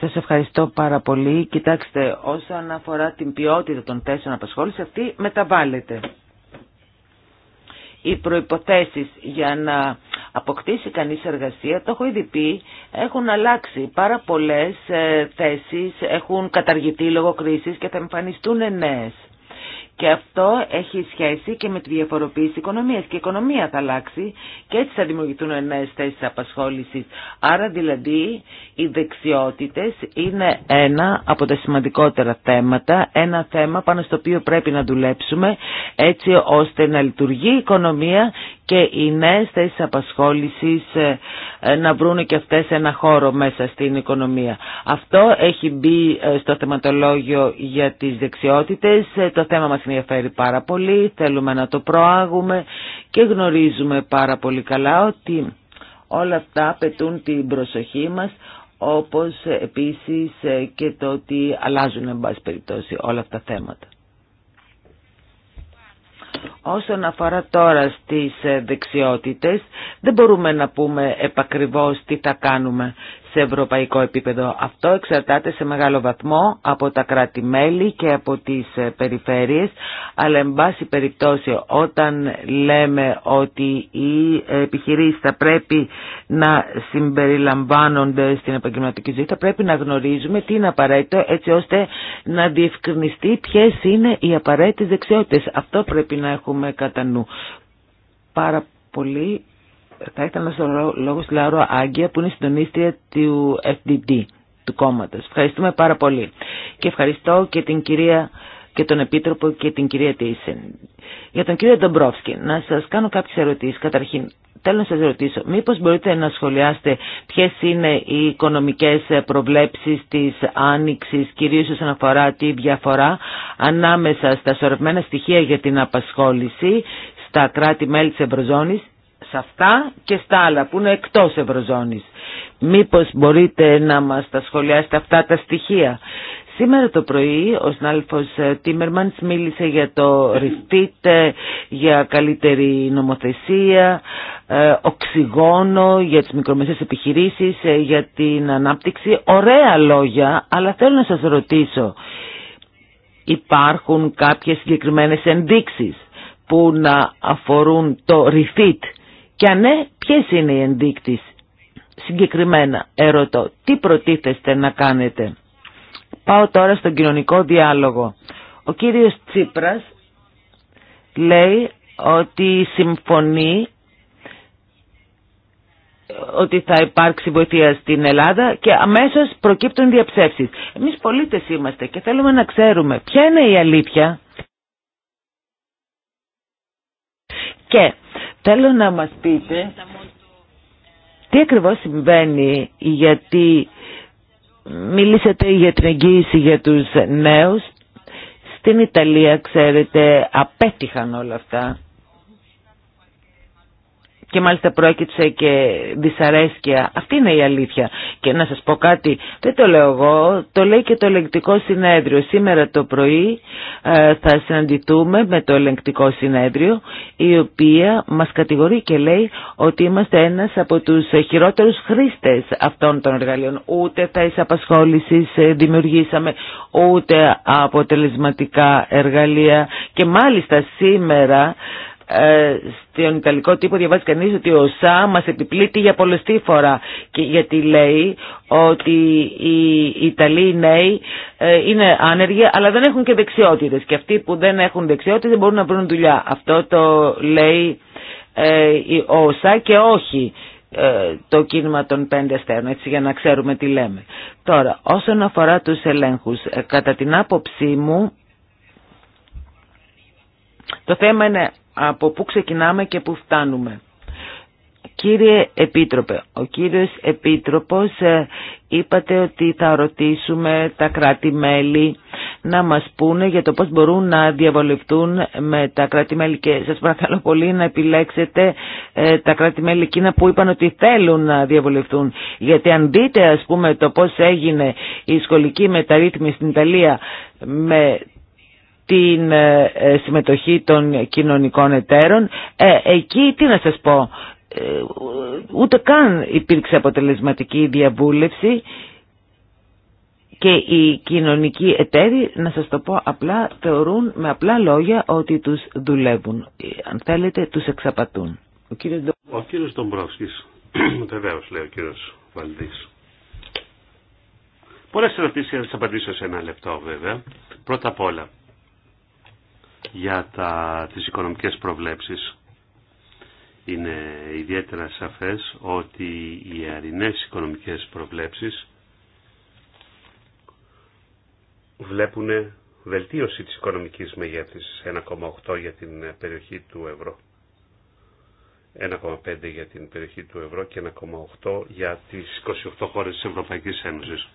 Σας ευχαριστώ πάρα πολύ. Κοιτάξτε, όσον αφορά την ποιότητα των θέσεων απασχόληση, αυτή μεταβάλλεται. Οι προϋποθέσεις για να αποκτήσει κανείς εργασία, το έχω ήδη πει, έχουν αλλάξει. Πάρα πολλές ε, θέσεις έχουν καταργηθεί λόγω κρίσης και θα εμφανιστούν νέες. Και αυτό έχει σχέση και με τη διαφοροποίηση οικονομίας. Και η οικονομία θα αλλάξει και έτσι θα δημιουργηθούν νέες θέσεις απασχόλησης. Άρα δηλαδή οι δεξιότητες είναι ένα από τα σημαντικότερα θέματα, ένα θέμα πάνω στο οποίο πρέπει να δουλέψουμε έτσι ώστε να λειτουργεί η οικονομία και οι νέες θέσεις απασχόλησης ε, ε, να βρουν και αυτές ένα χώρο μέσα στην οικονομία. Αυτό έχει μπει ε, στο θεματολόγιο για τις δεξιότητες. Το θέμα μας ενδιαφέρει πάρα πολύ, θέλουμε να το προάγουμε και γνωρίζουμε πάρα πολύ καλά ότι όλα αυτά πετούν την προσοχή μας όπως επίσης και το ότι αλλάζουν εν πάση περιπτώσει όλα αυτά τα θέματα. Όσον αφορά τώρα στις ε, δεξιότητες, δεν μπορούμε να πούμε επακριβώς τι θα κάνουμε σε ευρωπαϊκό επίπεδο. Αυτό εξαρτάται σε μεγάλο βαθμό από τα κράτη-μέλη και από τις ε, περιφέρειες, αλλά εν πάση περιπτώσει όταν λέμε ότι οι επιχειρήσεις θα πρέπει να συμπεριλαμβάνονται στην επαγγελματική ζωή, θα πρέπει να γνωρίζουμε τι είναι απαραίτητο έτσι ώστε να διευκρινιστεί ποιε είναι οι απαραίτητες δεξιότητες. Αυτό πρέπει να έχουμε κατά νου. Πάρα πολύ θα ήθελα να σας λόγο στη Λάρο Άγκια που είναι συντονίστρια του FDD, του κόμματος. Ευχαριστούμε πάρα πολύ. Και ευχαριστώ και την κυρία και τον Επίτροπο και την κυρία Τίσεν. Για τον κύριο Ντομπρόφσκι, να σας κάνω κάποιες ερωτήσεις. Καταρχήν, θέλω να σα ρωτήσω, μήπως μπορείτε να σχολιάσετε ποιε είναι οι οικονομικές προβλέψεις της άνοιξη, κυρίως όσον αφορά τη διαφορά ανάμεσα στα σωρευμένα στοιχεία για την απασχόληση στα κράτη-μέλη της Ευρωζώνης σε αυτά και στα άλλα που είναι εκτός Ευρωζώνης. Μήπως μπορείτε να μας τα σχολιάσετε αυτά τα στοιχεία. Σήμερα το πρωί ο συνάδελφος ε, Τίμερμανς μίλησε για το Refit, για καλύτερη νομοθεσία, ε, οξυγόνο για τις μικρομεσαίες επιχειρήσεις, ε, για την ανάπτυξη. Ωραία λόγια, αλλά θέλω να σας ρωτήσω, υπάρχουν κάποιες συγκεκριμένες ενδείξεις που να αφορούν το Refit και αν ναι, ποιες είναι οι ενδείκτες. Συγκεκριμένα ερωτώ, τι προτίθεστε να κάνετε. Πάω τώρα στον κοινωνικό διάλογο. Ο κύριος Τσίπρας λέει ότι συμφωνεί ότι θα υπάρξει βοήθεια στην Ελλάδα και αμέσως προκύπτουν διαψεύσεις. Εμείς πολίτες είμαστε και θέλουμε να ξέρουμε ποια είναι η αλήθεια και Θέλω να μας πείτε τι ακριβώς συμβαίνει γιατί μιλήσατε για την εγγύηση για τους νέους. Στην Ιταλία, ξέρετε, απέτυχαν όλα αυτά και μάλιστα πρόκειται και δυσαρέσκεια. Αυτή είναι η αλήθεια. Και να σας πω κάτι, δεν το λέω εγώ, το λέει και το ελεγκτικό συνέδριο. Σήμερα το πρωί ε, θα συναντηθούμε με το ελεγκτικό συνέδριο, η οποία μας κατηγορεί και λέει ότι είμαστε ένας από τους χειρότερους χρήστες αυτών των εργαλείων. Ούτε τα απασχόλησης ε, δημιουργήσαμε, ούτε αποτελεσματικά εργαλεία. Και μάλιστα σήμερα ε, στον Ιταλικό τύπο διαβάζει κανείς ότι ο ΣΑ μας επιπλήττει για πολλωστή φορά και γιατί λέει ότι οι Ιταλοί νέοι ε, είναι άνεργοι αλλά δεν έχουν και δεξιότητες και αυτοί που δεν έχουν δεξιότητες δεν μπορούν να βρουν δουλειά. Αυτό το λέει ε, ο ΣΑ και όχι το κίνημα των πέντε αστέρων, έτσι για να ξέρουμε τι λέμε. Τώρα, όσον αφορά τους ελέγχους, κατά την άποψή μου, το θέμα είναι από πού ξεκινάμε και πού φτάνουμε. Κύριε Επίτροπε, ο κύριος Επίτροπος ε, είπατε ότι θα ρωτήσουμε τα κράτη-μέλη να μας πούνε για το πώς μπορούν να διαβολευτούν με τα κράτη-μέλη και σας παρακαλώ πολύ να επιλέξετε ε, τα κράτη-μέλη εκείνα που είπαν ότι θέλουν να διαβολευτούν γιατί αν δείτε ας πούμε το πώς έγινε η σχολική μεταρρύθμιση στην Ιταλία με την ε, ε, συμμετοχή των κοινωνικών εταίρων. Ε, εκεί τι να σας πω, ούτε καν υπήρξε αποτελεσματική διαβούλευση και οι κοινωνικοί εταίροι, να σας το πω απλά, θεωρούν με απλά λόγια ότι τους δουλεύουν. Αν θέλετε, τους εξαπατούν. Ο κύριος, ο κύριος βεβαίως λέει ο κύριος Βαλδής. Πολλές ερωτήσεις θα σας απαντήσω σε ένα λεπτό βέβαια. Πρώτα απ' όλα, για τα, τις οικονομικές προβλέψεις. Είναι ιδιαίτερα σαφές ότι οι αρινές οικονομικές προβλέψεις βλέπουν βελτίωση της οικονομικής μεγέθυνσης 1,8 για την περιοχή του ευρώ. 1,5 για την περιοχή του ευρώ και 1,8 για τις 28 χώρες της Ευρωπαϊκής Ένωσης.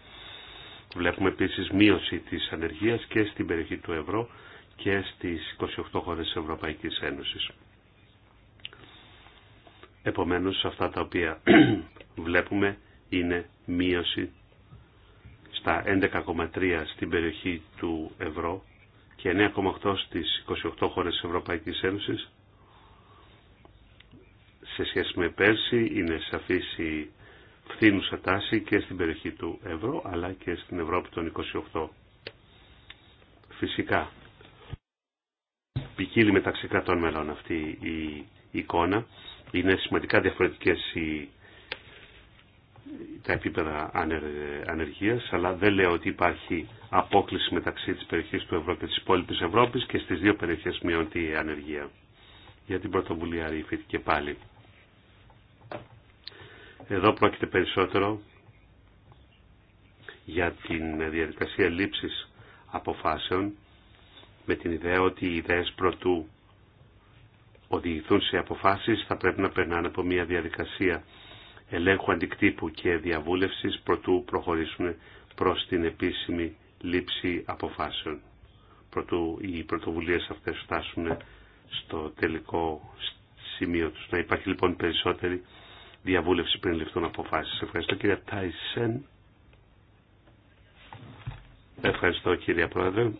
Βλέπουμε επίσης μείωση της ανεργίας και στην περιοχή του ευρώ και στις 28 χώρες της Ευρωπαϊκής Ένωσης. Επομένως αυτά τα οποία βλέπουμε είναι μείωση στα 11,3 στην περιοχή του ευρώ και 9,8 στις 28 χώρες της Ευρωπαϊκής Ένωσης. Σε σχέση με πέρσι είναι σαφής η φθήνουσα τάση και στην περιοχή του ευρώ αλλά και στην Ευρώπη των 28. Φυσικά ποικίλει μεταξύ κρατών μελών αυτή η εικόνα. Είναι σημαντικά διαφορετικές οι, τα επίπεδα ανεργίας, αλλά δεν λέω ότι υπάρχει απόκληση μεταξύ της περιοχής του Ευρώπη και της υπόλοιπης Ευρώπης και στις δύο περιοχές μειώνεται η ανεργία. Για την πρωτοβουλία ρίφη και πάλι. Εδώ πρόκειται περισσότερο για την διαδικασία λήψης αποφάσεων με την ιδέα ότι οι ιδέες προτού οδηγηθούν σε αποφάσεις θα πρέπει να περνάνε από μια διαδικασία ελέγχου αντικτύπου και διαβούλευσης προτού προχωρήσουν προς την επίσημη λήψη αποφάσεων. Πρωτού οι πρωτοβουλίες αυτές φτάσουν στο τελικό σημείο τους. Να υπάρχει λοιπόν περισσότερη διαβούλευση πριν ληφθούν αποφάσεις. Ευχαριστώ κύριε Τάισεν. Ευχαριστώ κύριε Πρόεδρε.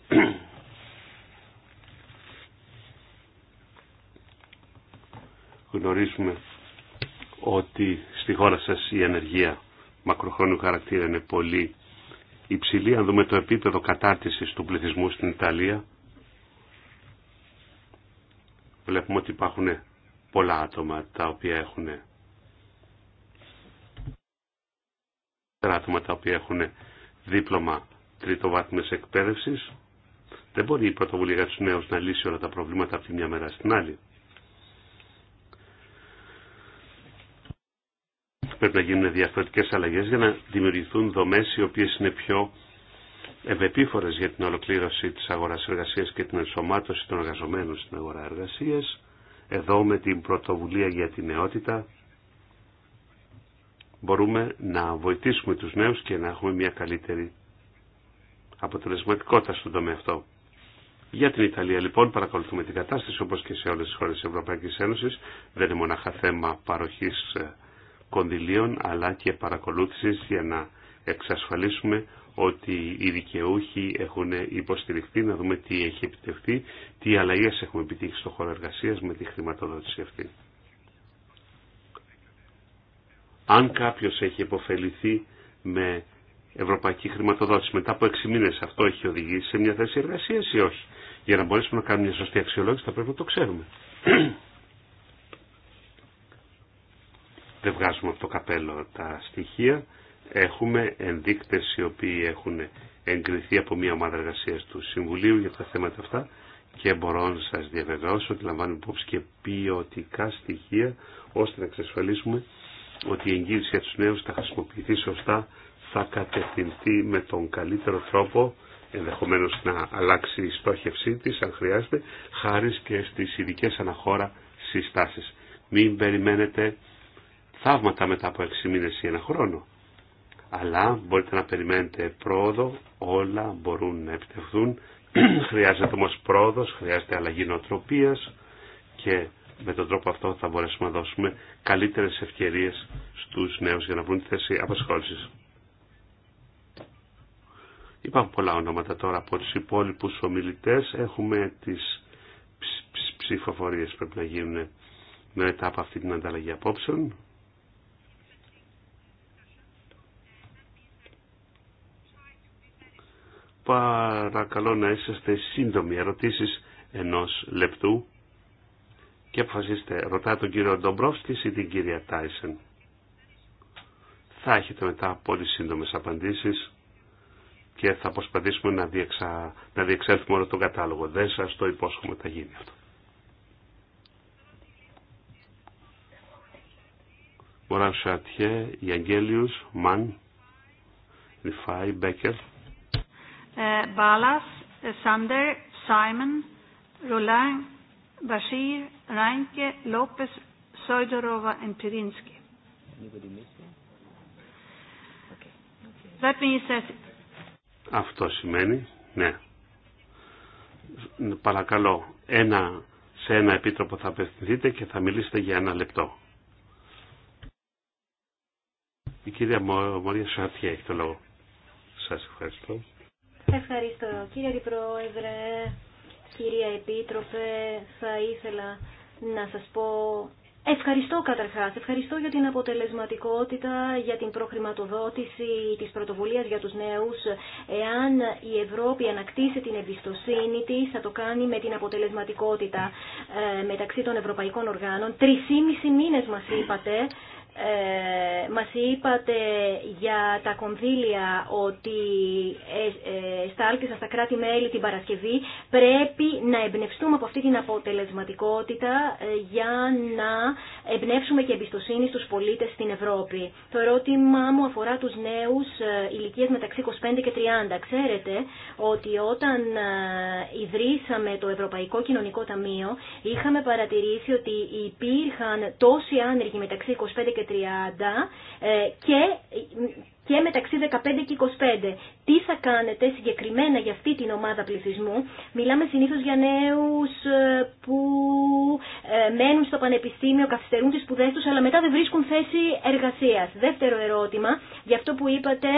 Γνωρίζουμε ότι στη χώρα σας η ανεργία μακροχρόνιου χαρακτήρα είναι πολύ υψηλή. Αν δούμε το επίπεδο κατάρτισης του πληθυσμού στην Ιταλία, βλέπουμε ότι υπάρχουν πολλά άτομα τα οποία έχουν άτομα τα οποία έχουν δίπλωμα βάθμιση εκπαίδευσης. Δεν μπορεί η πρωτοβουλία για τους νέους να λύσει όλα τα προβλήματα από τη μια μέρα στην άλλη. πρέπει να γίνουν διαφορετικέ αλλαγέ για να δημιουργηθούν δομές οι οποίε είναι πιο ευεπίφορε για την ολοκλήρωση τη αγορά εργασία και την ενσωμάτωση των εργαζομένων στην αγορά εργασία, Εδώ με την πρωτοβουλία για την νεότητα μπορούμε να βοηθήσουμε τους νέους και να έχουμε μια καλύτερη αποτελεσματικότητα στον τομέα αυτό. Για την Ιταλία λοιπόν παρακολουθούμε την κατάσταση όπως και σε όλες τις χώρες της Ευρωπαϊκής Ένωσης. Δεν είναι μονάχα θέμα παροχής ε, κονδυλίων αλλά και παρακολούθησης για να εξασφαλίσουμε ότι οι δικαιούχοι έχουν υποστηριχθεί, να δούμε τι έχει επιτευχθεί, τι αλλαγές έχουμε επιτύχει στο χώρο εργασία με τη χρηματοδότηση αυτή. Αν κάποιο έχει υποφεληθεί με ευρωπαϊκή χρηματοδότηση μετά από 6 μήνες αυτό έχει οδηγήσει σε μια θέση εργασία ή όχι. Για να μπορέσουμε να κάνουμε μια σωστή αξιολόγηση θα πρέπει να το ξέρουμε. δεν βγάζουμε από το καπέλο τα στοιχεία. Έχουμε ενδείκτες οι οποίοι έχουν εγκριθεί από μια ομάδα εργασία του Συμβουλίου για τα θέματα αυτά και μπορώ να σας διαβεβαιώσω ότι λαμβάνουμε υπόψη και ποιοτικά στοιχεία ώστε να εξασφαλίσουμε ότι η εγγύηση για τους νέους θα χρησιμοποιηθεί σωστά, θα κατευθυνθεί με τον καλύτερο τρόπο ενδεχομένως να αλλάξει η στόχευσή της αν χρειάζεται, χάρη και στις ειδικέ αναχώρα συστάσεις. Μην περιμένετε θαύματα μετά από 6 μήνες ή ένα χρόνο. Αλλά μπορείτε να περιμένετε πρόοδο, όλα μπορούν να επιτευχθούν. χρειάζεται όμως πρόοδος, χρειάζεται αλλαγή νοοτροπίας και με τον τρόπο αυτό θα μπορέσουμε να δώσουμε καλύτερες ευκαιρίες στους νέους για να βρουν τη θέση απασχόλησης. Υπάρχουν πολλά ονόματα τώρα από τους υπόλοιπου ομιλητές. Έχουμε τις ψηφοφορίες που πρέπει να γίνουν μετά από αυτή την ανταλλαγή απόψεων. παρακαλώ να είσαστε σύντομοι ερωτήσεις ενός λεπτού και αποφασίστε ρωτά τον κύριο Ντομπρόφσκης ή την κυρία Τάισεν. Θα έχετε μετά πολύ σύντομες απαντήσεις και θα προσπαθήσουμε να, διεξα... να διεξέλθουμε όλο τον κατάλογο. Δεν σας το υπόσχομαι θα γίνει αυτό. Μωράν Σατιέ, Ιαγγέλιους, Μαν, Ριφάι, Μπέκερ. Eh, Balas, eh, Sander, Simon, Roland, Bashir, Reinke, Lopez, Sojdorova, and Pirinsky. Anybody missing? Okay. That means that... Αυτό σημαίνει, ναι. Παρακαλώ, ένα, σε ένα επίτροπο θα απευθυνθείτε και θα μιλήσετε για ένα λεπτό. Η κυρία Μόρια Σαρτιέ έχει το λόγο. Σας ευχαριστώ. Ευχαριστώ. Κύριε Αντιπρόεδρε, κυρία Επίτροπε, θα ήθελα να σας πω Ευχαριστώ καταρχάς. Ευχαριστώ για την αποτελεσματικότητα, για την προχρηματοδότηση της πρωτοβουλίας για τους νέους. Εάν η Ευρώπη ανακτήσει την εμπιστοσύνη της, θα το κάνει με την αποτελεσματικότητα ε, μεταξύ των ευρωπαϊκών οργάνων. Τρεις μήνες μας είπατε ε, μας είπατε για τα κονδύλια ότι ε, ε, στα κράτη-μέλη την Παρασκευή. Πρέπει να εμπνευστούμε από αυτή την αποτελεσματικότητα ε, για να εμπνεύσουμε και εμπιστοσύνη στους πολίτες στην Ευρώπη. Το ερώτημά μου αφορά τους νέους ε, ηλικίες μεταξύ 25 και 30. Ξέρετε ότι όταν ε, ιδρύσαμε το Ευρωπαϊκό Κοινωνικό Ταμείο είχαμε παρατηρήσει ότι υπήρχαν τόσοι άνεργοι μεταξύ 25 και και 30 ε, και, και μεταξύ 15 και 25. Τι θα κάνετε συγκεκριμένα για αυτή την ομάδα πληθυσμού. Μιλάμε συνήθως για νέους ε, που ε, μένουν στο πανεπιστήμιο, καθυστερούν τις σπουδές τους, αλλά μετά δεν βρίσκουν θέση εργασίας. Δεύτερο ερώτημα, για αυτό που είπατε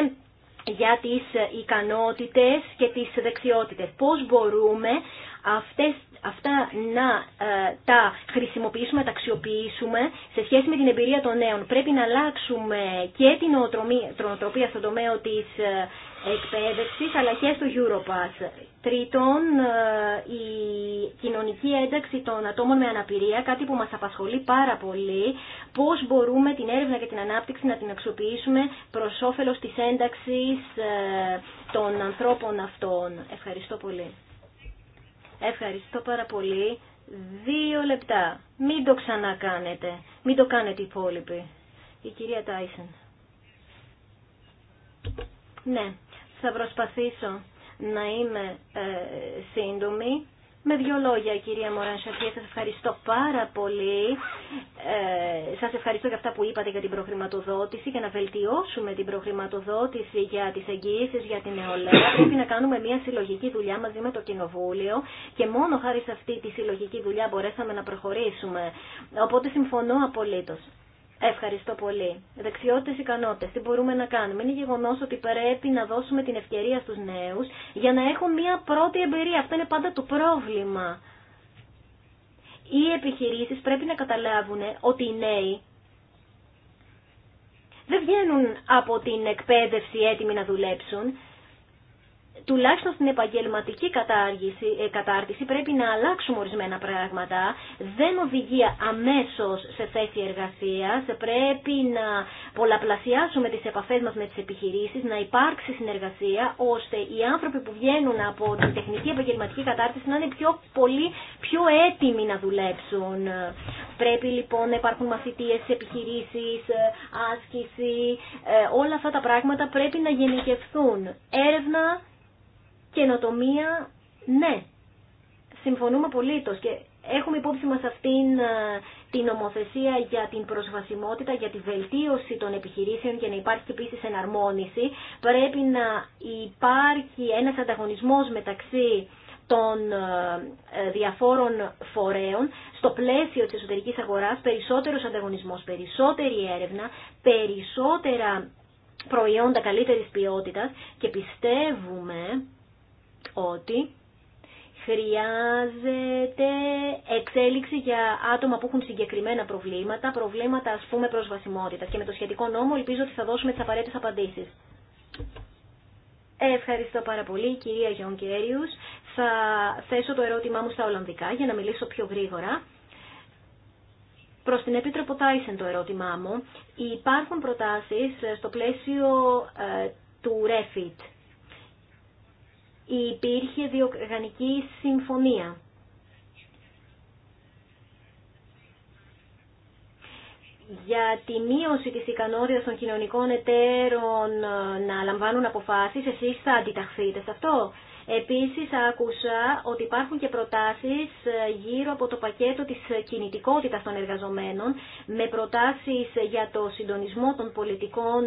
για τις ικανότητες και τις δεξιότητες. Πώς μπορούμε αυτές, αυτά να ε, τα χρησιμοποιήσουμε, τα αξιοποιήσουμε σε σχέση με την εμπειρία των νέων. Πρέπει να αλλάξουμε και την οτροπία στον τομέα της ε, Εκπαίδευση αλλά και στο Europass. Τρίτον, ε, η κοινωνική ένταξη των ατόμων με αναπηρία, κάτι που μας απασχολεί πάρα πολύ, πώς μπορούμε την έρευνα και την ανάπτυξη να την αξιοποιήσουμε προς όφελος της ένταξης ε, των ανθρώπων αυτών. Ευχαριστώ πολύ. Ευχαριστώ πάρα πολύ. Δύο λεπτά. Μην το ξανακάνετε. Μην το κάνετε οι υπόλοιποι. Η κυρία Τάισεν. Ναι. Θα προσπαθήσω να είμαι ε, σύντομη. Με δύο λόγια, κυρία Μωράν Σαφία, σας ευχαριστώ πάρα πολύ. Ε, σας ευχαριστώ για αυτά που είπατε για την προχρηματοδότηση και να βελτιώσουμε την προχρηματοδότηση για τις εγγύησεις για την νεολαία. Πρέπει να κάνουμε μια συλλογική δουλειά μαζί με το Κοινοβούλιο και μόνο χάρη σε αυτή τη συλλογική δουλειά μπορέσαμε να προχωρήσουμε. Οπότε συμφωνώ απολύτως. Ευχαριστώ πολύ. Δεξιότητε, ικανότητε. Τι μπορούμε να κάνουμε. Είναι γεγονό ότι πρέπει να δώσουμε την ευκαιρία στου νέου για να έχουν μια πρώτη εμπειρία. Αυτό είναι πάντα το πρόβλημα. Οι επιχειρήσει πρέπει να καταλάβουν ότι οι νέοι δεν βγαίνουν από την εκπαίδευση έτοιμοι να δουλέψουν τουλάχιστον στην επαγγελματική ε, κατάρτιση πρέπει να αλλάξουμε ορισμένα πράγματα. Δεν οδηγεί αμέσως σε θέση εργασίας. Πρέπει να πολλαπλασιάσουμε τις επαφές μας με τις επιχειρήσεις, να υπάρξει συνεργασία, ώστε οι άνθρωποι που βγαίνουν από την τεχνική επαγγελματική κατάρτιση να είναι πιο πολύ πιο έτοιμοι να δουλέψουν. Πρέπει λοιπόν να υπάρχουν μαθητείες επιχειρήσεις, ε, άσκηση, ε, όλα αυτά τα πράγματα πρέπει να γενικευθούν. Έρευνα Καινοτομία, ναι, συμφωνούμε απολύτως και έχουμε υπόψη μας αυτήν ε, την νομοθεσία για την προσβασιμότητα, για τη βελτίωση των επιχειρήσεων και να υπάρχει επίση επίσης εναρμόνιση. Πρέπει να υπάρχει ένας ανταγωνισμός μεταξύ των ε, ε, διαφόρων φορέων στο πλαίσιο της εσωτερικής αγοράς, περισσότερος ανταγωνισμός, περισσότερη έρευνα, περισσότερα προϊόντα καλύτερης ποιότητας και πιστεύουμε ότι χρειάζεται εξέλιξη για άτομα που έχουν συγκεκριμένα προβλήματα, προβλήματα ας πούμε προσβασιμότητας. Και με το σχετικό νόμο ελπίζω ότι θα δώσουμε τις απαραίτητες απαντήσεις. Ευχαριστώ πάρα πολύ κυρία Γιονκέριους. Θα θέσω το ερώτημά μου στα Ολλανδικά για να μιλήσω πιο γρήγορα. Προς την Επίτροπο Τάισεν το ερώτημά μου. Υπάρχουν προτάσεις στο πλαίσιο ε, του REFIT υπήρχε διοργανική συμφωνία. για τη μείωση της ικανότητας των κοινωνικών εταίρων να λαμβάνουν αποφάσεις, εσείς θα αντιταχθείτε σε αυτό. Επίσης άκουσα ότι υπάρχουν και προτάσεις ε, γύρω από το πακέτο της κινητικότητας των εργαζομένων με προτάσεις για το συντονισμό των πολιτικών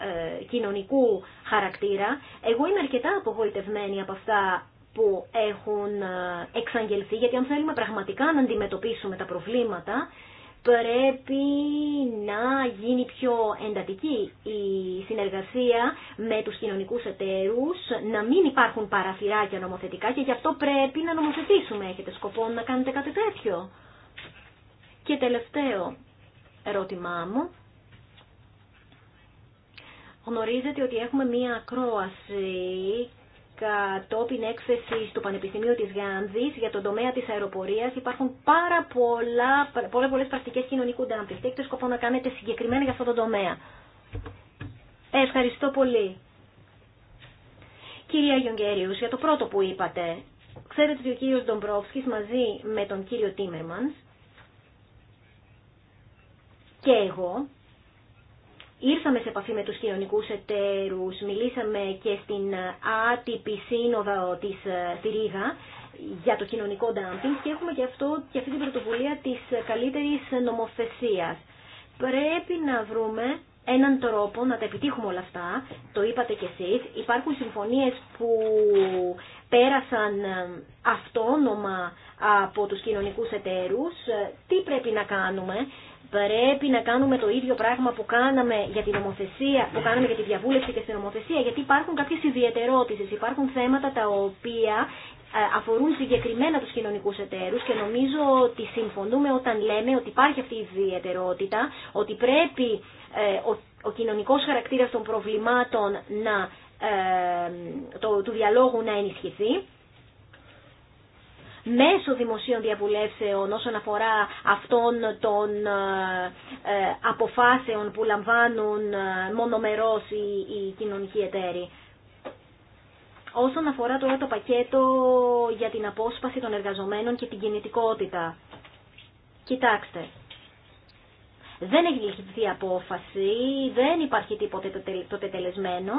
ε, ε, κοινωνικού χαρακτήρα. Εγώ είμαι αρκετά απογοητευμένη από αυτά που έχουν εξαγγελθεί, γιατί αν θέλουμε πραγματικά να αντιμετωπίσουμε τα προβλήματα, πρέπει να γίνει πιο εντατική η συνεργασία με τους κοινωνικούς εταίρους, να μην υπάρχουν παραθυράκια νομοθετικά και γι' αυτό πρέπει να νομοθετήσουμε. Έχετε σκοπό να κάνετε κάτι τέτοιο. Και τελευταίο ερώτημά μου. Γνωρίζετε ότι έχουμε μία ακρόαση κατόπιν έκθεση του Πανεπιστημίου της Γάνδης για τον τομέα της αεροπορίας υπάρχουν πάρα πολλά, πολλές πρακτικές κοινωνικού και Έχετε σκοπό να κάνετε συγκεκριμένα για αυτό τον τομέα. Ε, ευχαριστώ πολύ. Κυρία Γιονγκέριους, για το πρώτο που είπατε, ξέρετε ότι ο κύριος Ντομπρόφσκης μαζί με τον κύριο Τίμερμανς και εγώ Ήρθαμε σε επαφή με τους κοινωνικούς εταίρους, μιλήσαμε και στην άτυπη σύνοδο της, ε, στη για το κοινωνικό ντάμπινγκ και έχουμε και, αυτό, και αυτή την πρωτοβουλία της καλύτερης νομοθεσίας. Πρέπει να βρούμε έναν τρόπο να τα επιτύχουμε όλα αυτά, το είπατε κι εσείς. Υπάρχουν συμφωνίες που πέρασαν ε, αυτόνομα από τους κοινωνικούς εταίρους. Τι πρέπει να κάνουμε πρέπει να κάνουμε το ίδιο πράγμα που κάναμε για την νομοθεσία, που κάναμε για τη διαβούλευση και στην νομοθεσία, γιατί υπάρχουν κάποιες ιδιαιτερότητες, υπάρχουν θέματα τα οποία ε, αφορούν συγκεκριμένα τους κοινωνικούς εταίρους και νομίζω ότι συμφωνούμε όταν λέμε ότι υπάρχει αυτή η ιδιαιτερότητα, ότι πρέπει ε, ο, ο κοινωνικός χαρακτήρας των προβλημάτων να, ε, το, του διαλόγου να ενισχυθεί μέσω δημοσίων διαβουλεύσεων όσον αφορά αυτών των ε, ε, αποφάσεων που λαμβάνουν ε, μονομερώς οι κοινωνικοί εταίροι. Όσον αφορά τώρα το πακέτο για την απόσπαση των εργαζομένων και την κινητικότητα. Κοιτάξτε, δεν έχει ληφθεί απόφαση, δεν υπάρχει τίποτε το τελεσμένο,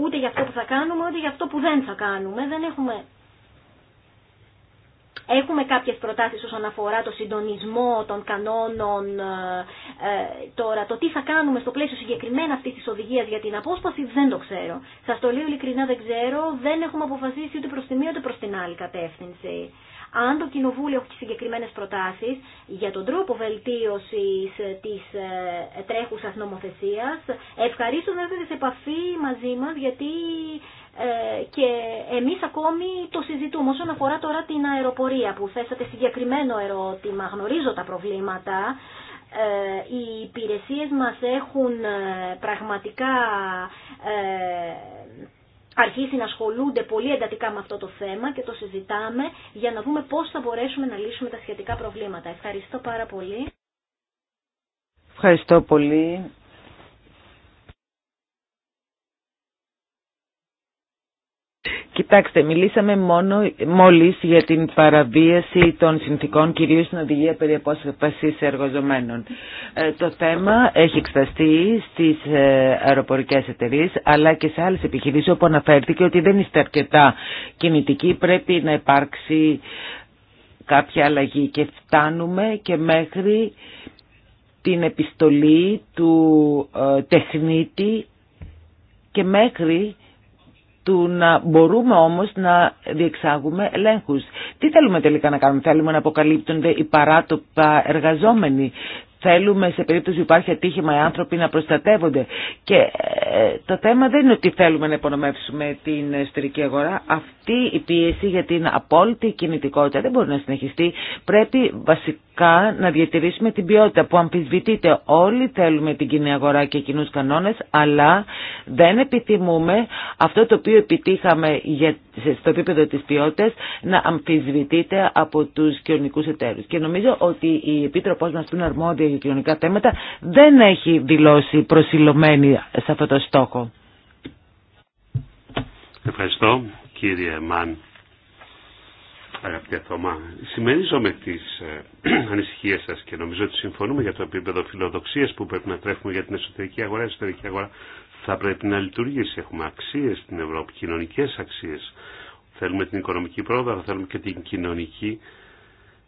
ούτε για αυτό που θα κάνουμε, ούτε για αυτό που δεν θα κάνουμε. Δεν έχουμε Έχουμε κάποιες προτάσεις όσον αφορά το συντονισμό των κανόνων ε, ε, τώρα. Το τι θα κάνουμε στο πλαίσιο συγκεκριμένα αυτής της οδηγίας για την απόσπαση δεν το ξέρω. Σας το λέω ειλικρινά δεν ξέρω. Δεν έχουμε αποφασίσει ούτε προς τη μία ούτε προς την άλλη κατεύθυνση. Αν το Κοινοβούλιο έχει συγκεκριμένες προτάσεις για τον τρόπο βελτίωσης της ε, τρέχουσας νομοθεσίας, ευχαρίστω να έρθετε σε επαφή μαζί μας γιατί ε, και εμείς ακόμη το συζητούμε όσον αφορά τώρα την αεροπορία που θέσατε συγκεκριμένο ερώτημα, γνωρίζω τα προβλήματα ε, οι υπηρεσίες μας έχουν πραγματικά αρχίσει να ασχολούνται πολύ εντατικά με αυτό το θέμα και το συζητάμε για να δούμε πώς θα μπορέσουμε να λύσουμε τα σχετικά προβλήματα. Ευχαριστώ πάρα πολύ. Ευχαριστώ πολύ Κοιτάξτε, μιλήσαμε μόνο, μόλις για την παραβίαση των συνθήκων, κυρίως στην οδηγία περί απόσπασης εργοζομένων. Ε, το θέμα έχει εξεταστεί στις ε, αεροπορικές εταιρείες, αλλά και σε άλλες επιχειρήσεις όπου αναφέρθηκε ότι δεν είστε αρκετά κινητικοί, πρέπει να υπάρξει κάποια αλλαγή και φτάνουμε και μέχρι την επιστολή του ε, τεχνίτη και μέχρι του να μπορούμε όμως να διεξάγουμε ελέγχους. Τι θέλουμε τελικά να κάνουμε, θέλουμε να αποκαλύπτονται οι παράτοπα εργαζόμενοι, θέλουμε σε περίπτωση που υπάρχει ατύχημα οι άνθρωποι να προστατεύονται. Και ε, το θέμα δεν είναι ότι θέλουμε να υπονομεύσουμε την εσωτερική αγορά. Αυτή η πίεση για την απόλυτη κινητικότητα δεν μπορεί να συνεχιστεί. Πρέπει βασικά να διατηρήσουμε την ποιότητα που αμφισβητείται. Όλοι θέλουμε την κοινή αγορά και κοινού κανόνες, αλλά δεν επιθυμούμε αυτό το οποίο επιτύχαμε στο επίπεδο της ποιότητας να αμφισβητείται από τους κοινωνικούς εταίρους. Και νομίζω ότι η Επίτροπος μας που είναι αρμόδια για κοινωνικά θέματα δεν έχει δηλώσει προσιλωμένη σε αυτό το στόχο. Ευχαριστώ κύριε Μαν. Αγαπητέ Θωμά, συμμερίζομαι τι ε, ανησυχίε σα και νομίζω ότι συμφωνούμε για το επίπεδο φιλοδοξία που πρέπει να τρέχουμε για την εσωτερική αγορά. Η εσωτερική αγορά θα πρέπει να λειτουργήσει. Έχουμε αξίε στην Ευρώπη, κοινωνικέ αξίε. Θέλουμε την οικονομική πρόοδο, αλλά θέλουμε και την κοινωνική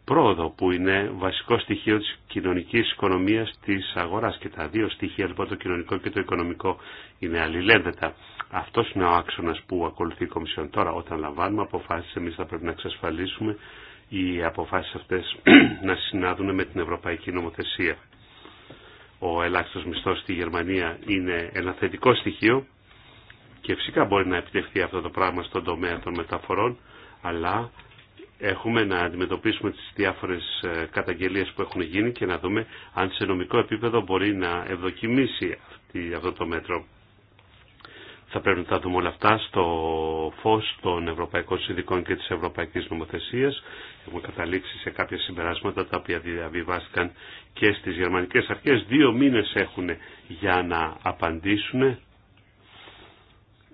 πρόοδο που είναι βασικό στοιχείο της κοινωνικής οικονομίας της αγοράς και τα δύο στοιχεία λοιπόν το κοινωνικό και το οικονομικό είναι αλληλένδετα. Αυτό είναι ο άξονα που ακολουθεί η Κομισιόν. Τώρα, όταν λαμβάνουμε αποφάσει, εμεί θα πρέπει να εξασφαλίσουμε οι αποφάσει αυτέ να συνάδουν με την ευρωπαϊκή νομοθεσία. Ο ελάχιστο μισθό στη Γερμανία είναι ένα θετικό στοιχείο και φυσικά μπορεί να επιτευχθεί αυτό το πράγμα στον τομέα των μεταφορών, αλλά έχουμε να αντιμετωπίσουμε τις διάφορες ε, καταγγελίες που έχουν γίνει και να δούμε αν σε νομικό επίπεδο μπορεί να ευδοκιμήσει αυτό το μέτρο. Θα πρέπει να τα δούμε όλα αυτά στο φως των Ευρωπαϊκών Συνδικών και της Ευρωπαϊκής Νομοθεσίας. Έχουμε καταλήξει σε κάποια συμπεράσματα τα οποία διαβιβάστηκαν και στις γερμανικές αρχές. Δύο μήνες έχουν για να απαντήσουν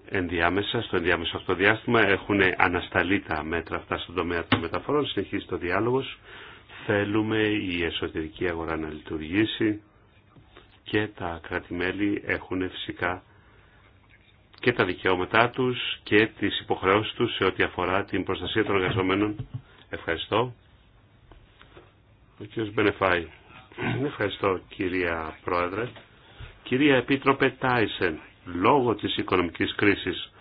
ενδιάμεσα, στο ενδιάμεσο αυτό διάστημα. Έχουν ανασταλεί τα μέτρα αυτά στον τομέα των μεταφορών. Συνεχίζει το διάλογος. Θέλουμε η εσωτερική αγορά να λειτουργήσει και τα κράτη-μέλη έχουν φυσικά και τα δικαιώματά τους και τις υποχρεώσεις τους σε ό,τι αφορά την προστασία των εργαζομένων. Ευχαριστώ. Ο κ. Μπενεφάη. Ευχαριστώ κυρία Πρόεδρε. Κυρία Επίτροπε Τάισεν, λόγω της οικονομικής κρίσης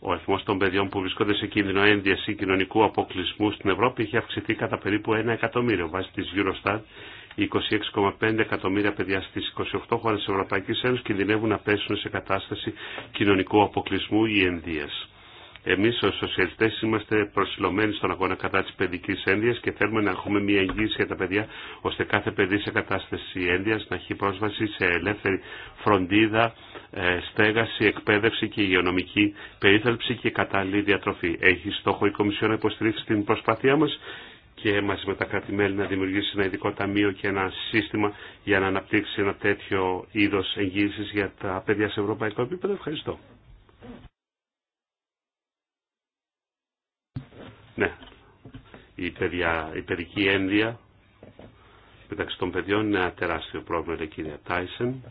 ο αριθμό των παιδιών που βρισκόνται σε κίνδυνο ένδυαση ή κοινωνικού αποκλεισμού στην Ευρώπη έχει αυξηθεί κατά περίπου 1 εκατομμύριο βάσει τη Eurostat 26,5 εκατομμύρια παιδιά στις 28 χώρες της Ευρωπαϊκής Ένωσης κινδυνεύουν να πέσουν σε κατάσταση κοινωνικού αποκλεισμού ή ενδίας. Εμεί ω σοσιαλιστέ είμαστε προσιλωμένοι στον αγώνα κατά τη παιδική ένδυα και θέλουμε να έχουμε μια εγγύηση για τα παιδιά ώστε κάθε παιδί σε κατάσταση ένδυα να έχει πρόσβαση σε ελεύθερη φροντίδα, ε, στέγαση, εκπαίδευση και υγειονομική περίθαλψη και κατάλληλη διατροφή. Έχει στόχο η Κομισιόν να υποστηρίξει την προσπάθειά μα και μαζί με τα κράτη-μέλη να δημιουργήσει ένα ειδικό ταμείο και ένα σύστημα για να αναπτύξει ένα τέτοιο είδο εγγύηση για τα παιδιά σε ευρωπαϊκό επίπεδο. Ευχαριστώ. Ναι, η, παιδιά, η παιδική ένδυα μεταξύ των παιδιών είναι ένα τεράστιο πρόβλημα, λέει η κυρία Τάισεν.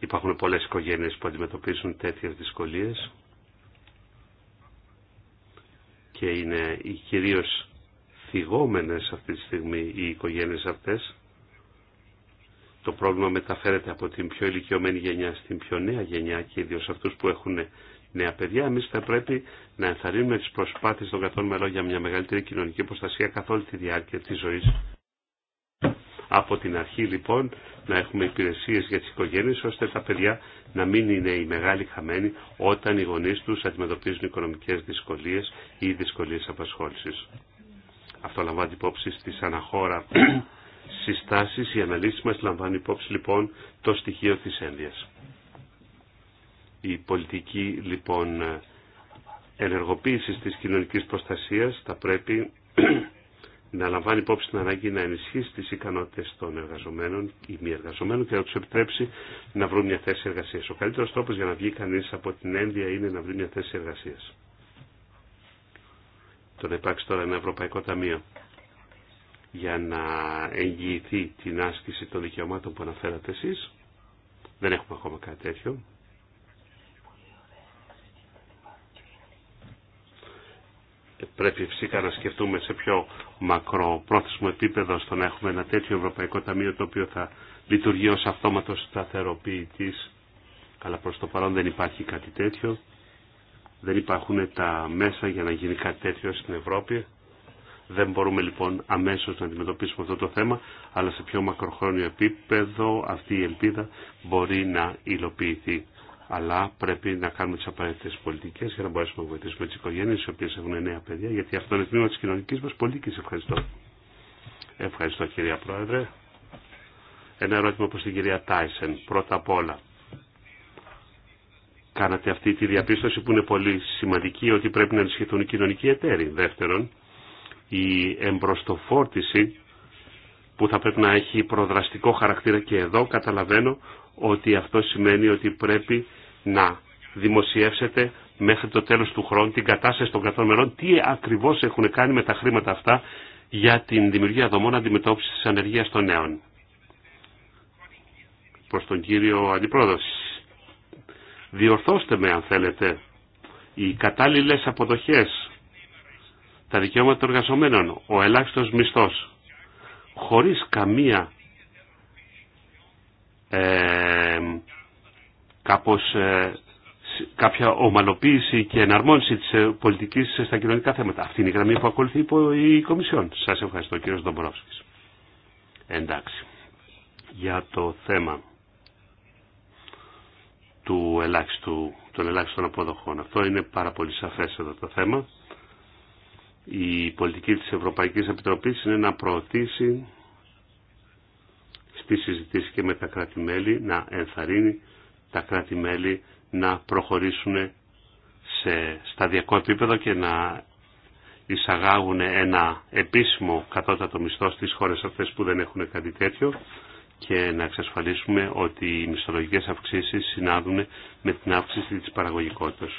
Υπάρχουν πολλές οικογένειες που αντιμετωπίζουν τέτοιες δυσκολίες και είναι οι κυρίως θυγόμενες αυτή τη στιγμή οι οικογένειες αυτές. Το πρόβλημα μεταφέρεται από την πιο ηλικιωμένη γενιά στην πιο νέα γενιά και ιδίως αυτούς που έχουν νέα παιδιά. Εμείς θα πρέπει να ενθαρρύνουμε τις προσπάθειες των καθόλου μελών για μια μεγαλύτερη κοινωνική προστασία καθ' όλη τη διάρκεια της ζωής από την αρχή λοιπόν να έχουμε υπηρεσίες για τις οικογένειες ώστε τα παιδιά να μην είναι οι μεγάλοι χαμένοι όταν οι γονείς τους αντιμετωπίζουν οικονομικές δυσκολίες ή δυσκολίες απασχόλησης. Αυτό λαμβάνει υπόψη στις αναχώρα συστάσεις. Οι αναλύσεις μας λαμβάνουν υπόψη λοιπόν το στοιχείο της ένδυας. Η πολιτική λοιπόν λαμβάνει υποψη λοιπον το στοιχειο της κοινωνικής ενεργοποιηση της κοινωνικης προστασιας θα πρέπει να λαμβάνει υπόψη την ανάγκη να ενισχύσει τις ικανότητες των εργαζομένων ή μη εργαζομένων και να του επιτρέψει να βρουν μια θέση εργασία. Ο καλύτερος τρόπος για να βγει κανεί από την ένδια είναι να βρει μια θέση εργασία. Το να υπάρξει τώρα ένα Ευρωπαϊκό Ταμείο για να εγγυηθεί την άσκηση των δικαιωμάτων που αναφέρατε εσεί. Δεν έχουμε ακόμα κάτι τέτοιο. Πρέπει φυσικά να σκεφτούμε σε ποιο μακροπρόθεσμο επίπεδο στο να έχουμε ένα τέτοιο Ευρωπαϊκό Ταμείο το οποίο θα λειτουργεί ως αυτόματος σταθεροποιητής αλλά προς το παρόν δεν υπάρχει κάτι τέτοιο δεν υπάρχουν τα μέσα για να γίνει κάτι τέτοιο στην Ευρώπη δεν μπορούμε λοιπόν αμέσως να αντιμετωπίσουμε αυτό το θέμα αλλά σε πιο μακροχρόνιο επίπεδο αυτή η ελπίδα μπορεί να υλοποιηθεί αλλά πρέπει να κάνουμε τι απαραίτητε πολιτικέ για να μπορέσουμε να βοηθήσουμε τι οικογένειε οι οποίε έχουν νέα παιδιά, γιατί αυτό είναι τμήμα τη κοινωνική μα πολιτική. Ευχαριστώ. Ευχαριστώ κυρία Πρόεδρε. Ένα ερώτημα προς την κυρία Τάισεν. Πρώτα απ' όλα, κάνατε αυτή τη διαπίστωση που είναι πολύ σημαντική ότι πρέπει να ενισχυθούν οι κοινωνικοί εταίροι. Δεύτερον, η εμπροστοφόρτηση που θα πρέπει να έχει προδραστικό χαρακτήρα και εδώ καταλαβαίνω ότι αυτό σημαίνει ότι πρέπει να δημοσιεύσετε μέχρι το τέλος του χρόνου την κατάσταση των κρατών τι ακριβώς έχουν κάνει με τα χρήματα αυτά για την δημιουργία δομών αντιμετώπισης της ανεργίας των νέων. Προς τον κύριο Αντιπρόεδρο, διορθώστε με αν θέλετε οι κατάλληλες αποδοχές, τα δικαιώματα των εργαζομένων, ο ελάχιστος μισθός, χωρίς καμία ε, κάπως ε, κάποια ομαλοποίηση και εναρμόνιση της ε, πολιτικής στα κοινωνικά θέματα. Αυτή είναι η γραμμή που ακολουθεί η Κομισιόν. Σας ευχαριστώ κύριος Δομπρόφσκης. Εντάξει. Για το θέμα του ελάχιστου, των ελάχιστων αποδοχών. Αυτό είναι πάρα πολύ σαφές εδώ το θέμα. Η πολιτική της Ευρωπαϊκής Επιτροπής είναι να προωθήσει τις συζητήσει και με τα κράτη-μέλη, να ενθαρρύνει τα κράτη-μέλη να προχωρήσουν σε σταδιακό επίπεδο και να εισαγάγουν ένα επίσημο κατώτατο μισθό στις χώρες αυτές που δεν έχουν κάτι τέτοιο και να εξασφαλίσουμε ότι οι μισθολογικές αυξήσεις συνάδουν με την αύξηση της παραγωγικότητας.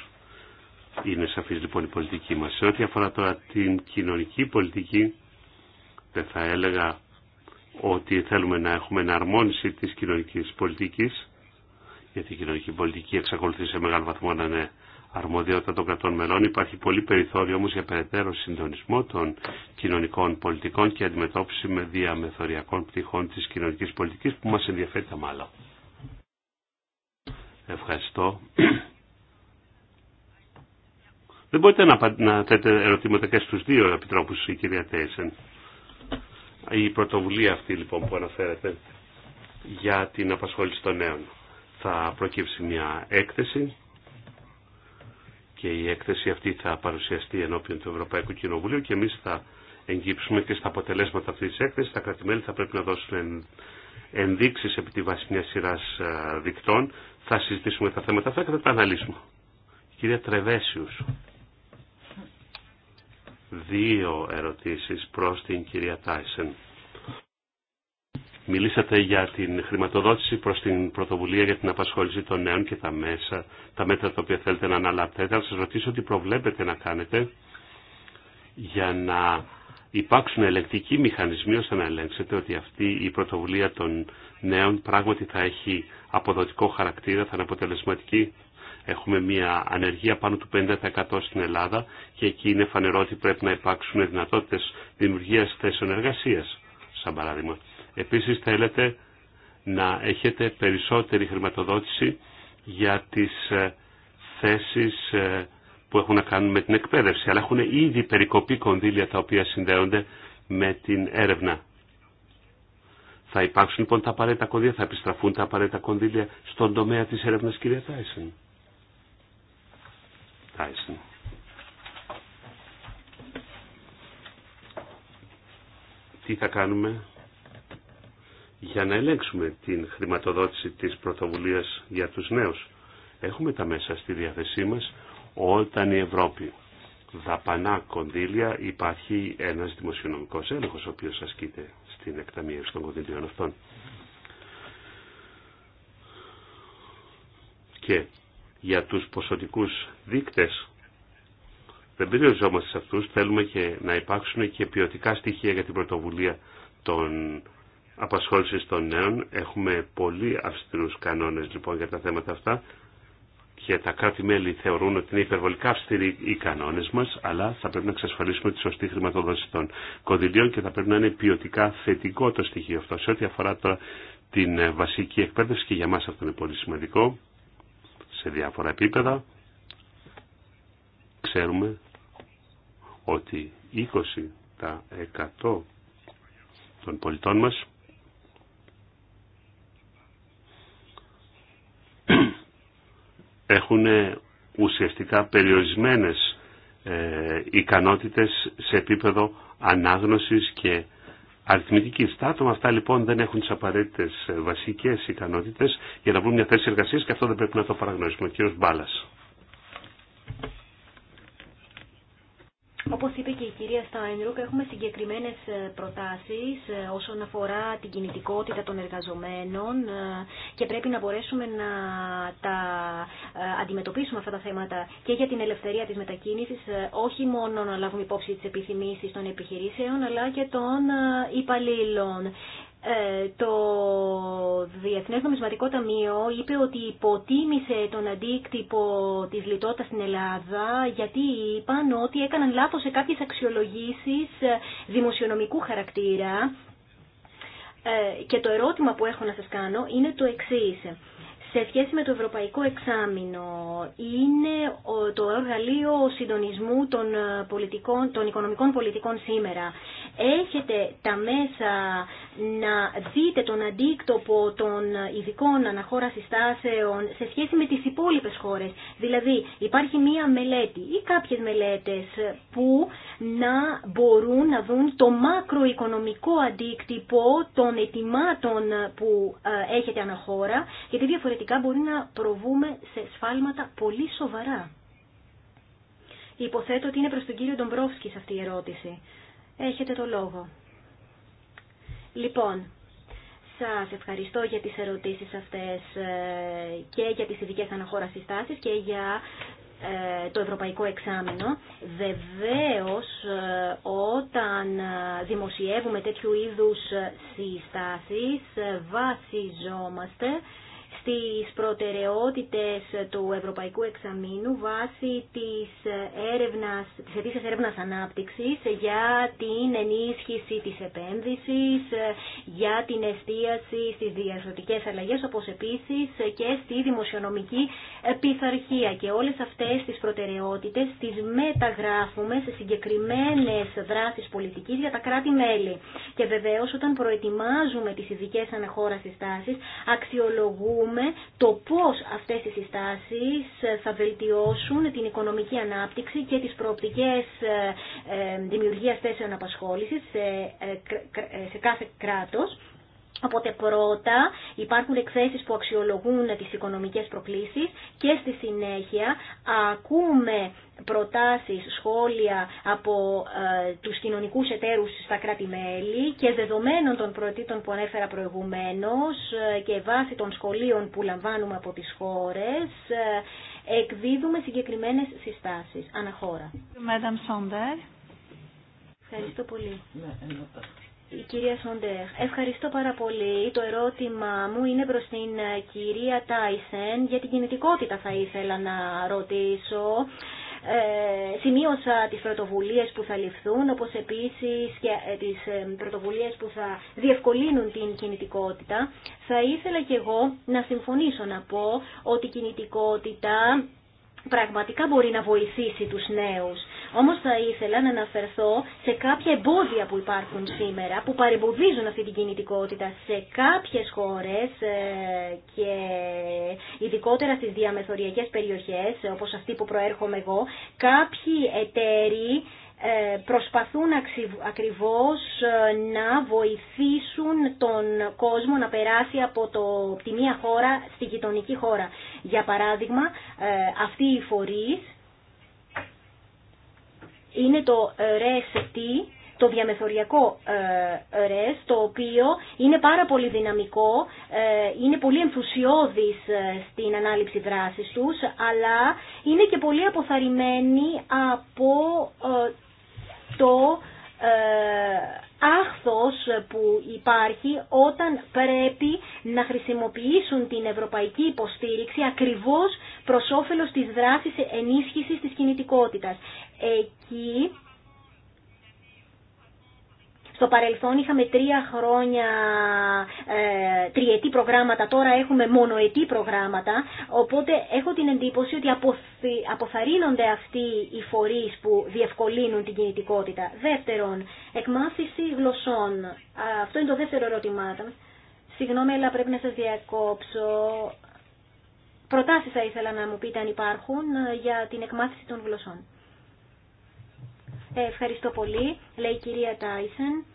Είναι σαφής λοιπόν η πολιτική μας. Σε ό,τι αφορά τώρα την κοινωνική πολιτική, δεν θα έλεγα ότι θέλουμε να έχουμε εναρμόνιση της κοινωνικής πολιτικής, γιατί η κοινωνική πολιτική εξακολουθεί σε μεγάλο βαθμό να είναι αρμοδιότητα των κρατών μελών. Υπάρχει πολύ περιθώριο όμως για περαιτέρω συντονισμό των κοινωνικών πολιτικών και αντιμετώπιση με διαμεθοριακών πτυχών της κοινωνικής πολιτικής που μας ενδιαφέρει τα μάλλα. Ευχαριστώ. Δεν μπορείτε να, να θέτε ερωτήματα και στους δύο επιτρόπους, η κυρία Τέισεν η πρωτοβουλία αυτή λοιπόν που αναφέρεται για την απασχόληση των νέων. Θα προκύψει μια έκθεση και η έκθεση αυτή θα παρουσιαστεί ενώπιον του Ευρωπαϊκού Κοινοβουλίου και εμείς θα εγγύψουμε και στα αποτελέσματα αυτής της έκθεσης. Τα κρατημέλη θα πρέπει να δώσουν ενδείξεις επί τη βάση μιας σειράς δικτών. Θα συζητήσουμε τα θέματα αυτά και θα τα αναλύσουμε. Κυρία Τρεβέσιους δύο ερωτήσεις προς την κυρία Τάισεν. Μιλήσατε για την χρηματοδότηση προς την πρωτοβουλία για την απασχόληση των νέων και τα μέσα, τα μέτρα τα οποία θέλετε να αναλάβετε. Θα σας ρωτήσω τι προβλέπετε να κάνετε για να υπάρξουν ελεκτικοί μηχανισμοί ώστε να ελέγξετε ότι αυτή η πρωτοβουλία των νέων πράγματι θα έχει αποδοτικό χαρακτήρα, θα είναι αποτελεσματική. Έχουμε μια ανεργία πάνω του 50% στην Ελλάδα και εκεί είναι φανερό ότι πρέπει να υπάρξουν δυνατότητες δημιουργίας θέσεων εργασίας, σαν παράδειγμα. Επίσης θέλετε να έχετε περισσότερη χρηματοδότηση για τις ε, θέσεις ε, που έχουν να κάνουν με την εκπαίδευση, αλλά έχουν ήδη περικοπεί κονδύλια τα οποία συνδέονται με την έρευνα. Θα υπάρξουν λοιπόν τα απαραίτητα κονδύλια, θα επιστραφούν τα απαραίτητα κονδύλια στον τομέα της έρευνας κυρία Τάισεν. Τι θα κάνουμε για να ελέγξουμε την χρηματοδότηση της πρωτοβουλίας για τους νέους. Έχουμε τα μέσα στη διάθεσή μας όταν η Ευρώπη δαπανά κονδύλια υπάρχει ένας δημοσιονομικός έλεγχος ο οποίος ασκείται στην εκταμίευση των κονδυλίων αυτών. Και για τους ποσοτικούς δείκτες. Δεν περιοριζόμαστε σε αυτούς, θέλουμε και να υπάρξουν και ποιοτικά στοιχεία για την πρωτοβουλία των απασχόλησης των νέων. Έχουμε πολύ αυστηρούς κανόνες λοιπόν για τα θέματα αυτά και τα κράτη-μέλη θεωρούν ότι είναι υπερβολικά αυστηροί οι κανόνες μας αλλά θα πρέπει να εξασφαλίσουμε τη σωστή χρηματοδότηση των κονδυλίων και θα πρέπει να είναι ποιοτικά θετικό το στοιχείο αυτό. Σε ό,τι αφορά τώρα την ε, βασική εκπαίδευση και για μας αυτό είναι πολύ σημαντικό σε διάφορα επίπεδα. Ξέρουμε ότι 20% των πολιτών μας έχουν ουσιαστικά περιορισμένες ε, ικανότητες σε επίπεδο ανάγνωσης και αριθμητική. στάτομα αυτά λοιπόν δεν έχουν τι απαραίτητε βασικέ ικανότητε για να βρουν μια θέση εργασία και αυτό δεν πρέπει να το παραγνωρίσουμε. Κύριο Μπάλα. Όπως είπε και η κυρία Στάινρουκ, έχουμε συγκεκριμένες ε, προτάσεις ε, όσον αφορά την κινητικότητα των εργαζομένων ε, και πρέπει να μπορέσουμε να τα αντιμετωπίσουμε αυτά τα θέματα και για την ελευθερία της μετακίνησης, όχι μόνο να λάβουμε υπόψη τις επιθυμίσεις των επιχειρήσεων, αλλά και των υπαλλήλων. Ε, το Διεθνές Νομισματικό Ταμείο είπε ότι υποτίμησε τον αντίκτυπο της λιτότητας στην Ελλάδα γιατί είπαν ότι έκαναν λάθος σε κάποιες αξιολογήσεις ε, δημοσιονομικού χαρακτήρα ε, και το ερώτημα που έχω να σας κάνω είναι το εξής. Σε σχέση με το Ευρωπαϊκό Εξάμεινο, είναι το εργαλείο συντονισμού των, πολιτικών, των οικονομικών πολιτικών σήμερα έχετε τα μέσα να δείτε τον αντίκτοπο των ειδικών αναχώρα συστάσεων σε σχέση με τις υπόλοιπες χώρες. Δηλαδή υπάρχει μία μελέτη ή κάποιες μελέτες που να μπορούν να δουν το μακροοικονομικό αντίκτυπο των ετοιμάτων που ε, έχετε αναχώρα γιατί διαφορετικά μπορεί να προβούμε σε σφάλματα πολύ σοβαρά. Υποθέτω ότι είναι προς τον κύριο αυτή η ερώτηση έχετε το λόγο. Λοιπόν, σας ευχαριστώ για τις ερωτήσεις αυτές ε, και για τις ειδικέ αναχώρας συστάσεις και για ε, το Ευρωπαϊκό Εξάμεινο. Βεβαίως, ε, όταν δημοσιεύουμε τέτοιου είδους συστάσεις, βασιζόμαστε τις προτεραιότητες του Ευρωπαϊκού Εξαμήνου βάσει της, έρευνας, της ανάπτυξη έρευνας ανάπτυξης για την ενίσχυση της επένδυσης, για την εστίαση στις διαστατικές αλλαγές, όπως επίσης και στη δημοσιονομική πειθαρχία. Και όλες αυτές τις προτεραιότητες τις μεταγράφουμε σε συγκεκριμένες δράσεις πολιτικής για τα κράτη-μέλη. Και βεβαίως όταν προετοιμάζουμε τις ειδικές αναχώρασεις τάσεις, αξιολογούμε το πώς αυτές οι συστάσεις θα βελτιώσουν την οικονομική ανάπτυξη και τις προοπτικές ε, ε, δημιουργίας θέσεων απασχόλησης σε ε, κάθε κράτος Οπότε πρώτα υπάρχουν εκθέσεις που αξιολογούν τις οικονομικές προκλήσεις και στη συνέχεια ακούμε προτάσεις, σχόλια από ε, τους κοινωνικούς εταίρους στα κράτη-μέλη και δεδομένων των προετήτων που ανέφερα προηγουμένως ε, και βάσει των σχολείων που λαμβάνουμε από τις χώρες ε, εκδίδουμε συγκεκριμένες συστάσεις αναχώρα. Ευχαριστώ πολύ. Ναι, η κυρία Σοντέρ, ευχαριστώ πάρα πολύ. Το ερώτημα μου είναι προς την ε, κυρία Τάισεν. Για την κινητικότητα θα ήθελα να ρωτήσω. Ε, σημείωσα τις πρωτοβουλίες που θα ληφθούν, όπως επίσης και ε, τις ε, πρωτοβουλίες που θα διευκολύνουν την κινητικότητα. Θα ήθελα και εγώ να συμφωνήσω να πω ότι η κινητικότητα πραγματικά μπορεί να βοηθήσει τους νέους. Όμω θα ήθελα να αναφερθώ σε κάποια εμπόδια που υπάρχουν σήμερα, που παρεμποδίζουν αυτή την κινητικότητα σε κάποιες χώρες ε, και ειδικότερα στις διαμεθοριακές περιοχές, όπως αυτή που προέρχομαι εγώ, κάποιοι εταίροι ε, προσπαθούν ακριβώς ε, να βοηθήσουν τον κόσμο να περάσει από το, τη μία χώρα στη γειτονική χώρα. Για παράδειγμα, αυτοί οι φορείς είναι το ε, το διαμεθοριακό ε, ρες, το οποίο είναι πάρα πολύ δυναμικό, ε, είναι πολύ ενθουσιώδης στην ανάληψη δράσης τους, αλλά είναι και πολύ αποθαρρυμένη από το άχθος που υπάρχει όταν πρέπει να χρησιμοποιήσουν την ευρωπαϊκή υποστήριξη ακριβώς προς όφελος της δράσης ενίσχυσης της κινητικότητας. Εκεί στο παρελθόν είχαμε τρία χρόνια ε, τριετή προγράμματα, τώρα έχουμε μονοετή προγράμματα, οπότε έχω την εντύπωση ότι αποθαρρύνονται αυτοί οι φορείς που διευκολύνουν την κινητικότητα. Δεύτερον, εκμάθηση γλωσσών. Αυτό είναι το δεύτερο ερώτημά Συγγνώμη, αλλά πρέπει να σας διακόψω. Προτάσεις θα ήθελα να μου πείτε αν υπάρχουν ε, για την εκμάθηση των γλωσσών. Ευχαριστώ πολύ, λέει η κυρία Τάισεν.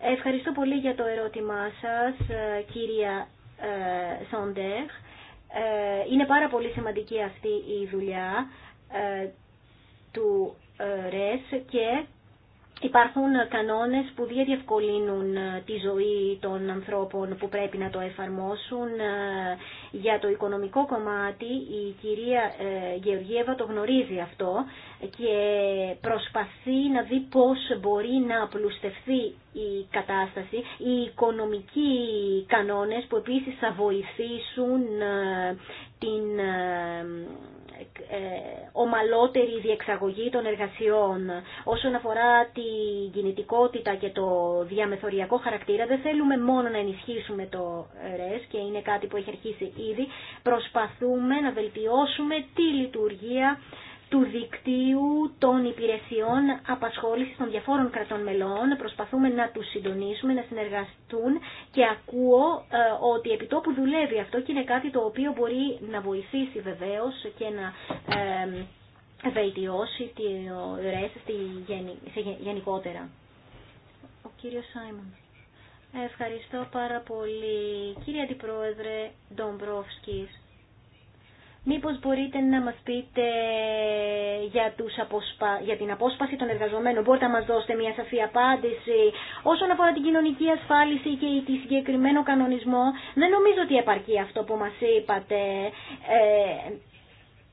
Ευχαριστώ πολύ για το ερώτημά σας, ε, κυρία ε, Σοντέχ. Ε, είναι πάρα πολύ σημαντική αυτή η δουλειά του ΡΕΣ και Υπάρχουν κανόνες που διαδιευκολύνουν ε, τη ζωή των ανθρώπων που πρέπει να το εφαρμόσουν. Ε, για το οικονομικό κομμάτι η κυρία ε, Γεωργίεβα το γνωρίζει αυτό και προσπαθεί να δει πώς μπορεί να απλουστευτεί η κατάσταση, οι οικονομικοί κανόνες που επίσης θα βοηθήσουν την ε, ομαλότερη διεξαγωγή των εργασιών. Όσον αφορά τη κινητικότητα και το διαμεθοριακό χαρακτήρα, δεν θέλουμε μόνο να ενισχύσουμε το ΡΕΣ και είναι κάτι που έχει αρχίσει ήδη. Προσπαθούμε να βελτιώσουμε τη λειτουργία του δικτύου των υπηρεσιών απασχόλησης των διαφόρων κρατών μελών. Προσπαθούμε να τους συντονίσουμε, να συνεργαστούν και ακούω ε, ότι επί τόπου δουλεύει αυτό και είναι κάτι το οποίο μπορεί να βοηθήσει βεβαίως και να βελτιώσει τη ΡΕΣ γενικότερα. Ο κύριος Σάιμον. Ευχαριστώ πάρα πολύ. Κύριε Αντιπρόεδρε Ντομπρόφσκης, Μήπως μπορείτε να μας πείτε για, τους αποσπα... για την απόσπαση των εργαζομένων. Μπορείτε να μας δώσετε μια σαφή απάντηση. Όσον αφορά την κοινωνική ασφάλιση και τη συγκεκριμένο κανονισμό, δεν νομίζω ότι επαρκεί αυτό που μας είπατε. Ε,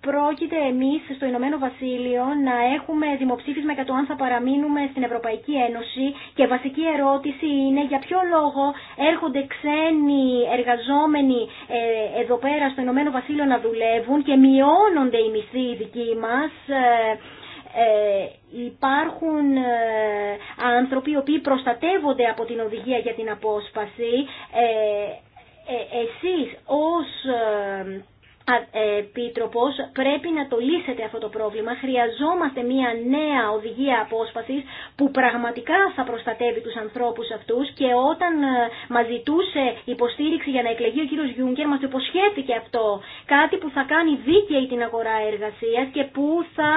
πρόκειται εμείς στο Ηνωμένο Βασίλειο να έχουμε δημοψήφισμα για το αν θα παραμείνουμε στην Ευρωπαϊκή Ένωση και βασική ερώτηση είναι για ποιο λόγο έρχονται ξένοι εργαζόμενοι ε, εδώ πέρα στο Ηνωμένο Βασίλειο να δουλεύουν και μειώνονται οι μισθοί δικοί μας ε, ε, υπάρχουν ε, άνθρωποι οι οποίοι προστατεύονται από την οδηγία για την απόσπαση. Ε, ε εσείς ως ε, Επίτροπος, πρέπει να το λύσετε αυτό το πρόβλημα. Χρειαζόμαστε μια νέα οδηγία απόσπασης που πραγματικά θα προστατεύει τους ανθρώπους αυτούς και όταν ε, μας ζητούσε υποστήριξη για να εκλεγεί ο κύριος Γιούγκερ μας το υποσχέθηκε αυτό. Κάτι που θα κάνει δίκαιη την αγορά εργασίας και που θα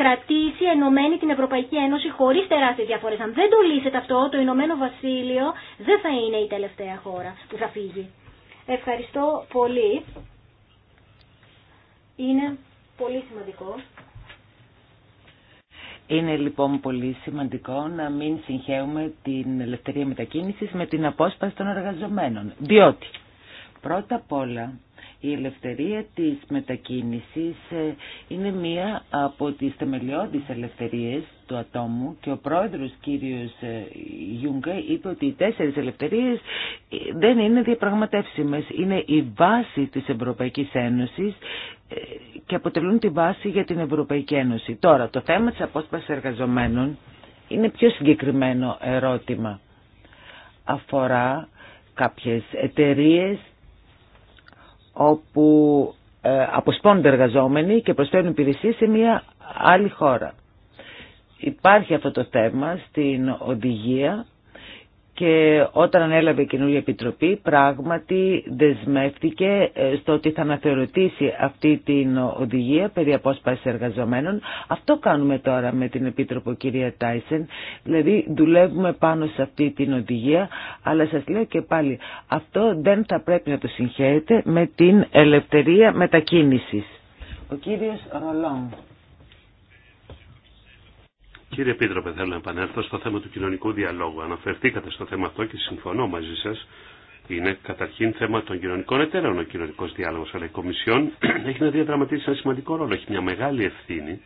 κρατήσει ενωμένη την Ευρωπαϊκή Ένωση χωρίς τεράστιες διαφορές. Αν δεν το λύσετε αυτό, το Ηνωμένο Βασίλειο δεν θα είναι η τελευταία χώρα που θα φύγει. Ευχαριστώ πολύ είναι πολύ σημαντικό. Είναι λοιπόν πολύ σημαντικό να μην συγχαίουμε την ελευθερία μετακίνησης με την απόσπαση των εργαζομένων. Διότι πρώτα απ' όλα η ελευθερία της μετακίνησης ε, είναι μία από τις θεμελιώδεις ελευθερίες του ατόμου και ο πρόεδρος κύριος Γιούγκα ε, είπε ότι οι τέσσερις ελευθερίες ε, δεν είναι διαπραγματεύσιμες. Είναι η βάση της Ευρωπαϊκής Ένωσης και αποτελούν τη βάση για την Ευρωπαϊκή Ένωση. Τώρα, το θέμα της απόσπασης εργαζομένων είναι πιο συγκεκριμένο ερώτημα. Αφορά κάποιες εταιρείες όπου ε, αποσπώνται εργαζόμενοι και προσφέρουν υπηρεσίες σε μια άλλη χώρα. Υπάρχει αυτό το θέμα στην οδηγία και όταν ανέλαβε η καινούργια επιτροπή πράγματι δεσμεύτηκε ε, στο ότι θα αναθεωρητήσει αυτή την οδηγία περί απόσπασης εργαζομένων. Αυτό κάνουμε τώρα με την Επίτροπο κυρία Τάισεν, δηλαδή δουλεύουμε πάνω σε αυτή την οδηγία, αλλά σας λέω και πάλι αυτό δεν θα πρέπει να το συγχαίρετε με την ελευθερία μετακίνησης. Ο κύριος Ρολόν. Κύριε Επίτροπε, θέλω να επανέλθω στο θέμα του κοινωνικού διαλόγου. Αναφερθήκατε στο θέμα αυτό και συμφωνώ μαζί σας. Είναι καταρχήν θέμα των κοινωνικών εταίρων ο κοινωνικό διάλογο, αλλά η Κομισιόν έχει να διαδραματίσει ένα σημαντικό ρόλο. Έχει μια μεγάλη ευθύνη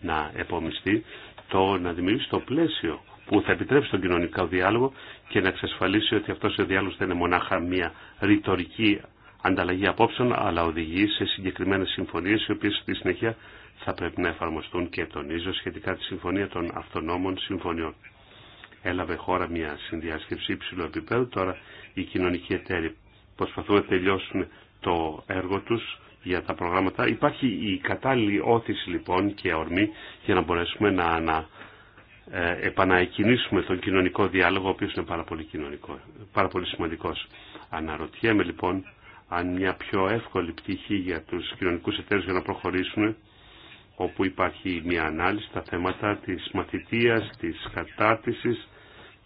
να επομιστεί το να δημιουργήσει το πλαίσιο που θα επιτρέψει τον κοινωνικό διάλογο και να εξασφαλίσει ότι αυτό ο διάλογο δεν είναι μονάχα μια ρητορική ανταλλαγή απόψεων, αλλά οδηγεί σε συγκεκριμένε συμφωνίε, οι οποίε στη συνέχεια θα πρέπει να εφαρμοστούν και τονίζω σχετικά τη Συμφωνία των Αυτονόμων Συμφωνιών. Έλαβε χώρα μια συνδιάσκεψη υψηλού επίπεδου, τώρα οι κοινωνικοί εταίροι προσπαθούν να τελειώσουν το έργο τους για τα προγράμματα. Υπάρχει η κατάλληλη όθηση λοιπόν και ορμή για να μπορέσουμε να, να ε, επαναεκκινήσουμε τον κοινωνικό διάλογο, ο οποίος είναι πάρα πολύ, κοινωνικό, πολύ σημαντικός. Αναρωτιέμαι λοιπόν αν μια πιο εύκολη πτυχή για τους κοινωνικούς εταίρους για να προχωρήσουν όπου υπάρχει μια ανάλυση στα θέματα της μαθητείας, της κατάρτισης,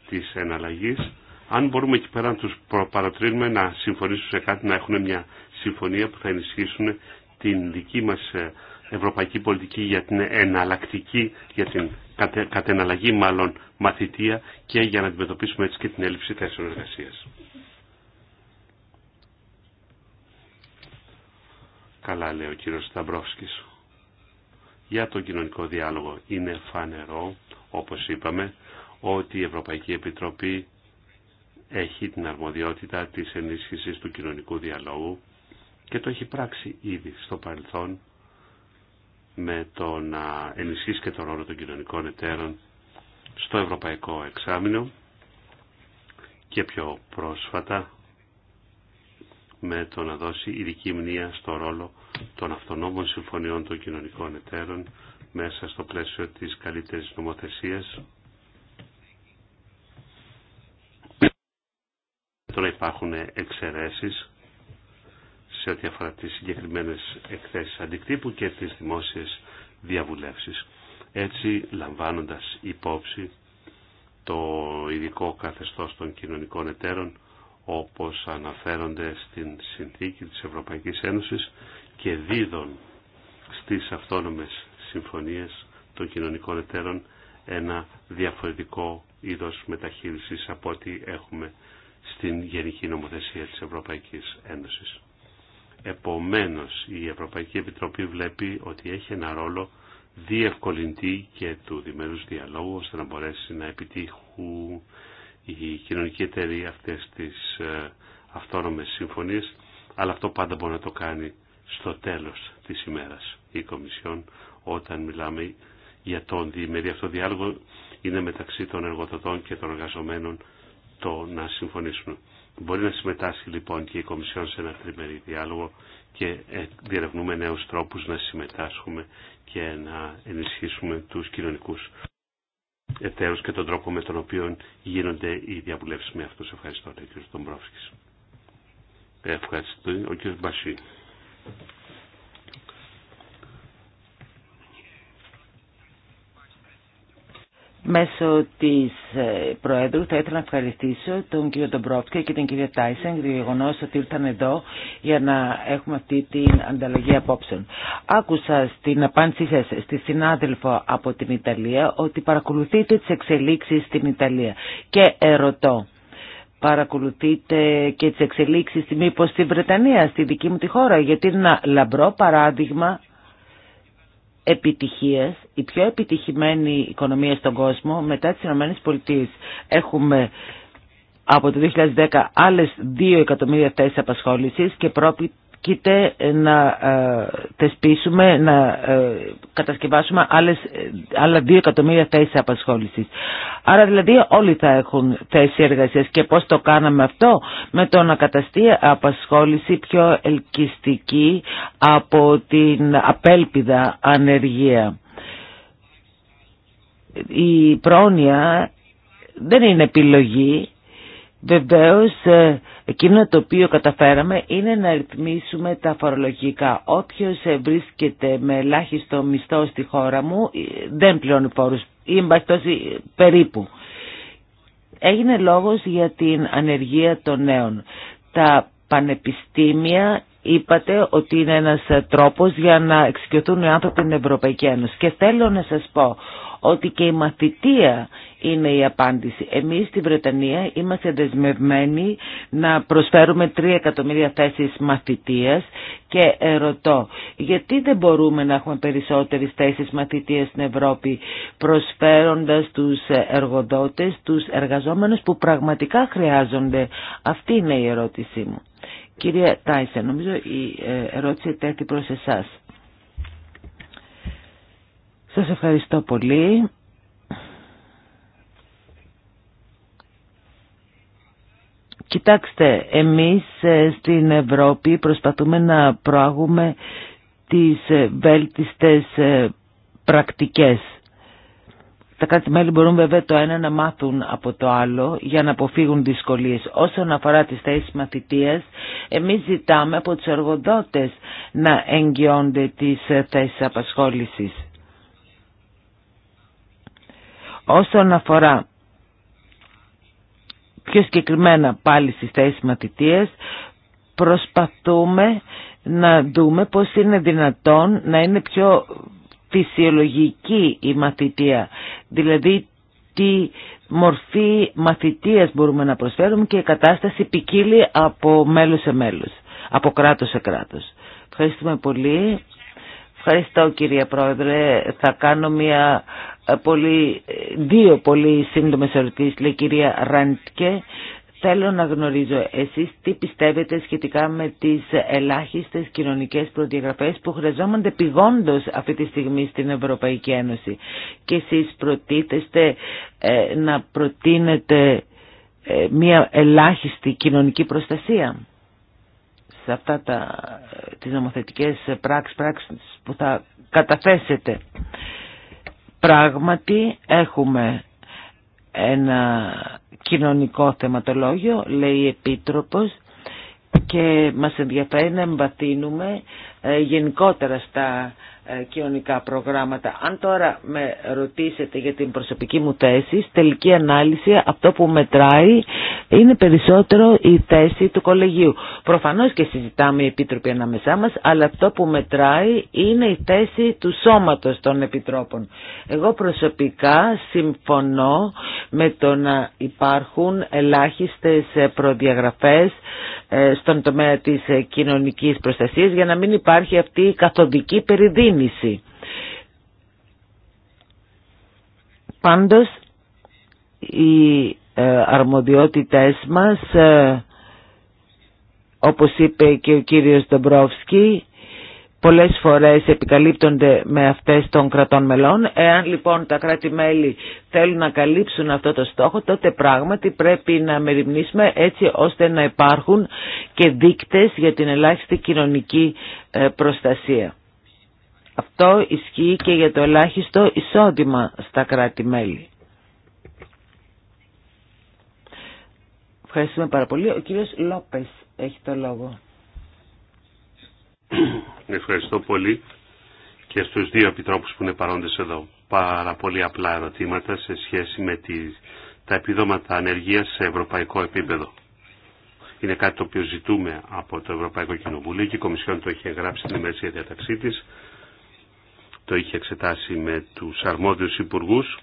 της εναλλαγής. Αν μπορούμε εκεί πέρα να τους παρατρύνουμε να συμφωνήσουν σε κάτι, να έχουν μια συμφωνία που θα ενισχύσουν την δική μας ε, ευρωπαϊκή πολιτική για την εναλλακτική, για την κατεναλλαγή μάλλον μαθητεία και για να αντιμετωπίσουμε έτσι και την έλλειψη θέσεων εργασία. Καλά λέει ο κύριος Σταμπρόφσκης για τον κοινωνικό διάλογο. Είναι φανερό, όπως είπαμε, ότι η Ευρωπαϊκή Επιτροπή έχει την αρμοδιότητα της ενίσχυσης του κοινωνικού διαλόγου και το έχει πράξει ήδη στο παρελθόν με το να ενισχύσει και τον ρόλο των κοινωνικών εταίρων στο Ευρωπαϊκό Εξάμεινο και πιο πρόσφατα με το να δώσει ειδική μνήμα στο ρόλο των αυτονόμων συμφωνιών των κοινωνικών εταίρων μέσα στο πλαίσιο της καλύτερης νομοθεσίας Τώρα υπάρχουν εξαιρέσει σε ό,τι αφορά τις συγκεκριμένες εκθέσεις αντικτύπου και τις δημόσιες διαβουλεύσεις. Έτσι λαμβάνοντας υπόψη το ειδικό καθεστώς των κοινωνικών εταίρων όπως αναφέρονται στην συνθήκη της Ευρωπαϊκής Ένωσης και δίδων στις αυτόνομες συμφωνίες των κοινωνικών εταίρων ένα διαφορετικό είδος μεταχείρισης από ό,τι έχουμε στην Γενική Νομοθεσία της Ευρωπαϊκής Ένωσης. Επομένως, η Ευρωπαϊκή Επιτροπή βλέπει ότι έχει ένα ρόλο διευκολυντή και του διμερούς διαλόγου ώστε να μπορέσει να επιτύχουν οι κοινωνικοί εταιροί αυτές τις ε, αυτόνομες συμφωνίες αλλά αυτό πάντα μπορεί να το κάνει στο τέλος της ημέρας η Κομισιόν όταν μιλάμε για τον διημερή αυτό διάλογο είναι μεταξύ των εργοδοτών και των εργαζομένων το να συμφωνήσουν. Μπορεί να συμμετάσχει λοιπόν και η Κομισιόν σε ένα τριμερή διάλογο και ε, διερευνούμε νέους τρόπους να συμμετάσχουμε και να ενισχύσουμε τους κοινωνικούς εταίρους και τον τρόπο με τον οποίο γίνονται οι διαβουλεύσεις με αυτούς. Ευχαριστώ, κ. Ευχαριστώ, ο Μέσω της ε, Προέδρου θα ήθελα να ευχαριστήσω τον κύριο και την κυρία Τάισεν για το γεγονό ότι ήρθαν εδώ για να έχουμε αυτή την ανταλλαγή απόψεων. Άκουσα στην απάντησή σα στη συνάδελφο από την Ιταλία ότι παρακολουθείτε τις εξελίξεις στην Ιταλία και ερωτώ παρακολουθείτε και τις εξελίξεις μήπως στη Βρετανία, στη δική μου τη χώρα, γιατί είναι ένα λαμπρό παράδειγμα επιτυχίες, η πιο επιτυχημένη οικονομία στον κόσμο μετά τις ΗΠΑ. Έχουμε από το 2010 άλλες 2 εκατομμύρια θέσεις απασχόλησης και πρόκειται να ε, θεσπίσουμε, να ε, κατασκευάσουμε άλλες, ε, άλλα δύο εκατομμύρια θέσει απασχόλησης. Άρα δηλαδή όλοι θα έχουν θέση εργασίας και πώς το κάναμε αυτό με το να καταστεί απασχόληση πιο ελκυστική από την απέλπιδα ανεργία. Η πρόνοια δεν είναι επιλογή. Βεβαίως Εκείνο το οποίο καταφέραμε είναι να ρυθμίσουμε τα φορολογικά. Όποιος βρίσκεται με ελάχιστο μισθό στη χώρα μου ε, δεν πληρώνει φόρους ή περίπου. Έγινε λόγος για την ανεργία των νέων. Τα πανεπιστήμια είπατε ότι είναι ένας ε, τρόπος για να εξοικειωθούν οι άνθρωποι την Ευρωπαϊκή Ένωση. Και θέλω να σας πω ότι και η μαθητεία είναι η απάντηση. Εμείς στη Βρετανία είμαστε δεσμευμένοι να προσφέρουμε 3 εκατομμύρια θέσεις μαθητείας και ε, ρωτώ γιατί δεν μπορούμε να έχουμε περισσότερες θέσεις μαθητείας στην Ευρώπη προσφέροντας τους ε, εργοδότες, τους εργαζόμενους που πραγματικά χρειάζονται. Αυτή είναι η ερώτησή μου. Κυρία Τάισε, νομίζω η ε, ερώτηση τέτοι προς εσάς. Σας ευχαριστώ πολύ. Κοιτάξτε, εμείς ε, στην Ευρώπη προσπαθούμε να προάγουμε τις ε, βέλτιστες πρακτικές τα κράτη-μέλη μπορούν βέβαια το ένα να μάθουν από το άλλο για να αποφύγουν δυσκολίες. Όσον αφορά τις θέσεις μαθητείας, εμείς ζητάμε από τους εργοδότες να εγγυώνται τις θέσεις απασχόλησης. Όσον αφορά πιο συγκεκριμένα πάλι στις θέσεις μαθητείας, προσπαθούμε να δούμε πώς είναι δυνατόν να είναι πιο φυσιολογική η μαθητεία, δηλαδή τι μορφή μαθητείας μπορούμε να προσφέρουμε και η κατάσταση ποικίλει από μέλος σε μέλος, από κράτος σε κράτος. Ευχαριστούμε πολύ. Ευχαριστώ κυρία Πρόεδρε. Θα κάνω μια ε, πολύ, ε, δύο πολύ σύντομες ερωτήσεις, λέει κυρία Ραντκε. Θέλω να γνωρίζω εσείς τι πιστεύετε σχετικά με τις ελάχιστες κοινωνικές προδιαγραφές που χρειαζόμαστε πηγόντως αυτή τη στιγμή στην Ευρωπαϊκή Ένωση. Και εσείς προτίθεστε ε, να προτείνετε ε, μια ελάχιστη κοινωνική προστασία σε αυτά τα, ε, τις νομοθετικές πράξεις, πράξεις που θα καταθέσετε. Πράγματι έχουμε ένα κοινωνικό θεματολόγιο, λέει η Επίτροπος, και μας ενδιαφέρει να εμβαθύνουμε ε, γενικότερα στα ε, κοινωνικά προγράμματα. Αν τώρα με ρωτήσετε για την προσωπική μου θέση, στην τελική ανάλυση αυτό που μετράει είναι περισσότερο η θέση του κολεγίου. Προφανώς και συζητάμε οι επίτροποι ανάμεσά μας, αλλά αυτό που μετράει είναι η θέση του σώματος των επιτρόπων. Εγώ προσωπικά συμφωνώ με το να υπάρχουν ελάχιστες προδιαγραφές ε, στον τομέα της κοινωνικής προστασίας για να μην υπάρχει αυτή η καθοδική περιδίνη Πάντω Πάντως οι ε, αρμοδιότητές μας, ε, όπως είπε και ο κύριος Ντομπρόφσκι, πολλές φορές επικαλύπτονται με αυτές των κρατών μελών. Εάν λοιπόν τα κράτη-μέλη θέλουν να καλύψουν αυτό το στόχο, τότε πράγματι πρέπει να μεριμνήσουμε έτσι ώστε να υπάρχουν και δείκτες για την ελάχιστη κοινωνική ε, προστασία. Αυτό ισχύει και για το ελάχιστο εισόδημα στα κράτη-μέλη. Ευχαριστούμε πάρα πολύ. Ο κύριος Λόπες έχει το λόγο. Ευχαριστώ πολύ και στους δύο επιτρόπους που είναι παρόντες εδώ. Πάρα πολύ απλά ερωτήματα σε σχέση με τις, τα επιδόματα ανεργίας σε ευρωπαϊκό επίπεδο. Είναι κάτι το οποίο ζητούμε από το Ευρωπαϊκό Κοινοβούλιο και η Κομισιόν το έχει εγγράψει στην μέση διαταξή της το είχε εξετάσει με τους αρμόδιους υπουργούς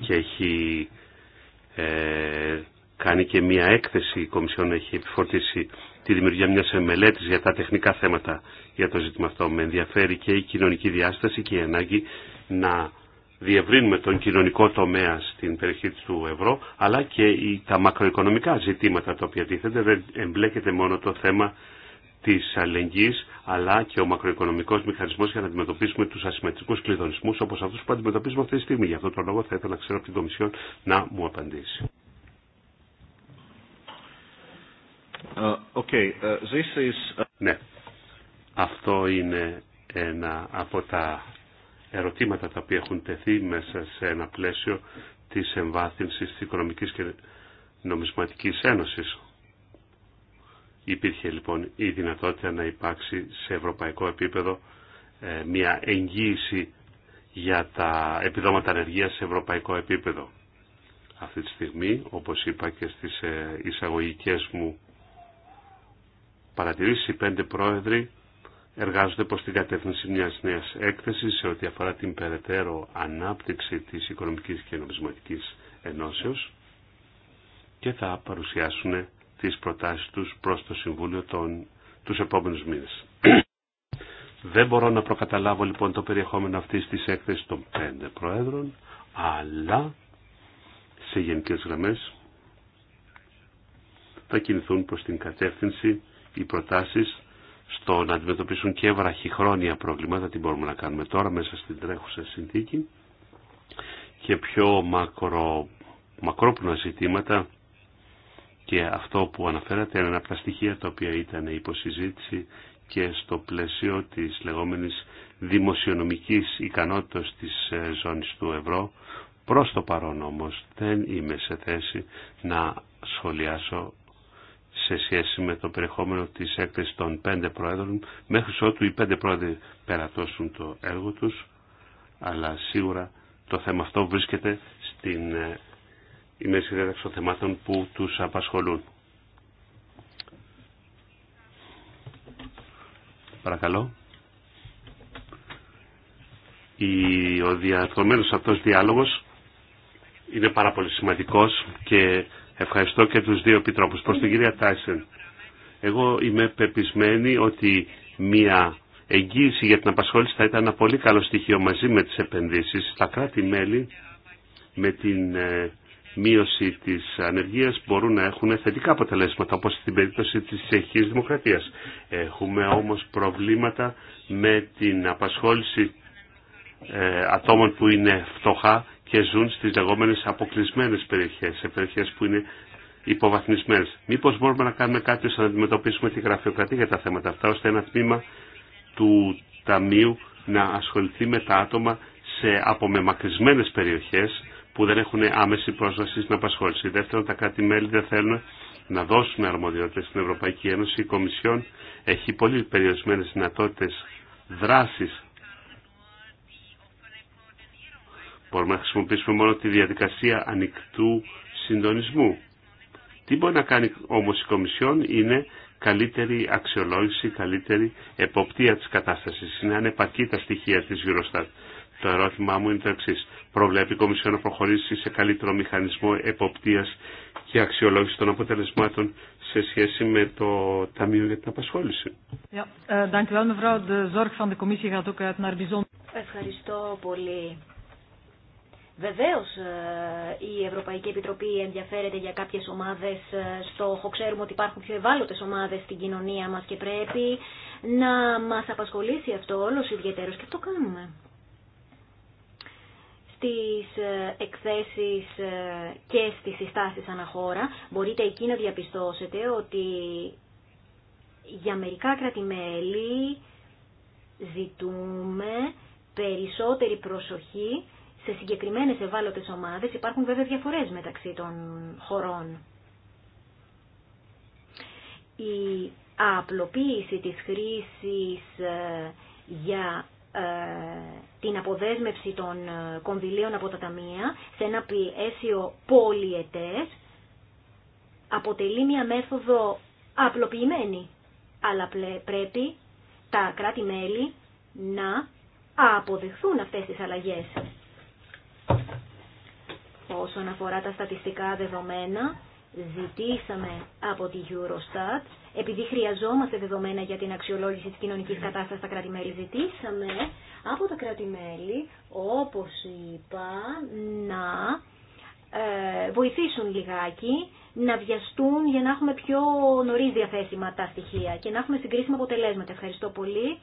και έχει ε, κάνει και μία έκθεση, η Κομισιόν έχει επιφορτήσει τη δημιουργία μιας μελέτης για τα τεχνικά θέματα για το ζήτημα αυτό. Με ενδιαφέρει και η κοινωνική διάσταση και η ανάγκη να διευρύνουμε τον κοινωνικό τομέα στην περιοχή του ευρώ, αλλά και τα μακροοικονομικά ζητήματα τα οποία τίθενται. Δεν εμπλέκεται μόνο το θέμα της αλληλεγγύης, αλλά και ο μακροοικονομικός μηχανισμός για να αντιμετωπίσουμε τους ασυμμετρικούς κλειδονισμούς όπως αυτούς που αντιμετωπίζουμε αυτή τη στιγμή. Γι' αυτό τον λόγο θα ήθελα να ξέρω από την Κομισιόν να μου απαντήσει. Uh, okay. Uh, this is... Uh, ναι, αυτό είναι ένα από τα ερωτήματα τα οποία έχουν τεθεί μέσα σε ένα πλαίσιο της εμβάθυνσης της Οικονομικής και Νομισματικής Ένωσης. Υπήρχε λοιπόν η δυνατότητα να υπάρξει σε ευρωπαϊκό επίπεδο ε, μια εγγύηση για τα επιδόματα ανεργίας σε ευρωπαϊκό επίπεδο. Αυτή τη στιγμή, όπως είπα και στις ε, εισαγωγικές μου παρατηρήσεις, οι πέντε πρόεδροι εργάζονται προς την κατεύθυνση μιας νέας έκθεσης σε ό,τι αφορά την περαιτέρω ανάπτυξη της Οικονομικής και Νομισματικής Ενώσεως και θα παρουσιάσουν τις προτάσεις τους προς το Συμβούλιο των, τους επόμενους μήνες. Δεν μπορώ να προκαταλάβω λοιπόν το περιεχόμενο αυτής της έκθεσης των πέντε προέδρων, αλλά σε γενικές γραμμές θα κινηθούν προς την κατεύθυνση οι προτάσεις στο να αντιμετωπίσουν και βραχυχρόνια προβλήματα, τι μπορούμε να κάνουμε τώρα μέσα στην τρέχουσα συνθήκη και πιο μακρο, μακρόπνοα ζητήματα και αυτό που αναφέρατε είναι ένα από τα στοιχεία τα οποία ήταν υποσυζήτηση και στο πλαίσιο της λεγόμενης δημοσιονομικής ικανότητας της ε, ζώνης του ευρώ. Προς το παρόν όμως δεν είμαι σε θέση να σχολιάσω σε σχέση με το περιεχόμενο της έκθεσης των πέντε πρόεδρων μέχρι ότου οι πέντε πρόεδροι περατώσουν το έργο τους αλλά σίγουρα το θέμα αυτό βρίσκεται στην ε, είναι συνέντευξη των θεμάτων που τους απασχολούν. Παρακαλώ. Η, ο διαρθρωμένος αυτός διάλογος είναι πάρα πολύ σημαντικός και ευχαριστώ και τους δύο επιτρόπους. Προς την κυρία Τάισεν, εγώ είμαι πεπισμένη ότι μία εγγύηση για την απασχόληση θα ήταν ένα πολύ καλό στοιχείο μαζί με τις επενδύσεις στα κράτη-μέλη με την ε, μείωση της ανεργίας μπορούν να έχουν θετικά αποτελέσματα όπως στην περίπτωση της Τσεχικής Δημοκρατίας. Έχουμε όμως προβλήματα με την απασχόληση ε, ατόμων που είναι φτωχά και ζουν στις λεγόμενες αποκλεισμένες περιοχές, σε περιοχές που είναι υποβαθμισμένες. Μήπως μπορούμε να κάνουμε κάτι ώστε να αντιμετωπίσουμε τη γραφειοκρατία για τα θέματα αυτά, ώστε ένα τμήμα του Ταμείου να ασχοληθεί με τα άτομα σε απομεμακρυσμένες περιοχές που δεν έχουν άμεση πρόσβαση στην απασχόληση. Δεύτερον, τα κράτη-μέλη δεν θέλουν να δώσουν αρμοδιότητε στην Ευρωπαϊκή Ένωση. Η Κομισιόν έχει πολύ περιορισμένε δυνατότητε δράση. Μπορούμε να χρησιμοποιήσουμε μόνο τη διαδικασία ανοιχτού συντονισμού. Τι μπορεί να κάνει όμως η Κομισιόν είναι καλύτερη αξιολόγηση, καλύτερη εποπτεία της κατάστασης. Είναι ανεπαρκή τα στοιχεία της Eurostat. Το ερώτημά μου είναι το εξή. Προβλέπει η Κομισιόν να προχωρήσει σε καλύτερο μηχανισμό εποπτεία και αξιολόγηση των αποτελεσμάτων σε σχέση με το Ταμείο για την Απασχόληση. Ευχαριστώ πολύ. Βεβαίω ε, η Ευρωπαϊκή Επιτροπή ενδιαφέρεται για κάποιε ομάδε ε, στόχο. Ξέρουμε ότι υπάρχουν πιο ευάλωτε ομάδε στην κοινωνία μα και πρέπει να μα απασχολήσει αυτό όλο ιδιαίτερω και αυτό κάνουμε στις ε, εκθέσεις ε, και στις συστάσεις αναχώρα. Μπορείτε εκεί να διαπιστώσετε ότι για μερικά κρατημέλη ζητούμε περισσότερη προσοχή σε συγκεκριμένες ευάλωτες ομάδες. Υπάρχουν βέβαια διαφορές μεταξύ των χωρών. Η απλοποίηση της χρήσης ε, για ε, την αποδέσμευση των ε, κονδυλίων από τα ταμεία σε ένα πιέσιο πολιετές αποτελεί μια μέθοδο απλοποιημένη. Αλλά πρέπει τα κράτη-μέλη να αποδεχθούν αυτές τις αλλαγές. Όσον αφορά τα στατιστικά δεδομένα, ζητήσαμε από τη Eurostat, επειδή χρειαζόμαστε δεδομένα για την αξιολόγηση της κοινωνικής κατάστασης στα κρατη ζητήσαμε από τα κράτη-μέλη, όπως είπα, να ε, βοηθήσουν λιγάκι, να βιαστούν για να έχουμε πιο νωρίς διαθέσιμα τα στοιχεία και να έχουμε συγκρίσιμα αποτελέσματα. Ευχαριστώ πολύ.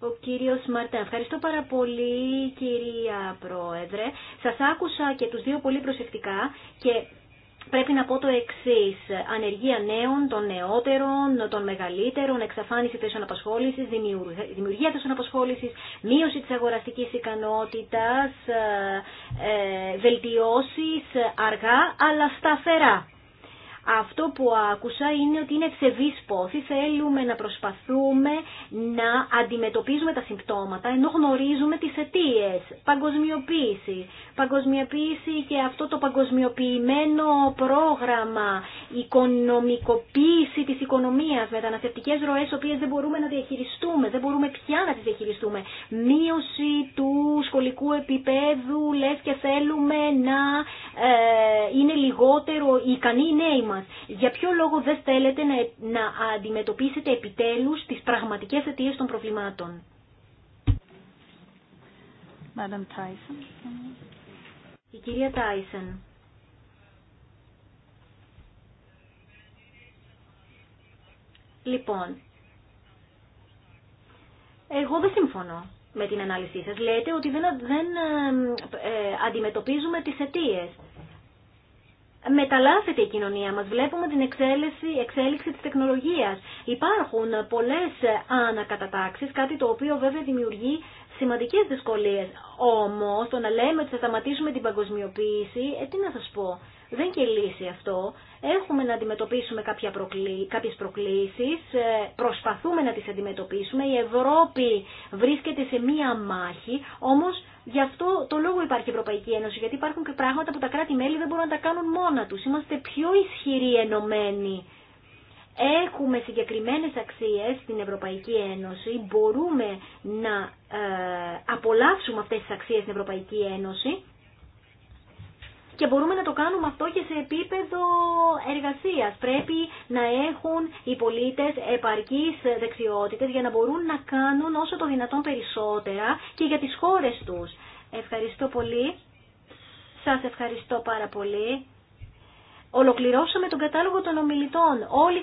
Ο κύριος Μαρτέν, ευχαριστώ πάρα πολύ κυρία Πρόεδρε. Σας άκουσα και τους δύο πολύ προσεκτικά και Πρέπει να πω το εξή. Ανεργία νέων, των νεότερων, των μεγαλύτερων, εξαφάνιση θέσεων απασχόληση, δημιουργία θέσεων απασχόληση, μείωση τη αγοραστική ικανότητα, ε, ε, βελτιώσει αργά αλλά σταθερά. Αυτό που άκουσα είναι ότι είναι ευσεβής πόθη, θέλουμε να προσπαθούμε να αντιμετωπίζουμε τα συμπτώματα ενώ γνωρίζουμε τις αιτίε. Παγκοσμιοποίηση. Παγκοσμιοποίηση και αυτό το παγκοσμιοποιημένο πρόγραμμα, οικονομικοποίηση της οικονομίας, μεταναστευτικές ροές, οποίες δεν μπορούμε να διαχειριστούμε, δεν μπορούμε πια να τις διαχειριστούμε. Μείωση του σχολικού επίπεδου, λες και θέλουμε να ε, είναι λιγότερο ικανοί οι νέοι για ποιο λόγο δεν θέλετε να αντιμετωπίσετε επιτέλους τις πραγματικές αιτίες των προβλημάτων. Η κυρία Τάισεν. Λοιπόν, εγώ δεν συμφωνώ με την ανάλυση σας. Λέτε ότι δεν, δεν ε, ε, αντιμετωπίζουμε τις αιτίες μεταλλάσσεται η κοινωνία μας. Βλέπουμε την εξέλιξη, εξέλιξη της τεχνολογίας. Υπάρχουν πολλές ανακατατάξεις, κάτι το οποίο βέβαια δημιουργεί σημαντικές δυσκολίες. Όμως το να λέμε ότι θα σταματήσουμε την παγκοσμιοποίηση, ε, τι να σας πω, δεν και λύση αυτό. Έχουμε να αντιμετωπίσουμε κάποια προκλή, κάποιες προκλήσεις, ε, προσπαθούμε να τις αντιμετωπίσουμε. Η Ευρώπη βρίσκεται σε μία μάχη, όμως γι' αυτό το λόγο υπάρχει η Ευρωπαϊκή Ένωση, γιατί υπάρχουν και πράγματα που τα κράτη-μέλη δεν μπορούν να τα κάνουν μόνα τους. Είμαστε πιο ισχυροί ενωμένοι. Έχουμε συγκεκριμένες αξίες στην Ευρωπαϊκή Ένωση, μπορούμε να ε, απολαύσουμε αυτές τις αξίες στην Ευρωπαϊκή Ένωση και μπορούμε να το κάνουμε αυτό και σε επίπεδο εργασίας. Πρέπει να έχουν οι πολίτες επαρκείς δεξιότητες για να μπορούν να κάνουν όσο το δυνατόν περισσότερα και για τις χώρες τους. Ευχαριστώ πολύ. Σας ευχαριστώ πάρα πολύ. Ολοκληρώσαμε τον κατάλογο των ομιλητών. Όλοι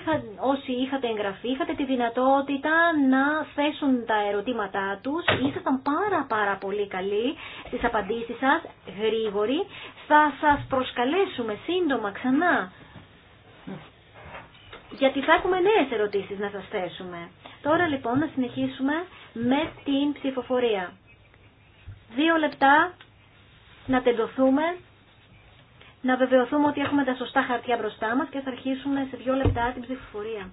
όσοι είχατε εγγραφεί είχατε τη δυνατότητα να θέσουν τα ερωτήματά τους. Ήσασταν πάρα πάρα πολύ καλοί στις απαντήσεις σας, γρήγοροι. Θα σας προσκαλέσουμε σύντομα ξανά. Γιατί θα έχουμε νέες ερωτήσεις να σας θέσουμε. Τώρα λοιπόν να συνεχίσουμε με την ψηφοφορία. Δύο λεπτά να τεντωθούμε να βεβαιωθούμε ότι έχουμε τα σωστά χαρτιά μπροστά μας και θα αρχίσουμε σε δύο λεπτά την ψηφοφορία.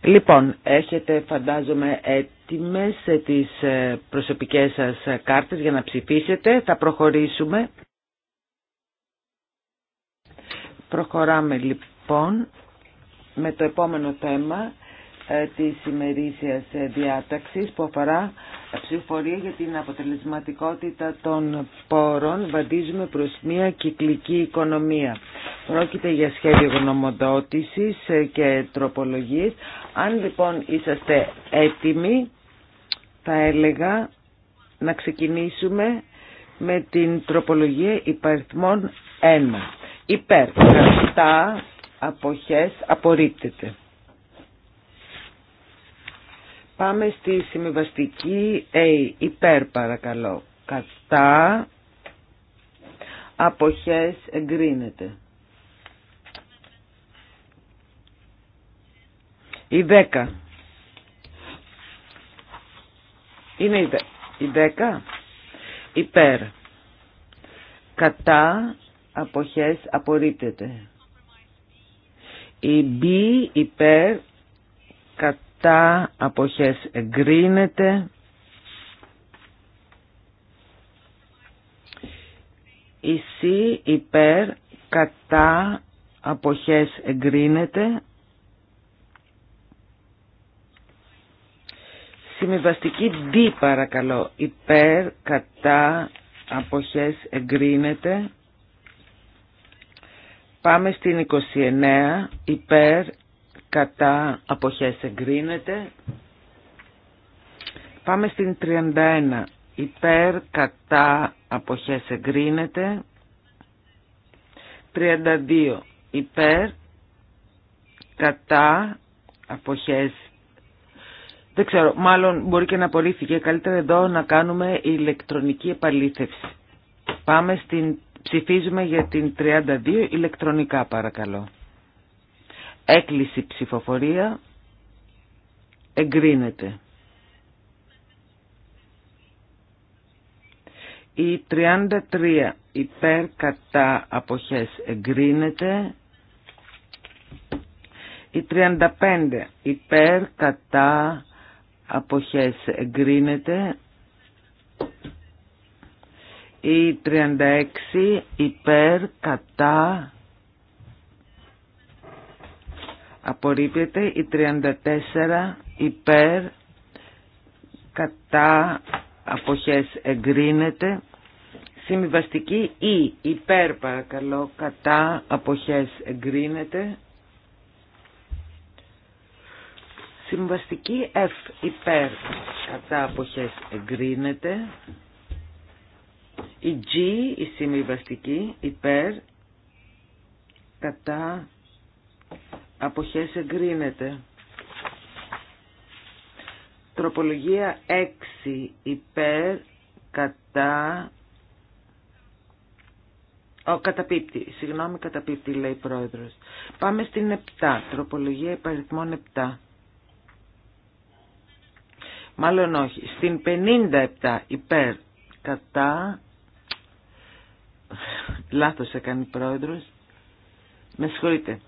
Λοιπόν, έχετε φαντάζομαι έτοιμες ε, τις ε, προσωπικές σας ε, κάρτες για να ψηφίσετε. Θα προχωρήσουμε. Προχωράμε λοιπόν με το επόμενο θέμα της ημερήσιας διάταξης που αφορά ψηφορία για την αποτελεσματικότητα των πόρων βαντίζουμε προς μια κυκλική οικονομία. Πρόκειται για σχέδιο γνωμοδότησης ε, και τροπολογίες. Αν λοιπόν είσαστε έτοιμοι, θα έλεγα να ξεκινήσουμε με την τροπολογία υπαριθμών 1. Υπέρ, τα αποχές, απορρίπτεται. Πάμε στη συμβιβαστική A, υπέρ παρακαλώ. Κατά αποχές εγκρίνεται. Η 10. Είναι η 10. Υπέρ. Κατά αποχές απορρίπτεται. Η B υπέρ κατά κατά αποχές εγκρίνεται Ισί υπέρ κατά αποχές εγκρίνεται Συμβιβαστική D παρακαλώ υπέρ κατά αποχές εγκρίνεται Πάμε στην 29 υπέρ κατά αποχές εγκρίνεται. Πάμε στην 31. Υπέρ κατά αποχές εγκρίνεται. 32. Υπέρ κατά αποχές δεν ξέρω, μάλλον μπορεί και να απορρίφθηκε. Καλύτερα εδώ να κάνουμε ηλεκτρονική επαλήθευση. Πάμε στην... Ψηφίζουμε για την 32 ηλεκτρονικά παρακαλώ. Έκλειση ψηφοφορία. Εγκρίνεται. Η 33 υπέρ κατά αποχές εγκρίνεται. Η 35 υπέρ κατά αποχές εγκρίνεται. Η 36 υπέρ κατά απορρίπτεται η 34 υπέρ κατά αποχές εγκρίνεται συμβιβαστική ή e, υπέρ παρακαλώ κατά αποχές εγκρίνεται συμβαστική F υπέρ κατά αποχές εγκρίνεται η G η συμβιβαστική υπέρ κατά αποχές εγκρίνεται. Τροπολογία 6 υπέρ κατά... Ο, καταπίπτη. συγγνώμη καταπίπτη, λέει η πρόεδρος. Πάμε στην 7, τροπολογία υπαριθμών 7. Μάλλον όχι, στην 57 υπέρ κατά... Λάθος έκανε η πρόεδρος. Με συγχωρείτε.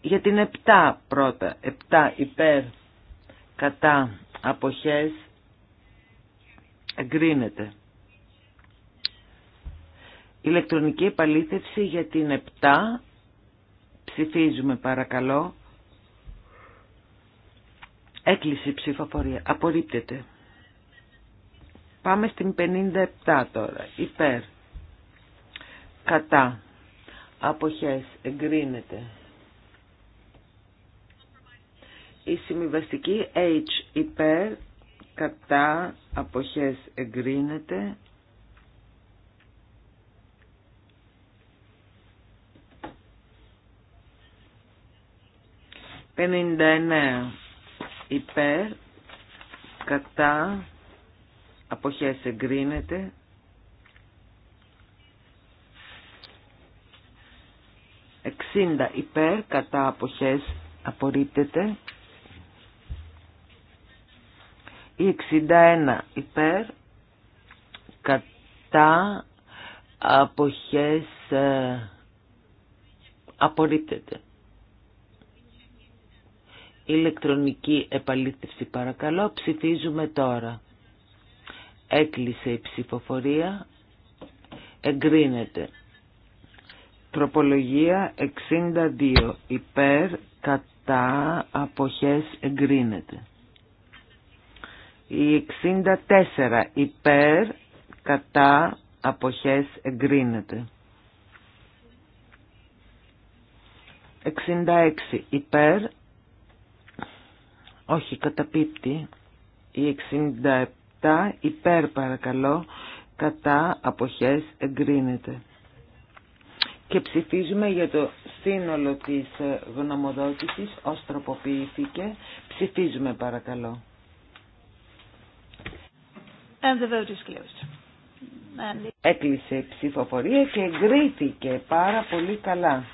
Για την 7 πρώτα, 7 υπέρ κατά αποχές εγκρίνεται. Ηλεκτρονική επαλήθευση για την 7 ψηφίζουμε παρακαλώ. Έκλεισε η ψηφοφορία. Απορρίπτεται. Πάμε στην 57 τώρα. Υπέρ. Κατά. Αποχές. Εγκρίνεται. η συμβιβαστική H υπέρ κατά αποχές εγκρίνεται Πενήντα υπέρ κατά αποχές εγκρίνεται εξήντα υπέρ κατά αποχές απορρίπτεται η 61 υπέρ κατά αποχές ε, απορρίπτεται. Ηλεκτρονική επαλήθευση παρακαλώ. Ψηφίζουμε τώρα. Έκλεισε η ψηφοφορία. Εγκρίνεται. Τροπολογία 62. Υπέρ κατά αποχές εγκρίνεται. Η 64 υπέρ κατά αποχές εγκρίνεται. 66 υπέρ, όχι καταπίπτει, η 67 υπέρ παρακαλώ, κατά αποχές εγκρίνεται. Και ψηφίζουμε για το σύνολο της γνωμοδότησης, ως τροποποιήθηκε, ψηφίζουμε παρακαλώ. And the vote is closed. Έκλεισε η ψηφοφορία και εγκρίθηκε πάρα πολύ καλά.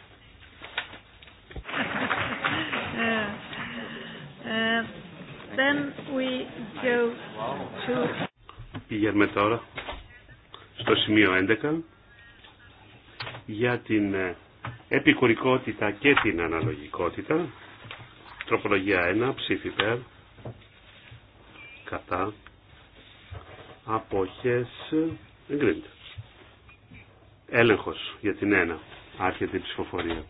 Uh, Πηγαίνουμε τώρα στο σημείο 11 για την ε, επικουρικότητα και την αναλογικότητα. Τροπολογία 1, ψήφι κατά, αποχές εγκρίνεται. Έλεγχος για την 1. Άρχεται η ψηφοφορία.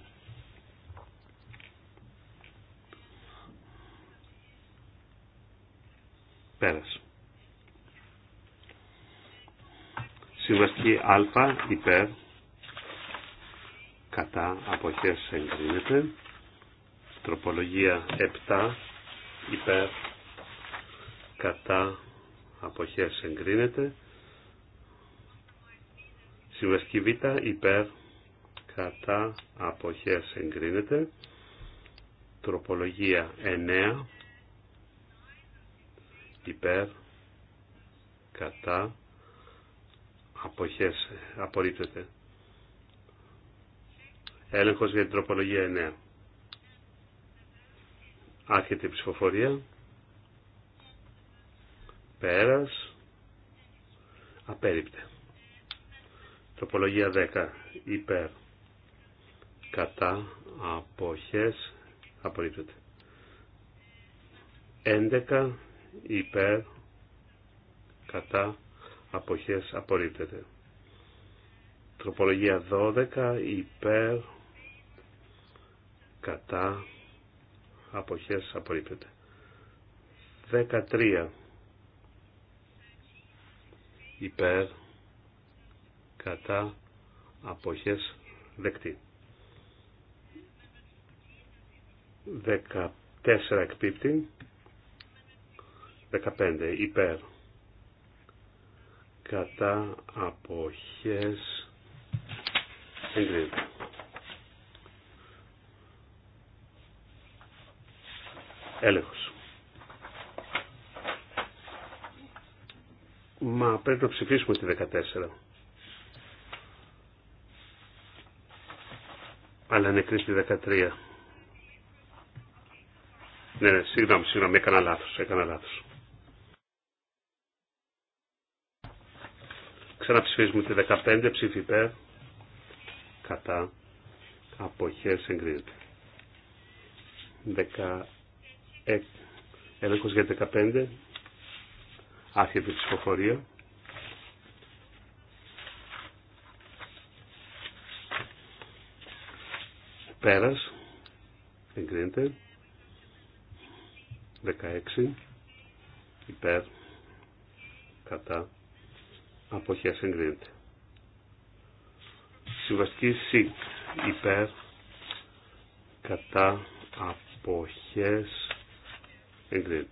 Πέρασε. Συμβαστική α υπέρ κατά αποχές εγκρίνεται. Τροπολογία 7 υπέρ κατά αποχές εγκρίνεται. Συμβαστική Β υπέρ κατά αποχές εγκρίνεται. Τροπολογία 9 υπέρ κατά αποχές απορρίπτεται. Έλεγχος για την τροπολογία 9. Άρχεται η ψηφοφορία. Πέρας. Απέριπτε. Τροπολογία 10. Υπέρ. Κατά. Αποχές. Απορρίπτεται. 11. Υπέρ. Κατά. Αποχές. Απορρίπτεται. Τροπολογία 12. Υπέρ. Κατά. Αποχές. Απορρίπτεται. 13 υπέρ κατά αποχές δεκτή. 14 εκπίπτει, 15 υπέρ κατά αποχές εγκρίνεται. Έλεγχος. Μα πρέπει να ψηφίσουμε τη 14. Αλλά είναι κρίση 13. Ναι, ναι, συγγνώμη, συγγνώμη, έκανα λάθος, έκανα λάθος. Ξαναψηφίζουμε τη 15 ψήφι υπέρ, κατά, αποχές εγκρίνεται. 16. Ε, έλεγχος για 15, άρχιε η ψηφοφορία. Πέρας, εγκρίνεται, 16, υπέρ, κατά, αποχές εγκρίνεται. Συμβαστική συγκ υπέρ, κατά, αποχές εγκρίνεται.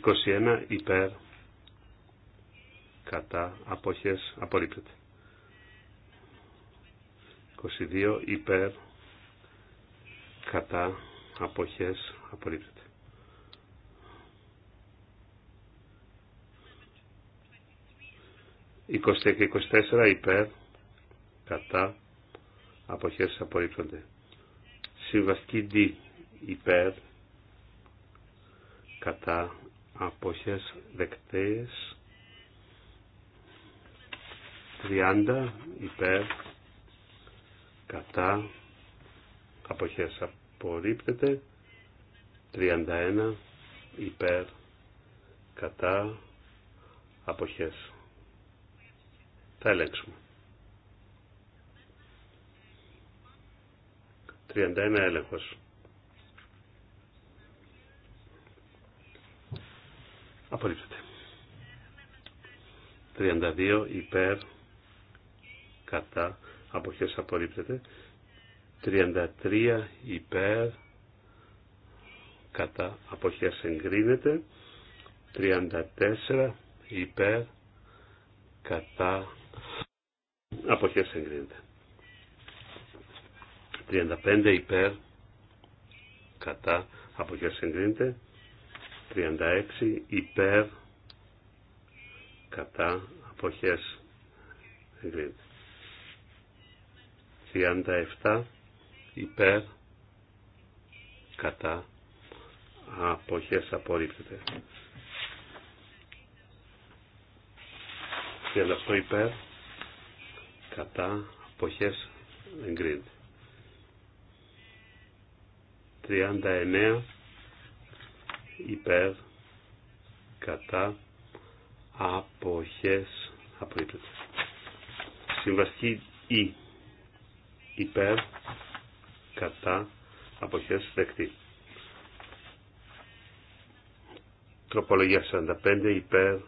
21 υπέρ κατά αποχές απορρίπτεται. 22 υπέρ κατά αποχές απορρίπτεται. 23 και 24 υπέρ κατά αποχές απορρίπτονται. Συμβαστική D υπέρ κατά αποχές δεκτές 30 υπέρ κατά αποχές απορρίπτεται 31 υπέρ κατά αποχές θα ελέγξουμε 31 έλεγχος Απορρίπτεται. 32 υπέρ κατά αποχές απορρίπτεται. 33 υπέρ κατά αποχές εγκρίνεται. 34 υπέρ κατά αποχές εγκρίνεται. 35 υπέρ κατά αποχές εγκρίνεται. 36 υπέρ κατά αποχές εγκρίνεται 37 υπέρ κατά αποχές απορρίπτεται 38 υπέρ κατά αποχές εγκρίνεται 39 υπέρ κατά αποχές απορρίπτεται. Συμβαστική ή e, υπέρ κατά αποχές δεκτή. Τροπολογία 45 υπέρ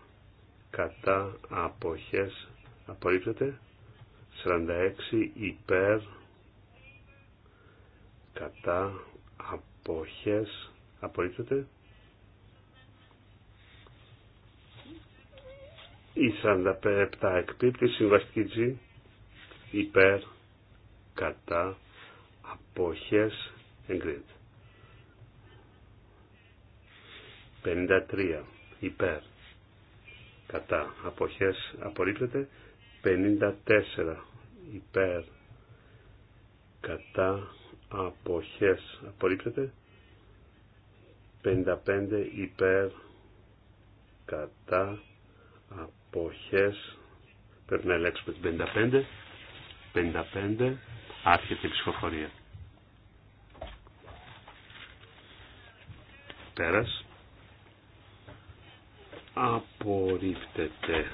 κατά αποχές απορρίπτεται. 46 υπέρ κατά αποχές απορρίπτεται. Η 47 εκπίπτει, συμβαστική G, υπέρ, κατά, αποχές, εγκρίνεται. 53 υπέρ, κατά, αποχές, απορρίπτεται. 54 υπέρ, κατά, αποχές, απορρίπτεται. 55 υπέρ, κατά, αποχές Εποχές, πρέπει να ελέγξουμε την 55 55 άρχεται η ψυχοφορία. πέρας απορρίπτεται.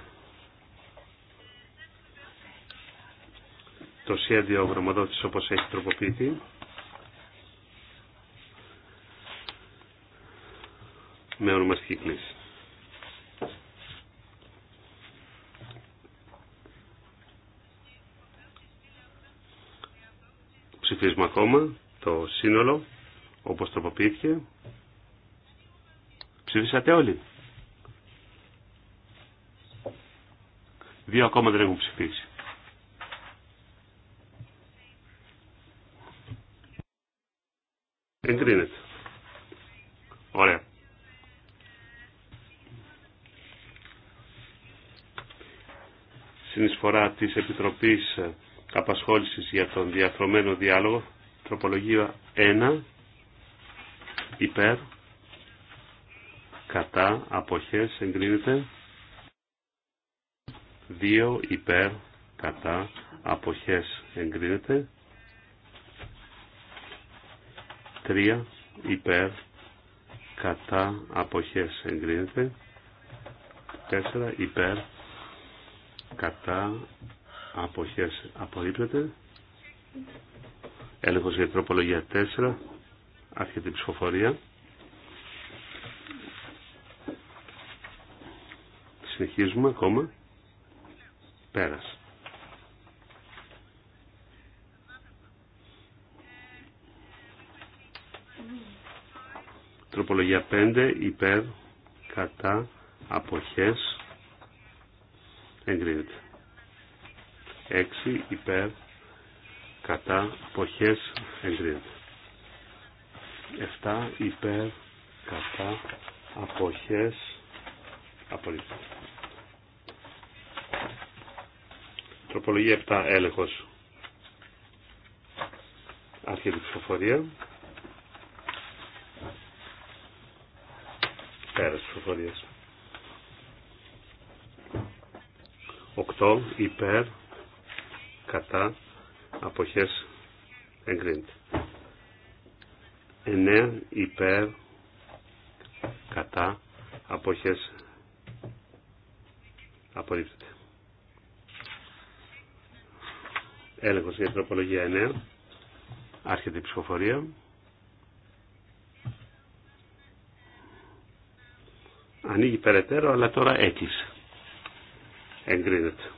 το σχέδιο γραμματότης όπως έχει τροποποιηθεί με ονομαστική κλίση ψηφίσμα ακόμα το σύνολο όπως τροποποιήθηκε. Ψηφίσατε όλοι. Δύο ακόμα δεν έχουν ψηφίσει. Εγκρίνεται. Ωραία. Συνεισφορά της Επιτροπής απασχόλησης για τον διαφρωμένο διάλογο, τροπολογία 1, υπέρ, κατά, αποχές, εγκρίνεται, 2, υπέρ, κατά, αποχές, εγκρίνεται, 3, υπέρ, κατά, αποχές, εγκρίνεται, 4, υπέρ, κατά, αποχές απορρίπτεται. Έλεγχος για τροπολογία 4, άρχεται η ψηφοφορία. Συνεχίζουμε ακόμα. Πέρας. Τροπολογία 5, υπέρ, κατά, αποχές, εγκρίνεται. 6 υπέρ κατά αποχές εγκρίνεται. 7 υπέρ κατά αποχές απολύτω. Τροπολογία 7 έλεγχος. Άρχεται ψηφοφορία. Πέρας ψηφοφορίας. 8 υπέρ κατά αποχές εγκρίνεται. Εννέα υπέρ κατά αποχές απορρίπτεται. Έλεγχος για τροπολογία εννέα. Άρχεται η ψηφοφορία. Ανοίγει περαιτέρω, αλλά τώρα έκλεισε. Εγκρίνεται.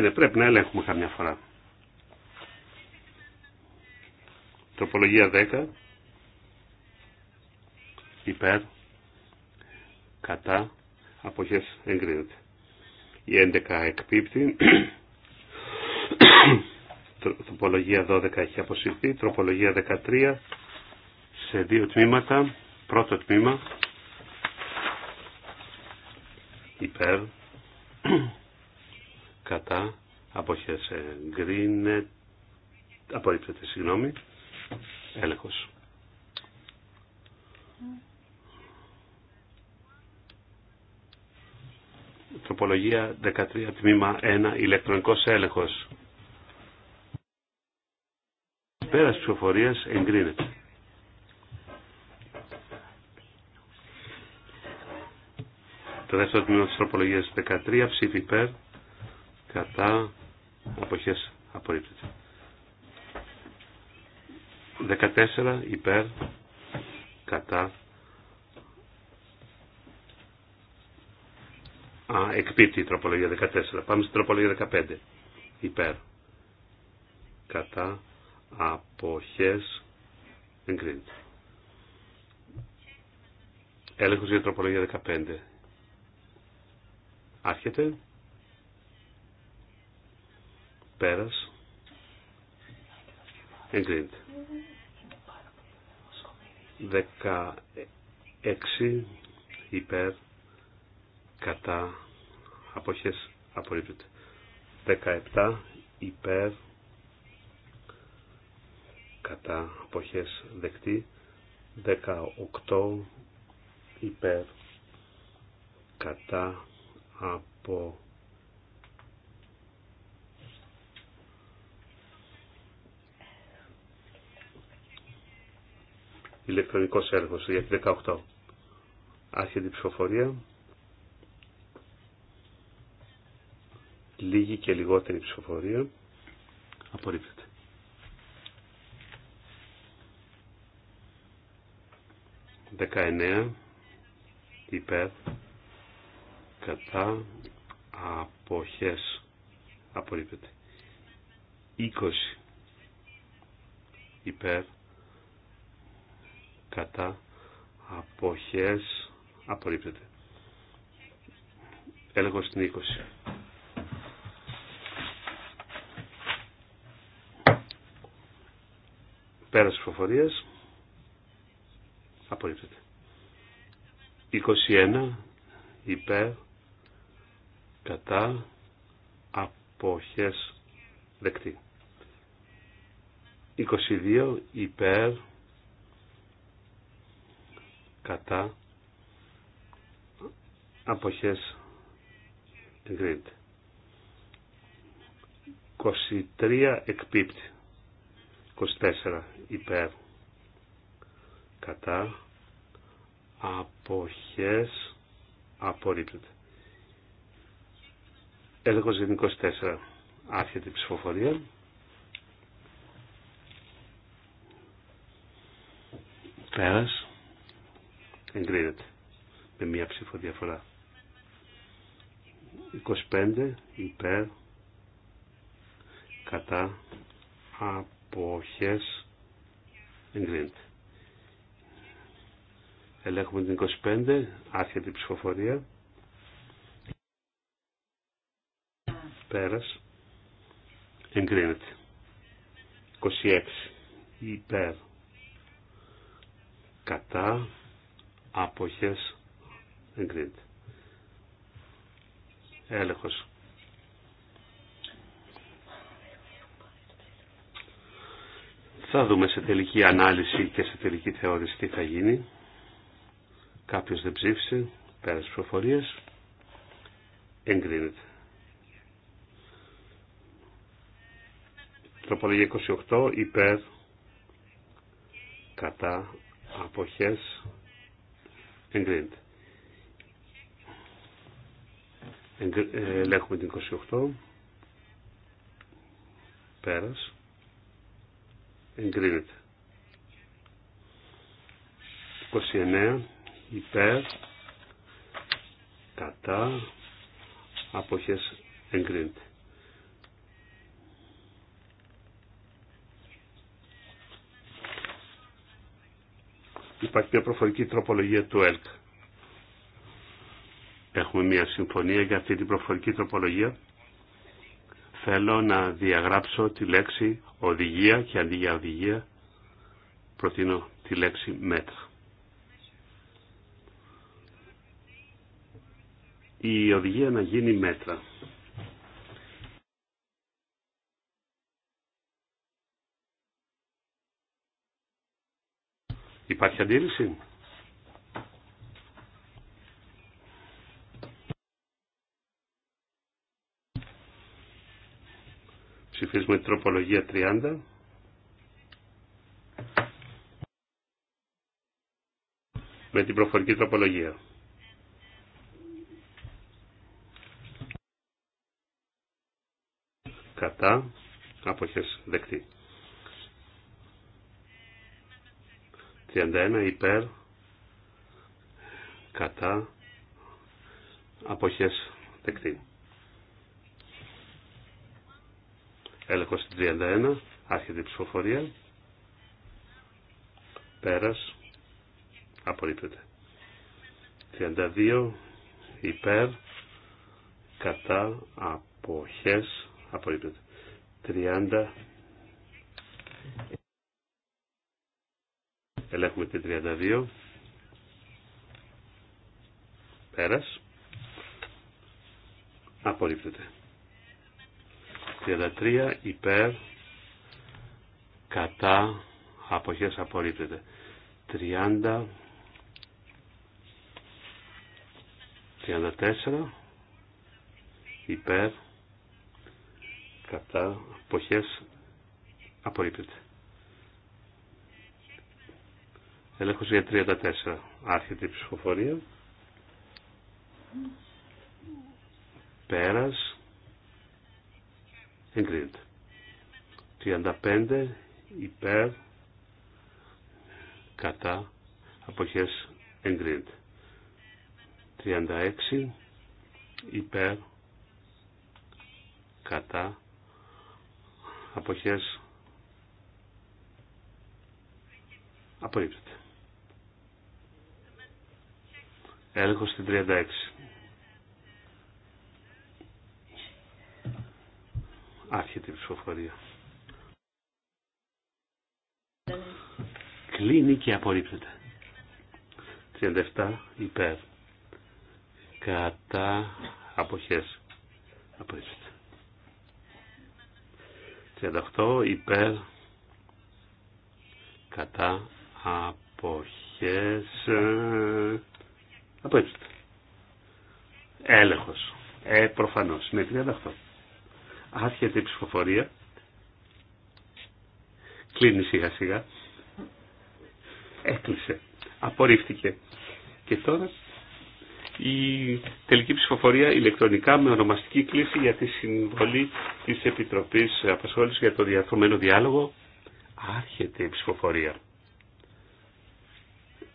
Ναι, ναι, πρέπει να ελέγχουμε καμιά φορά. Τροπολογία 10. Υπέρ. Κατά. Αποχές εγκρίνεται. Η 11 εκπίπτει. Τροπολογία 12 έχει αποσυρθεί. Τροπολογία 13 σε δύο τμήματα. Πρώτο τμήμα. Υπέρ κατά εγκρίνεται απορρίπτεται συγγνώμη έλεγχος τροπολογία 13 τμήμα 1 ηλεκτρονικός έλεγχος πέρας ψηφοφορίας εγκρίνεται το δεύτερο τμήμα της τροπολογίας 13 ψήφι υπέρ κατά αποχές απορρίπτεται. 14 υπέρ κατά Α, εκπίπτει η τροπολογία 14. Πάμε στην τροπολογία 15. Υπέρ. Κατά. Αποχές. Εγκρίνεται. Έλεγχος για τροπολογία 15. Άρχεται. Πέρας. Εγκρίνεται. 16 υπέρ κατά αποχές απορρίπτεται. 17 υπέρ κατά αποχές δεκτή. 18 υπέρ κατά αποχές ηλεκτρονικός έργος, για 18. Άρχεται η ψηφοφορία. Λίγη και λιγότερη ψηφοφορία. Απορρίπτεται. 19 υπέρ κατά αποχές απορρίπτεται. 20 υπέρ κατά αποχές απορρίπτεται. Έλεγχος στην 20. Πέρας ψηφοφορίας απορρίπτεται. 21 υπέρ κατά αποχές δεκτή. 22 υπέρ κατά αποχές εγκρίνεται. 23 εκπίπτει. 24 υπέρ κατά αποχές απορρίπτεται. Έλεγχος για 24 άρχεται η ψηφοφορία. Πέρας εγκρίνεται με μία ψήφο διαφορά. 25 υπέρ κατά αποχές εγκρίνεται. Ελέγχουμε την 25, άρχεται η ψηφοφορία. Πέρας. Εγκρίνεται. 26 υπέρ κατά αποχές εγκρίνεται. Έλεγχος. Θα δούμε σε τελική ανάλυση και σε τελική θεώρηση τι θα γίνει. Κάποιος δεν ψήφισε, πέρα τις προφορίες, εγκρίνεται. Τροπολογία 28, υπέρ, κατά, αποχές, Εγκρίνεται. Ε, ελέγχουμε την 28. Πέρας. Εγκρίνεται. 29. Υπέρ. Κατά. Αποχές εγκρίνεται. Υπάρχει μια προφορική τροπολογία του ΕΛΚ. Έχουμε μια συμφωνία για αυτή την προφορική τροπολογία. Θέλω να διαγράψω τη λέξη οδηγία και αντί για οδηγία προτείνω τη λέξη μέτρα. Η οδηγία να γίνει μέτρα. Υπάρχει αντίρρηση. Ψηφίζουμε την τροπολογία 30. με την προφορική τροπολογία. Κατά αποχές δεκτή. 31 υπέρ κατά αποχές δεκτή. Έλεγχος 31, άρχεται η ψηφοφορία. Πέρας, απορρίπτεται. 32 υπέρ κατά αποχές απορρίπτεται. 30 Ελέγχουμε την 32. Πέρας. Απορρίπτεται. 33 υπέρ κατά αποχές απορρίπτεται. 30 34 υπέρ κατά αποχές απορρίπτεται. Ελέγχος για 34. Άρχεται η ψηφοφορία. Πέρας. Εγκρίνεται. 35 υπέρ κατά αποχές εγκρίνεται. 36 υπέρ κατά αποχές απορρίπτεται. έλεγχο στην 36. Άρχεται η ψηφοφορία. Κλείνει και απορρίπτεται. 37 υπέρ. Κατά αποχές. Απορρίπτεται. 38 υπέρ κατά αποχές Απορρίπτεται. Έλεγχος. Ε, προφανώς. Είναι 38. Άρχεται η ψηφοφορία. Κλείνει σιγά σιγά. Έκλεισε. Απορρίφθηκε. Και τώρα η τελική ψηφοφορία ηλεκτρονικά με ονομαστική κλίση για τη συμβολή της Επιτροπής Απασχόλησης για το διαρθρωμένο διάλογο. Άρχεται η ψηφοφορία.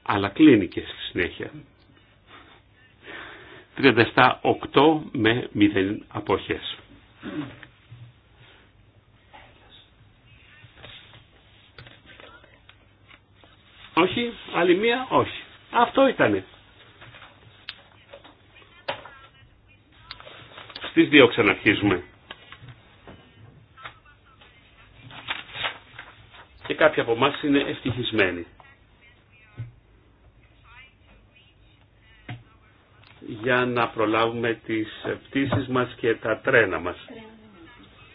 Αλλά κλείνει και στη συνέχεια. 37-8 με 0 αποχές. Όχι, άλλη μία, όχι. Αυτό ήτανε. Στις δύο ξαναρχίζουμε. Και κάποιοι από εμάς είναι ευτυχισμένοι. για να προλάβουμε τις πτήσεις μας και τα τρένα μας.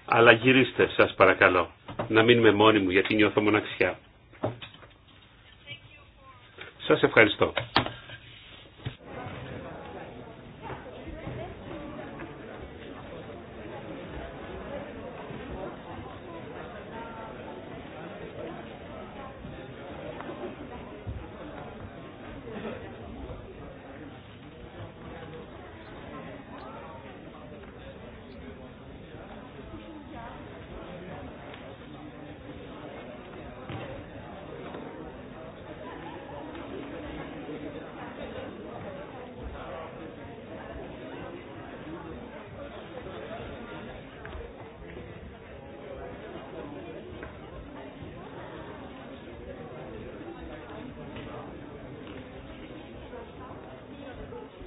Αλλά γυρίστε σας παρακαλώ, να μείνουμε μόνοι μου γιατί νιώθω μοναξιά. Σας ευχαριστώ.